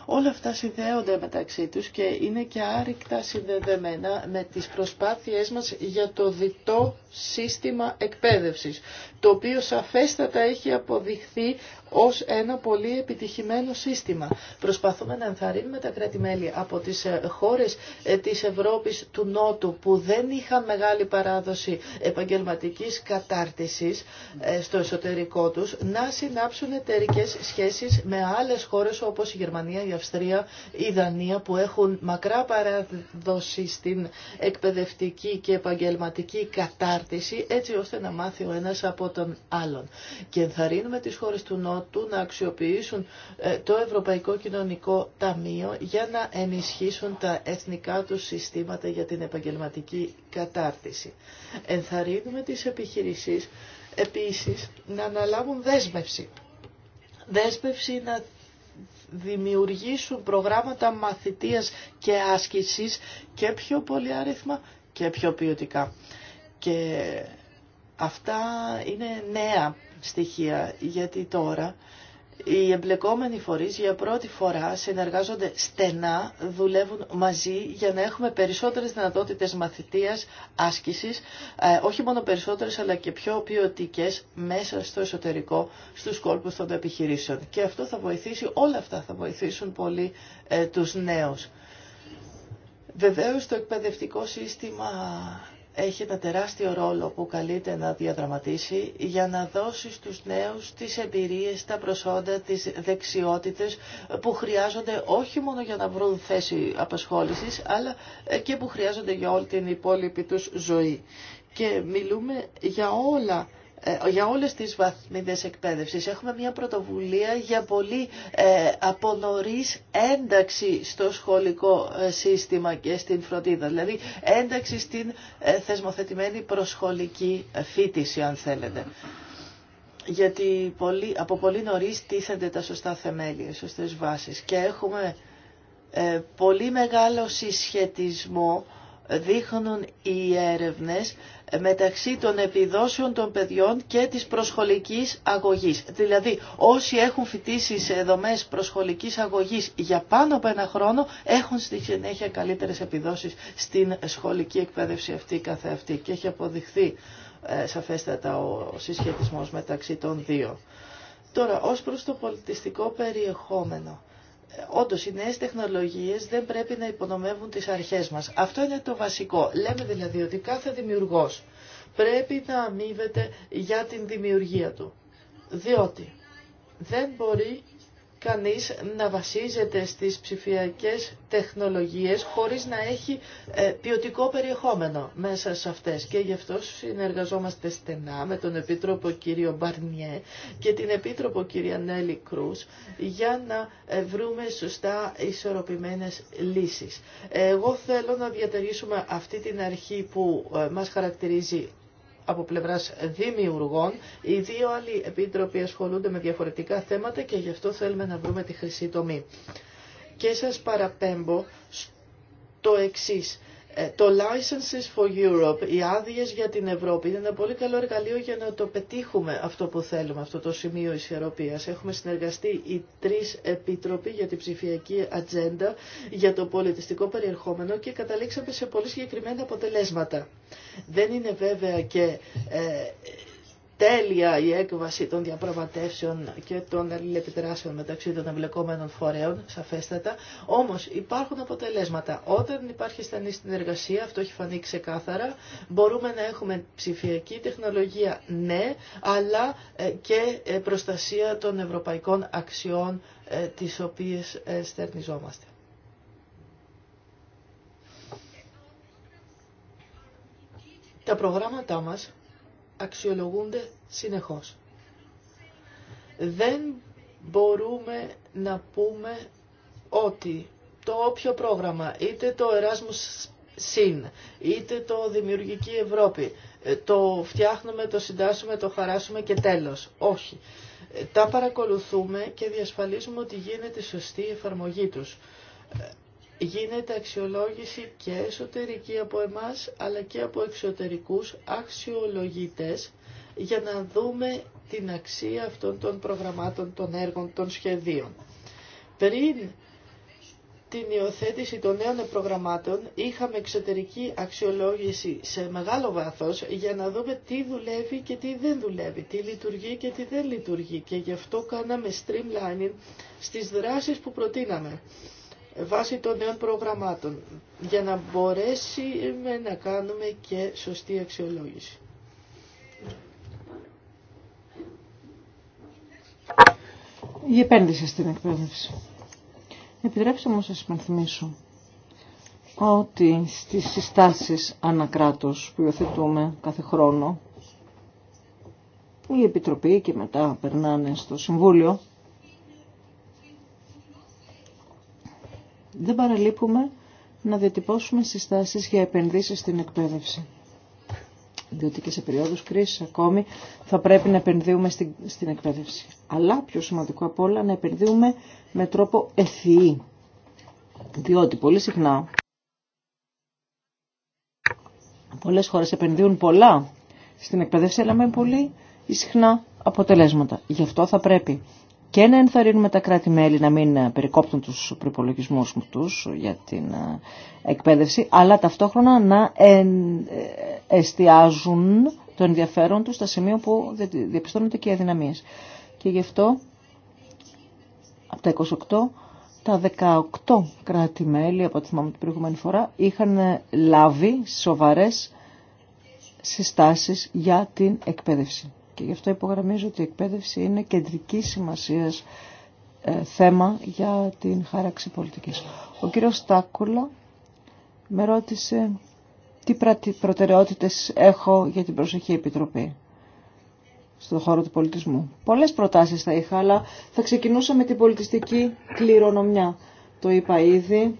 Όλα αυτά συνδέονται μεταξύ τους και είναι και άρρηκτα συνδεδεμένα με τις προσπάθειές μας για το διτό σύστημα εκπαίδευσης το οποίο σαφέστατα έχει αποδειχθεί ως ένα πολύ επιτυχημένο σύστημα. Προσπαθούμε να ενθαρρύνουμε τα κράτη-μέλη από τις ε, χώρες ε, της Ευρώπης του Νότου που δεν είχαν μεγάλη παράδοση επαγγελματικής κατάρτισης ε, στο εσωτερικό τους να συνάψουν εταιρικέ σχέσεις με άλλες χώρες όπως η Γερμανία, η Αυστρία, η Δανία που έχουν μακρά παράδοση στην εκπαιδευτική και επαγγελματική κατάρτιση έτσι ώστε να μάθει ο ένας από των άλλων. Και ενθαρρύνουμε τις χώρες του Νότου να αξιοποιήσουν ε, το Ευρωπαϊκό Κοινωνικό Ταμείο για να ενισχύσουν τα εθνικά τους συστήματα για την επαγγελματική κατάρτιση. Ενθαρρύνουμε τις επιχειρήσεις επίσης να αναλάβουν δέσμευση. Δέσμευση να δημιουργήσουν προγράμματα μαθητείας και άσκησης και πιο πολυάριθμα και πιο ποιοτικά. Και Αυτά είναι νέα στοιχεία γιατί τώρα οι εμπλεκόμενοι φορείς για πρώτη φορά συνεργάζονται στενά, δουλεύουν μαζί για να έχουμε περισσότερες δυνατότητες μαθητείας, άσκησης, ε, όχι μόνο περισσότερες αλλά και πιο ποιοτικέ μέσα στο εσωτερικό, στους κόλπους των επιχειρήσεων. Και αυτό θα βοηθήσει, όλα αυτά θα βοηθήσουν πολύ ε, τους νέους. Βεβαίως το εκπαιδευτικό σύστημα έχει ένα τεράστιο ρόλο που καλείται να διαδραματίσει για να δώσει στους νέους τις εμπειρίες, τα προσόντα, τις δεξιότητες που χρειάζονται όχι μόνο για να βρουν θέση απασχόλησης αλλά ε, και που χρειάζονται για όλη την υπόλοιπη τους ζωή. Και μιλούμε για όλα ε, για όλες τις βαθμίδες εκπαίδευσης. Έχουμε μια πρωτοβουλία για πολύ ε, από νωρίς ένταξη στο σχολικό ε, σύστημα και στην φροντίδα. Δηλαδή ένταξη στην ε, θεσμοθετημένη προσχολική φίτηση αν θέλετε. Γιατί πολύ, από πολύ νωρίς τίθενται τα σωστά θεμέλια, σωστές βάσεις. Και έχουμε πολύ μεγάλο συσχετισμό δείχνουν οι έρευνες μεταξύ των επιδόσεων των παιδιών και της προσχολικής αγωγής. Δηλαδή, όσοι έχουν φοιτήσει σε δομές προσχολικής αγωγής για πάνω από ένα χρόνο, έχουν στη συνέχεια καλύτερες επιδόσεις στην σχολική εκπαίδευση αυτή αυτή και έχει αποδειχθεί ε, σαφέστατα ο συσχετισμός μεταξύ των δύο. Τώρα, ως προς το πολιτιστικό περιεχόμενο. Όντω, οι νέε τεχνολογίε δεν πρέπει να υπονομεύουν τι αρχέ μα. Αυτό είναι το βασικό. Λέμε δηλαδή ότι κάθε δημιουργό πρέπει να αμείβεται για την δημιουργία του. Διότι δεν μπορεί κανείς να βασίζεται στις ψηφιακές τεχνολογίες χωρίς να έχει ε, ποιοτικό περιεχόμενο μέσα σε αυτές. Και γι' αυτό συνεργαζόμαστε στενά με τον Επίτροπο κύριο Μπαρνιέ και την Επίτροπο κυρία Νέλη Κρούς για να ε, βρούμε σωστά ισορροπημένες λύσεις. Εγώ θέλω να διατηρήσουμε αυτή την αρχή που ε, μας χαρακτηρίζει από πλευρά δημιουργών. Οι δύο άλλοι επίτροποι ασχολούνται με διαφορετικά θέματα και γι' αυτό θέλουμε να βρούμε τη χρυσή τομή. Και σας παραπέμπω στο εξής ε, το Licenses for Europe, οι άδειε για την Ευρώπη, είναι ένα πολύ καλό εργαλείο για να το πετύχουμε αυτό που θέλουμε, αυτό το σημείο ισορροπία. Έχουμε συνεργαστεί οι τρει επίτροποι για την ψηφιακή ατζέντα, για το πολιτιστικό περιεχόμενο και καταλήξαμε σε πολύ συγκεκριμένα αποτελέσματα. Δεν είναι βέβαια και ε, τέλεια η έκβαση των διαπραγματεύσεων και των αλληλεπιδράσεων μεταξύ των εμπλεκόμενων φορέων, σαφέστατα. Όμω υπάρχουν αποτελέσματα. Όταν υπάρχει στενή συνεργασία, αυτό έχει φανεί ξεκάθαρα, μπορούμε να έχουμε ψηφιακή τεχνολογία, ναι, αλλά ε, και ε, προστασία των ευρωπαϊκών αξιών ε, τις οποίες στερνιζόμαστε. Τα προγράμματά μας αξιολογούνται συνεχώς. Δεν μπορούμε να πούμε ότι το όποιο πρόγραμμα, είτε το Erasmus Συν, είτε το Δημιουργική Ευρώπη, ε, το φτιάχνουμε, το συντάσσουμε, το χαράσουμε και τέλος. Όχι. Ε, τα παρακολουθούμε και διασφαλίζουμε ότι γίνεται σωστή η εφαρμογή τους. Ε, γίνεται αξιολόγηση και εσωτερική από εμάς αλλά και από εξωτερικούς αξιολογητές για να δούμε την αξία αυτών των προγραμμάτων, των έργων, των σχεδίων. Πριν την υιοθέτηση των νέων προγραμμάτων είχαμε εξωτερική αξιολόγηση σε μεγάλο βάθος για να δούμε τι δουλεύει και τι δεν δουλεύει, τι λειτουργεί και τι δεν λειτουργεί και γι' αυτό κάναμε streamlining στις δράσεις που προτείναμε βάσει των νέων προγραμμάτων για να μπορέσουμε να κάνουμε και σωστή αξιολόγηση. Η επένδυση στην εκπαίδευση. Επιτρέψτε μου να σας υπενθυμίσω ότι στις συστάσεις ανακράτος που υιοθετούμε κάθε χρόνο η Επιτροπή και μετά περνάνε στο Συμβούλιο δεν παραλείπουμε να διατυπώσουμε συστάσεις για επενδύσεις στην εκπαίδευση. Διότι και σε περίοδους κρίσης ακόμη θα πρέπει να επενδύουμε στην, στην εκπαίδευση. Αλλά πιο σημαντικό απ' όλα να επενδύουμε με τρόπο ευθύ. Διότι πολύ συχνά πολλές χώρες επενδύουν πολλά στην εκπαίδευση αλλά με πολύ συχνά αποτελέσματα. Γι' αυτό θα πρέπει και να ενθαρρύνουμε τα κράτη-μέλη να μην ε, περικόπτουν τους προπολογισμού τους για την ε, εκπαίδευση, αλλά ταυτόχρονα να ε, εστιάζουν το ενδιαφέρον τους στα σημεία που διαπιστώνονται και οι αδυναμίες. Και γι' αυτό από τα 28 τα 18 κράτη-μέλη, από ό,τι θυμάμαι την προηγούμενη φορά, είχαν λάβει σοβαρές συστάσεις για την εκπαίδευση. Και γι' αυτό υπογραμμίζω ότι η εκπαίδευση είναι κεντρική σημασία ε, θέμα για την χάραξη πολιτικής. Ο κύριος Στάκουλα με ρώτησε τι προτεραιότητες έχω για την προσεχή επιτροπή στον χώρο του πολιτισμού. Πολλές προτάσεις θα είχα, αλλά θα ξεκινούσα με την πολιτιστική κληρονομιά. Το είπα ήδη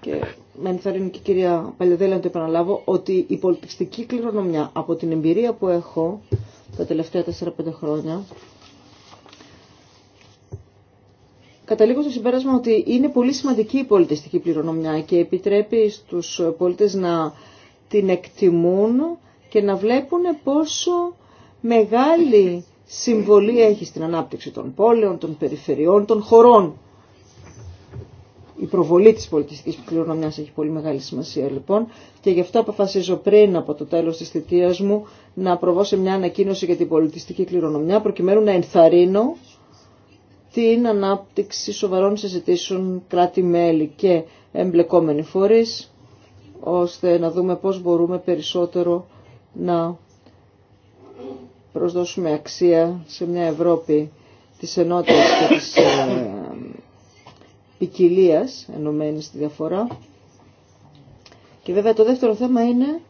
και με ενθαρρύνει και η κυρία Παλιαδέλα να το επαναλάβω, ότι η πολιτιστική κληρονομιά από την εμπειρία που έχω τα τελευταία 4-5 χρόνια, Καταλήγω στο συμπέρασμα ότι είναι πολύ σημαντική η πολιτιστική πληρονομιά και επιτρέπει στους πολίτες να την εκτιμούν και να βλέπουν πόσο μεγάλη συμβολή έχει στην ανάπτυξη των πόλεων, των περιφερειών, των χωρών η προβολή της πολιτιστικής κληρονομιάς έχει πολύ μεγάλη σημασία λοιπόν και γι' αυτό αποφασίζω πριν από το τέλος της θητείας μου να προβώ σε μια ανακοίνωση για την πολιτιστική κληρονομιά προκειμένου να ενθαρρύνω την ανάπτυξη σοβαρών συζητήσεων κράτη-μέλη και εμπλεκόμενοι φορείς ώστε να δούμε πώς μπορούμε περισσότερο να προσδώσουμε αξία σε μια Ευρώπη της ενότητας και της ε, ποικιλία ενωμένη στη διαφορά. Και βέβαια το δεύτερο θέμα είναι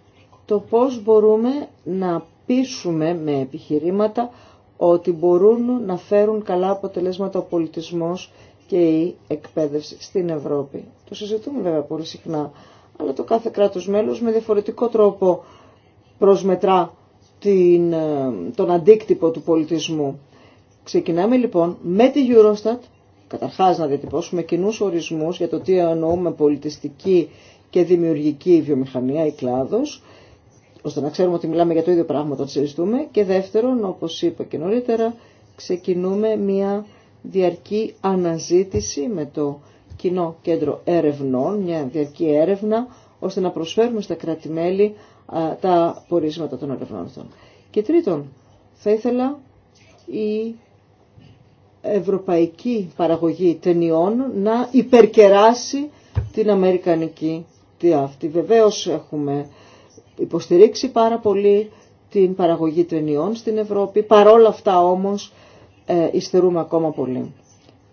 το πώς μπορούμε να πείσουμε με επιχειρήματα ότι μπορούν να φέρουν καλά αποτελέσματα ο πολιτισμός και η εκπαίδευση στην Ευρώπη. Το συζητούμε βέβαια πολύ συχνά, αλλά το κάθε κράτος μέλος με διαφορετικό τρόπο προσμετρά την, ε, τον αντίκτυπο του πολιτισμού. Ξεκινάμε λοιπόν με τη Eurostat καταρχάς να διατυπώσουμε κοινού ορισμούς για το τι εννοούμε πολιτιστική και δημιουργική βιομηχανία ή κλάδος, ώστε να ξέρουμε ότι μιλάμε για το ίδιο πράγμα όταν συζητούμε. Και δεύτερον, όπως είπα και νωρίτερα, ξεκινούμε μια διαρκή αναζήτηση με το κοινό κέντρο ερευνών, μια διαρκή έρευνα, ώστε να προσφέρουμε στα κράτη-μέλη τα πορίσματα των ερευνών αυτών. Και τρίτον, θα ήθελα η ευρωπαϊκή παραγωγή ταινιών να υπερκεράσει την αμερικανική τη αυτή. Βεβαίως έχουμε υποστηρίξει πάρα πολύ την παραγωγή ταινιών στην Ευρώπη, παρόλα αυτά όμως ε, ακόμα πολύ.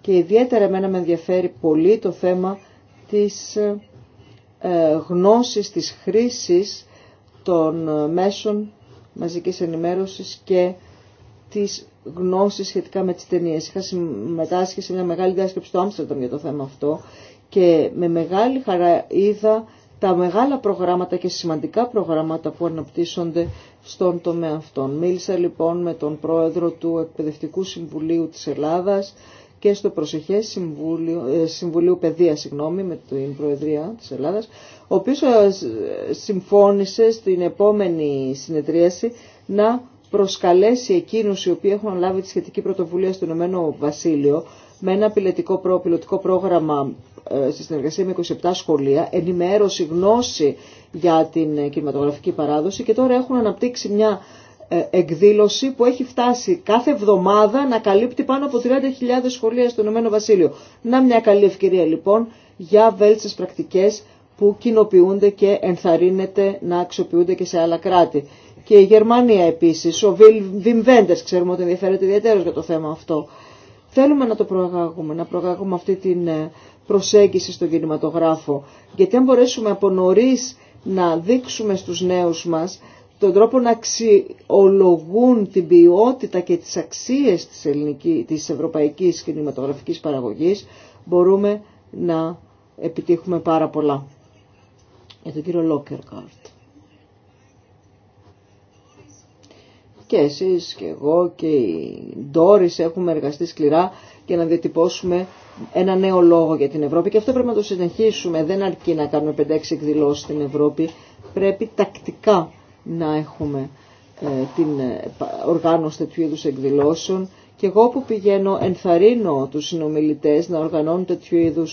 Και ιδιαίτερα εμένα με ενδιαφέρει πολύ το θέμα της ε, γνώσης, της χρήσης των ε, μέσων μαζικής ενημέρωσης και της γνώσης σχετικά με τις ταινίε. Είχα συμμετάσχει σε μια μεγάλη διάσκεψη στο Άμστερνταμ για το θέμα αυτό και με μεγάλη χαρά είδα τα μεγάλα προγράμματα και σημαντικά προγράμματα που αναπτύσσονται στον τομέα αυτών. Μίλησα λοιπόν με τον πρόεδρο του Εκπαιδευτικού Συμβουλίου της Ελλάδας και στο προσεχέ Συμβούλιο, ε, Συμβουλίου Παιδείας, με την Προεδρία της Ελλάδας, ο οποίος ε, συμφώνησε στην επόμενη συνεδρίαση να προσκαλέσει εκείνους οι οποίοι έχουν λάβει τη σχετική πρωτοβουλία στο Ηνωμένο Βασίλειο με ένα πιλωτικό, πιλωτικό πρόγραμμα ε, στη συνεργασία με 27 σχολεία, ενημέρωση, γνώση για την ε, κινηματογραφική παράδοση και τώρα έχουν αναπτύξει μια ε, εκδήλωση που έχει φτάσει κάθε εβδομάδα να καλύπτει πάνω από 30.000 σχολεία στο Ηνωμένο Βασίλειο. Να μια καλή ευκαιρία λοιπόν για βέλτιστες πρακτικές που κοινοποιούνται και ενθαρρύνεται να αξιοποιούνται και σε άλλα κράτη και η Γερμανία επίσης. Ο Βιμ ξέρουμε ότι ενδιαφέρεται ιδιαίτερο για το θέμα αυτό. Θέλουμε να το προαγάγουμε, να προαγάγουμε αυτή την ε, προσέγγιση στον κινηματογράφο. Γιατί αν μπορέσουμε από νωρί να δείξουμε στους νέους μας τον τρόπο να αξιολογούν την ποιότητα και τις αξίες της, ελληνικής, της ευρωπαϊκής κινηματογραφικής παραγωγής, μπορούμε να επιτύχουμε πάρα πολλά. Για τον κύριο Λόκερκαρτ. και εσείς και εγώ και η Ντόρις έχουμε εργαστεί σκληρά για να διατυπώσουμε ένα νέο λόγο για την Ευρώπη και αυτό πρέπει να το συνεχίσουμε. Δεν αρκεί να κάνουμε 5-6 εκδηλώσεις στην Ευρώπη. Πρέπει τακτικά να έχουμε ε, την ε, οργάνωση τέτοιου είδου εκδηλώσεων και εγώ που πηγαίνω ενθαρρύνω τους συνομιλητές να οργανώνουν τέτοιου είδου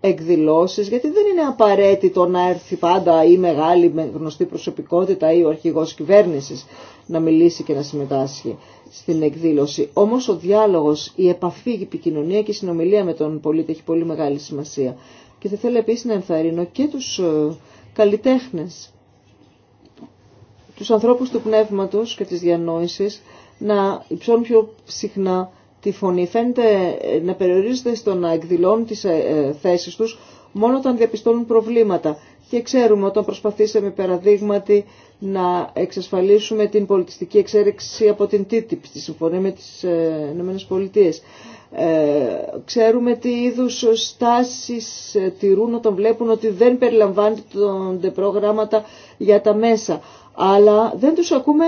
εκδηλώσεις γιατί δεν είναι απαραίτητο να έρθει πάντα η μεγάλη γνωστή προσωπικότητα ή ο αρχηγός κυβέρνησης να μιλήσει και να συμμετάσχει στην εκδήλωση. Όμως ο διάλογος, η επαφή, η επικοινωνία και η συνομιλία με τον πολίτη έχει πολύ μεγάλη σημασία. Και θα ήθελα επίσης να ενθαρρύνω και τους ε, καλλιτέχνες, τους ανθρώπους του πνεύματος και της διανόησης να υψώνουν πιο συχνά τη φωνή. Φαίνεται ε, να περιορίζεται στο να εκδηλώνουν τις ε, θέσεις τους μόνο όταν διαπιστώνουν προβλήματα και ξέρουμε όταν προσπαθήσαμε παραδείγματι να εξασφαλίσουμε την πολιτιστική εξέρεξη από την TTIP στη συμφωνία με τις ε, ΗΠΑ. Ε, ξέρουμε τι είδους στάσεις ε, τηρούν όταν βλέπουν ότι δεν περιλαμβάνονται προγράμματα για τα μέσα. Αλλά δεν τους ακούμε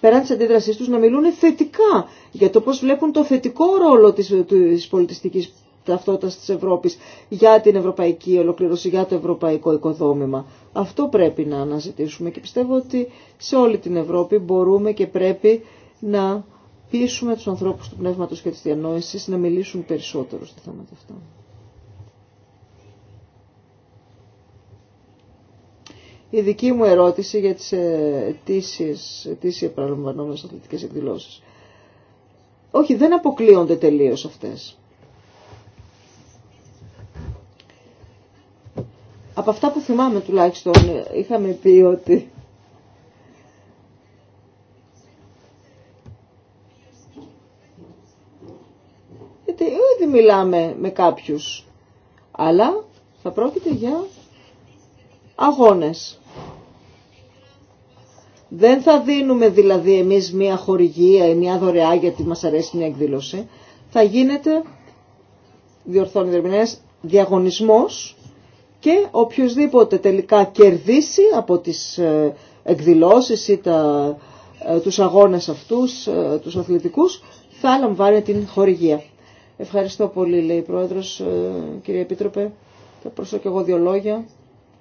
πέραν της αντίδρασής τους να μιλούν θετικά για το πώς βλέπουν το θετικό ρόλο της, της πολιτιστικής ταυτότητας της Ευρώπης, για την ευρωπαϊκή ολοκλήρωση, για το ευρωπαϊκό οικοδόμημα. Αυτό πρέπει να αναζητήσουμε και πιστεύω ότι σε όλη την Ευρώπη μπορούμε και πρέπει να πείσουμε τους ανθρώπους του πνεύματος και της διανόησης να μιλήσουν περισσότερο στο θέματα αυτά. Η δική μου ερώτηση για τις αιτήσεις, αιτήσεις επαναλαμβανόμενες αθλητικές εκδηλώσεις. Όχι, δεν αποκλείονται τελείως αυτές. Από αυτά που θυμάμαι τουλάχιστον είχαμε πει ότι γιατί ήδη μιλάμε με κάποιους αλλά θα πρόκειται για αγώνες. Δεν θα δίνουμε δηλαδή εμείς μια χορηγία ή μια δωρεά γιατί μας αρέσει μια εκδήλωση. Θα γίνεται, διορθώνει διαγωνισμός και οποιοδήποτε τελικά κερδίσει από τις ε, εκδηλώσεις ή τα, ε, τους αγώνες αυτούς, ε, τους αθλητικούς, θα λαμβάνει την χορηγία. Ευχαριστώ πολύ, λέει η Πρόεδρος, κύριε Επίτροπε. Θα προσθέσω και εγώ δύο λόγια,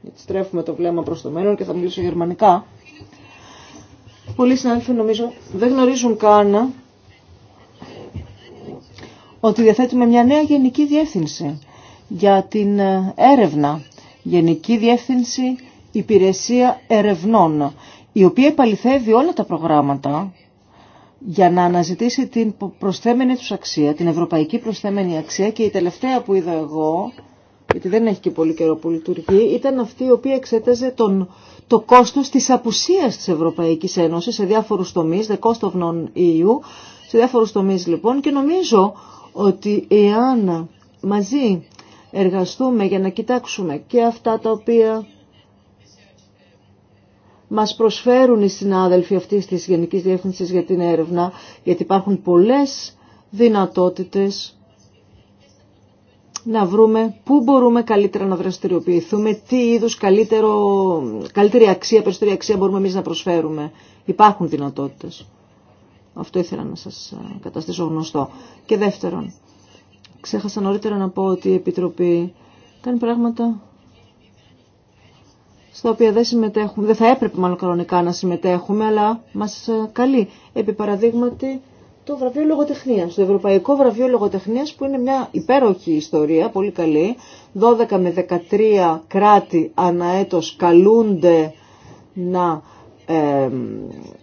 γιατί στρέφουμε το βλέμμα προς το μέλλον και θα μιλήσω γερμανικά. Πολλοί συνάδελφοι νομίζω δεν γνωρίζουν καν ότι διαθέτουμε μια νέα γενική διεύθυνση για την έρευνα Γενική Διεύθυνση Υπηρεσία Ερευνών, η οποία επαληθεύει όλα τα προγράμματα για να αναζητήσει την προσθέμενη τους αξία, την ευρωπαϊκή προσθέμενη αξία και η τελευταία που είδα εγώ, γιατί δεν έχει και πολύ καιρό που λειτουργεί, ήταν αυτή η οποία εξέταζε τον, το κόστος της απουσίας της Ευρωπαϊκής Ένωσης σε διάφορους τομείς, the cost σε διάφορους τομείς λοιπόν και νομίζω ότι εάν μαζί εργαστούμε για να κοιτάξουμε και αυτά τα οποία μας προσφέρουν οι συνάδελφοι αυτής της Γενικής Διεύθυνσης για την έρευνα, γιατί υπάρχουν πολλές δυνατότητες να βρούμε πού μπορούμε καλύτερα να δραστηριοποιηθούμε, τι είδους καλύτερο, καλύτερη αξία, περισσότερη αξία μπορούμε εμείς να προσφέρουμε. Υπάρχουν δυνατότητες. Αυτό ήθελα να σας ε, καταστήσω γνωστό. Και δεύτερον, Ξέχασα νωρίτερα να πω ότι η Επιτροπή κάνει πράγματα στα οποία δεν συμμετέχουμε, δεν θα έπρεπε μάλλον κανονικά να συμμετέχουμε, αλλά μας ε, καλεί. Επί παραδείγματι το βραβείο λογοτεχνίας, το Ευρωπαϊκό Βραβείο Λογοτεχνίας που είναι μια υπέροχη ιστορία, πολύ καλή. 12 με 13 κράτη αναέτος καλούνται να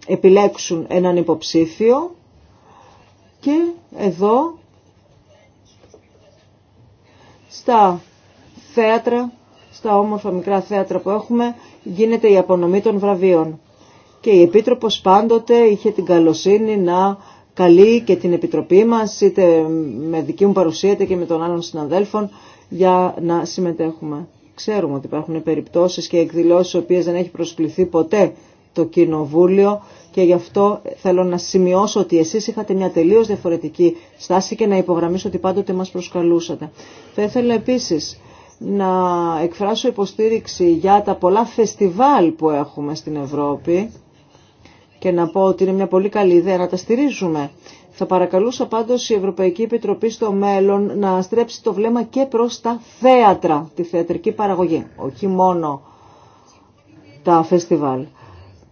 επιλέξουν έναν υποψήφιο και εδώ στα θέατρα, στα όμορφα μικρά θέατρα που έχουμε, γίνεται η απονομή των βραβείων. Και η Επίτροπος πάντοτε είχε την καλοσύνη να καλεί και την Επιτροπή μας, είτε με δική μου παρουσία, και με τον άλλων συναδέλφων, για να συμμετέχουμε. Ξέρουμε ότι υπάρχουν περιπτώσεις και εκδηλώσεις, οι οποίες δεν έχει προσκληθεί ποτέ το Κοινοβούλιο και γι' αυτό θέλω να σημειώσω ότι εσείς είχατε μια τελείως διαφορετική στάση και να υπογραμμίσω ότι πάντοτε μας προσκαλούσατε. Θα ήθελα επίσης να εκφράσω υποστήριξη για τα πολλά φεστιβάλ που έχουμε στην Ευρώπη και να πω ότι είναι μια πολύ καλή ιδέα να τα στηρίζουμε. Θα παρακαλούσα πάντως η Ευρωπαϊκή Επιτροπή στο μέλλον να στρέψει το βλέμμα και προς τα θέατρα, τη θεατρική παραγωγή, όχι μόνο τα φεστιβάλ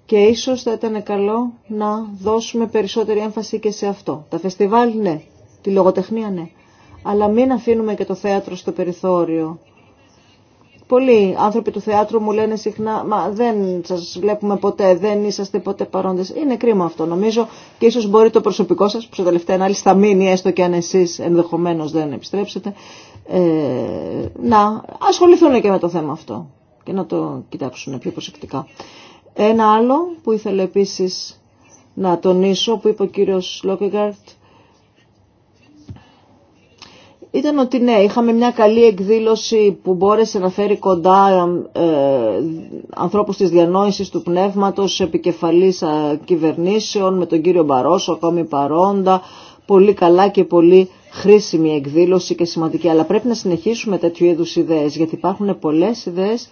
και ίσως θα ήταν καλό να δώσουμε περισσότερη έμφαση και σε αυτό. Τα φεστιβάλ ναι, τη λογοτεχνία ναι, αλλά μην αφήνουμε και το θέατρο στο περιθώριο. Πολλοί άνθρωποι του θεάτρου μου λένε συχνά «Μα δεν σας βλέπουμε ποτέ, δεν είσαστε ποτέ παρόντες». Είναι κρίμα αυτό νομίζω και ίσως μπορεί το προσωπικό σας, που σε τελευταία ανάλυση θα μείνει έστω και αν εσείς ενδεχομένως δεν επιστρέψετε, ε, να ασχοληθούν και με το θέμα αυτό και να το κοιτάξουν πιο προσεκτικά. Ένα άλλο που ήθελα επίσης να τονίσω, που είπε ο κύριος Λόκεγκαρτ, ήταν ότι ναι, είχαμε μια καλή εκδήλωση που μπόρεσε να φέρει κοντά ε, ανθρώπους της διανόησης του πνεύματος, επικεφαλής κυβερνήσεων, με τον κύριο Μπαρόσο, ακόμη παρόντα, πολύ καλά και πολύ χρήσιμη εκδήλωση και σημαντική. Αλλά πρέπει να συνεχίσουμε τέτοιου είδους ιδέες, γιατί υπάρχουν πολλές ιδέες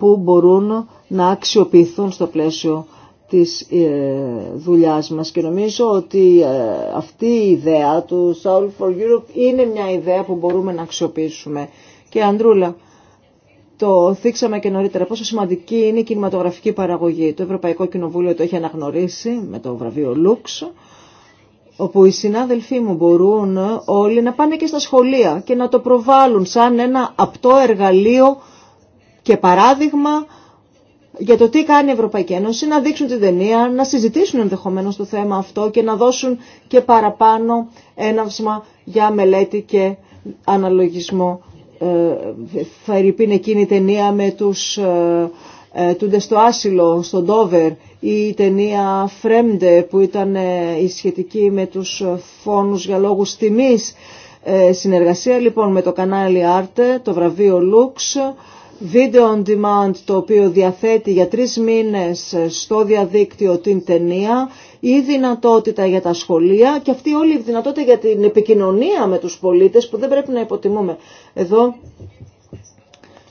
που μπορούν να αξιοποιηθούν στο πλαίσιο της ε, δουλειάς μας και νομίζω ότι ε, αυτή η ιδέα του Soul for Europe είναι μια ιδέα που μπορούμε να αξιοποιήσουμε. Και Ανδρούλα, το θίξαμε και νωρίτερα πόσο σημαντική είναι η κινηματογραφική παραγωγή. Το Ευρωπαϊκό Κοινοβούλιο το έχει αναγνωρίσει με το βραβείο Lux όπου οι συνάδελφοί μου μπορούν όλοι να πάνε και στα σχολεία και να το προβάλλουν σαν ένα απτό εργαλείο και παράδειγμα για το τι κάνει η Ευρωπαϊκή Ένωση, να δείξουν την ταινία, να συζητήσουν ενδεχομένως το θέμα αυτό και να δώσουν και παραπάνω έναυσμα για μελέτη και αναλογισμό. Ε, θα ρηπίνει εκείνη η ταινία με τους ε, ε, τούντε στο άσυλο, στον Ντόβερ, ή η ταινία Φρέμντε που ήταν η σχετική με τους φόνους για λόγους τιμής. Συνεργασία λοιπόν με το κανάλι Άρτε, το βραβείο Λουξ, video on demand το οποίο διαθέτει για τρεις μήνες ε, στο διαδίκτυο την ταινία ή δυνατότητα για τα σχολεία και αυτή όλη η δυνατότητα για την επικοινωνία με τους πολίτες που δεν πρέπει να υποτιμούμε. Εδώ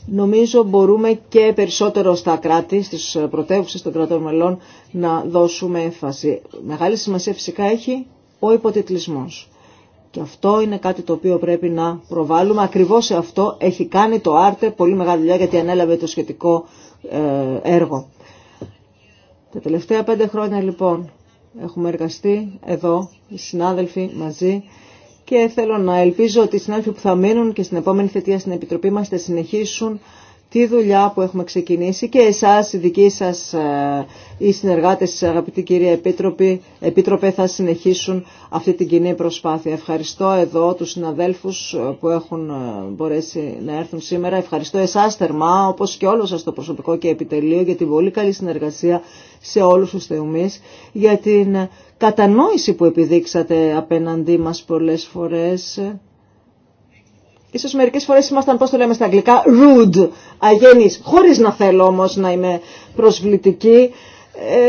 νομίζω μπορούμε και περισσότερο στα κράτη, στις πρωτεύουσες των κρατών μελών να δώσουμε έμφαση. Μεγάλη σημασία φυσικά έχει ο υποτιτλισμός. Και αυτό είναι κάτι το οποίο πρέπει να προβάλλουμε. Ακριβώς σε αυτό έχει κάνει το Άρτε πολύ μεγάλη δουλειά γιατί ανέλαβε το σχετικό ε, έργο. Τα τελευταία πέντε χρόνια λοιπόν έχουμε εργαστεί εδώ οι συνάδελφοι μαζί και θέλω να ελπίζω ότι οι συνάδελφοι που θα μείνουν και στην επόμενη θετία στην Επιτροπή μας θα συνεχίσουν τη δουλειά που έχουμε ξεκινήσει και εσάς, οι δικοί σας, ε, οι συνεργάτες, αγαπητή κυρία Επίτροπη, Επίτροπε, θα συνεχίσουν αυτή την κοινή προσπάθεια. Ευχαριστώ εδώ τους συναδέλφους ε, που έχουν ε, μπορέσει να έρθουν σήμερα. Ευχαριστώ εσάς θερμά, όπως και όλο σας το προσωπικό και επιτελείο, για την πολύ καλή συνεργασία σε όλους τους θεομείς, για την κατανόηση που επιδείξατε απέναντί μας πολλές φορές ίσως μερικές φορές ήμασταν, πώς το λέμε στα αγγλικά, rude, αγενείς. Χωρίς να θέλω όμως να είμαι προσβλητική.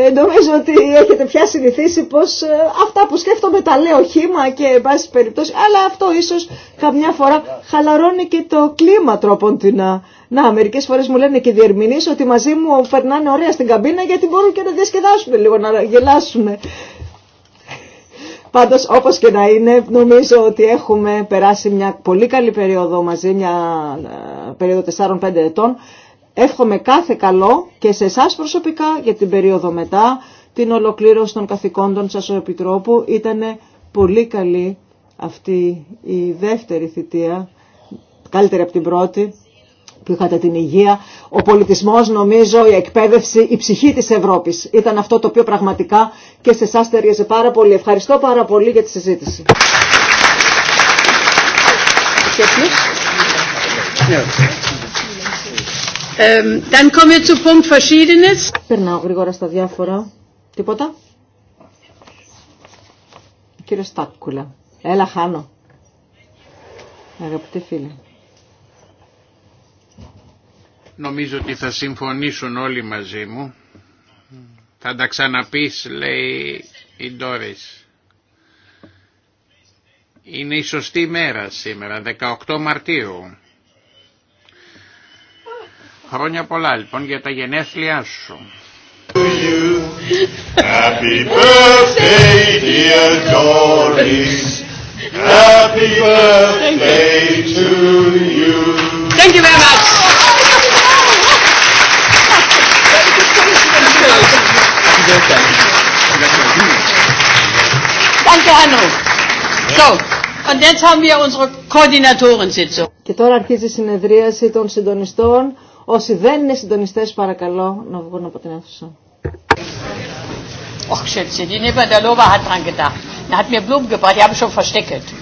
Ε, νομίζω ότι έχετε πια συνηθίσει πως ε, αυτά που σκέφτομαι τα λέω χήμα και εν πάση περιπτώσει, αλλά αυτό ίσως καμιά φορά χαλαρώνει και το κλίμα τρόπον την να. Ε, να, μερικές φορές μου λένε και διερμηνείς ότι μαζί μου περνάνε ωραία στην καμπίνα γιατί μπορούν και να διασκεδάσουν λίγο, να γελάσουν. Πάντως όπως και να είναι νομίζω ότι έχουμε περάσει μια πολύ καλή περίοδο μαζί, μια ε, περίοδο 4-5 ετών. Εύχομαι κάθε καλό και σε εσά προσωπικά για την περίοδο μετά την ολοκλήρωση των καθηκόντων σας ο Επιτρόπου. Ήταν πολύ καλή αυτή η δεύτερη θητεία, καλύτερη από την πρώτη που είχατε την υγεία, ο πολιτισμός νομίζω, η εκπαίδευση, η ψυχή της Ευρώπης. Ήταν αυτό το οποίο πραγματικά και σε εσάς ταιριάζει πάρα πολύ. Ευχαριστώ πάρα πολύ για τη συζήτηση. Ε, Περνάω γρήγορα στα διάφορα. Τίποτα. Κύριε Στάκουλα. Έλα, χάνω. Αγαπητοί φίλοι. Νομίζω ότι θα συμφωνήσουν όλοι μαζί μου. Θα τα ξαναπείς, λέει η Ντόρις. Είναι η σωστή μέρα σήμερα, 18 Μαρτίου. Χρόνια πολλά λοιπόν για τα γενέθλιά σου. Doris. Happy birthday to you. Thank you very much. Danke, Hanno. So, und jetzt haben wir unsere Koordinatorensitzung. Και τώρα αρχίζει η συνεδρίαση των συντονιστών. Όσοι δεν είναι συντονιστές παρακαλώ να βγουν από την αίθουσα. Och, Schätzchen, die Nebadalova hat dran gedacht. Da hat mir Blumen gebracht, die habe ich schon versteckt.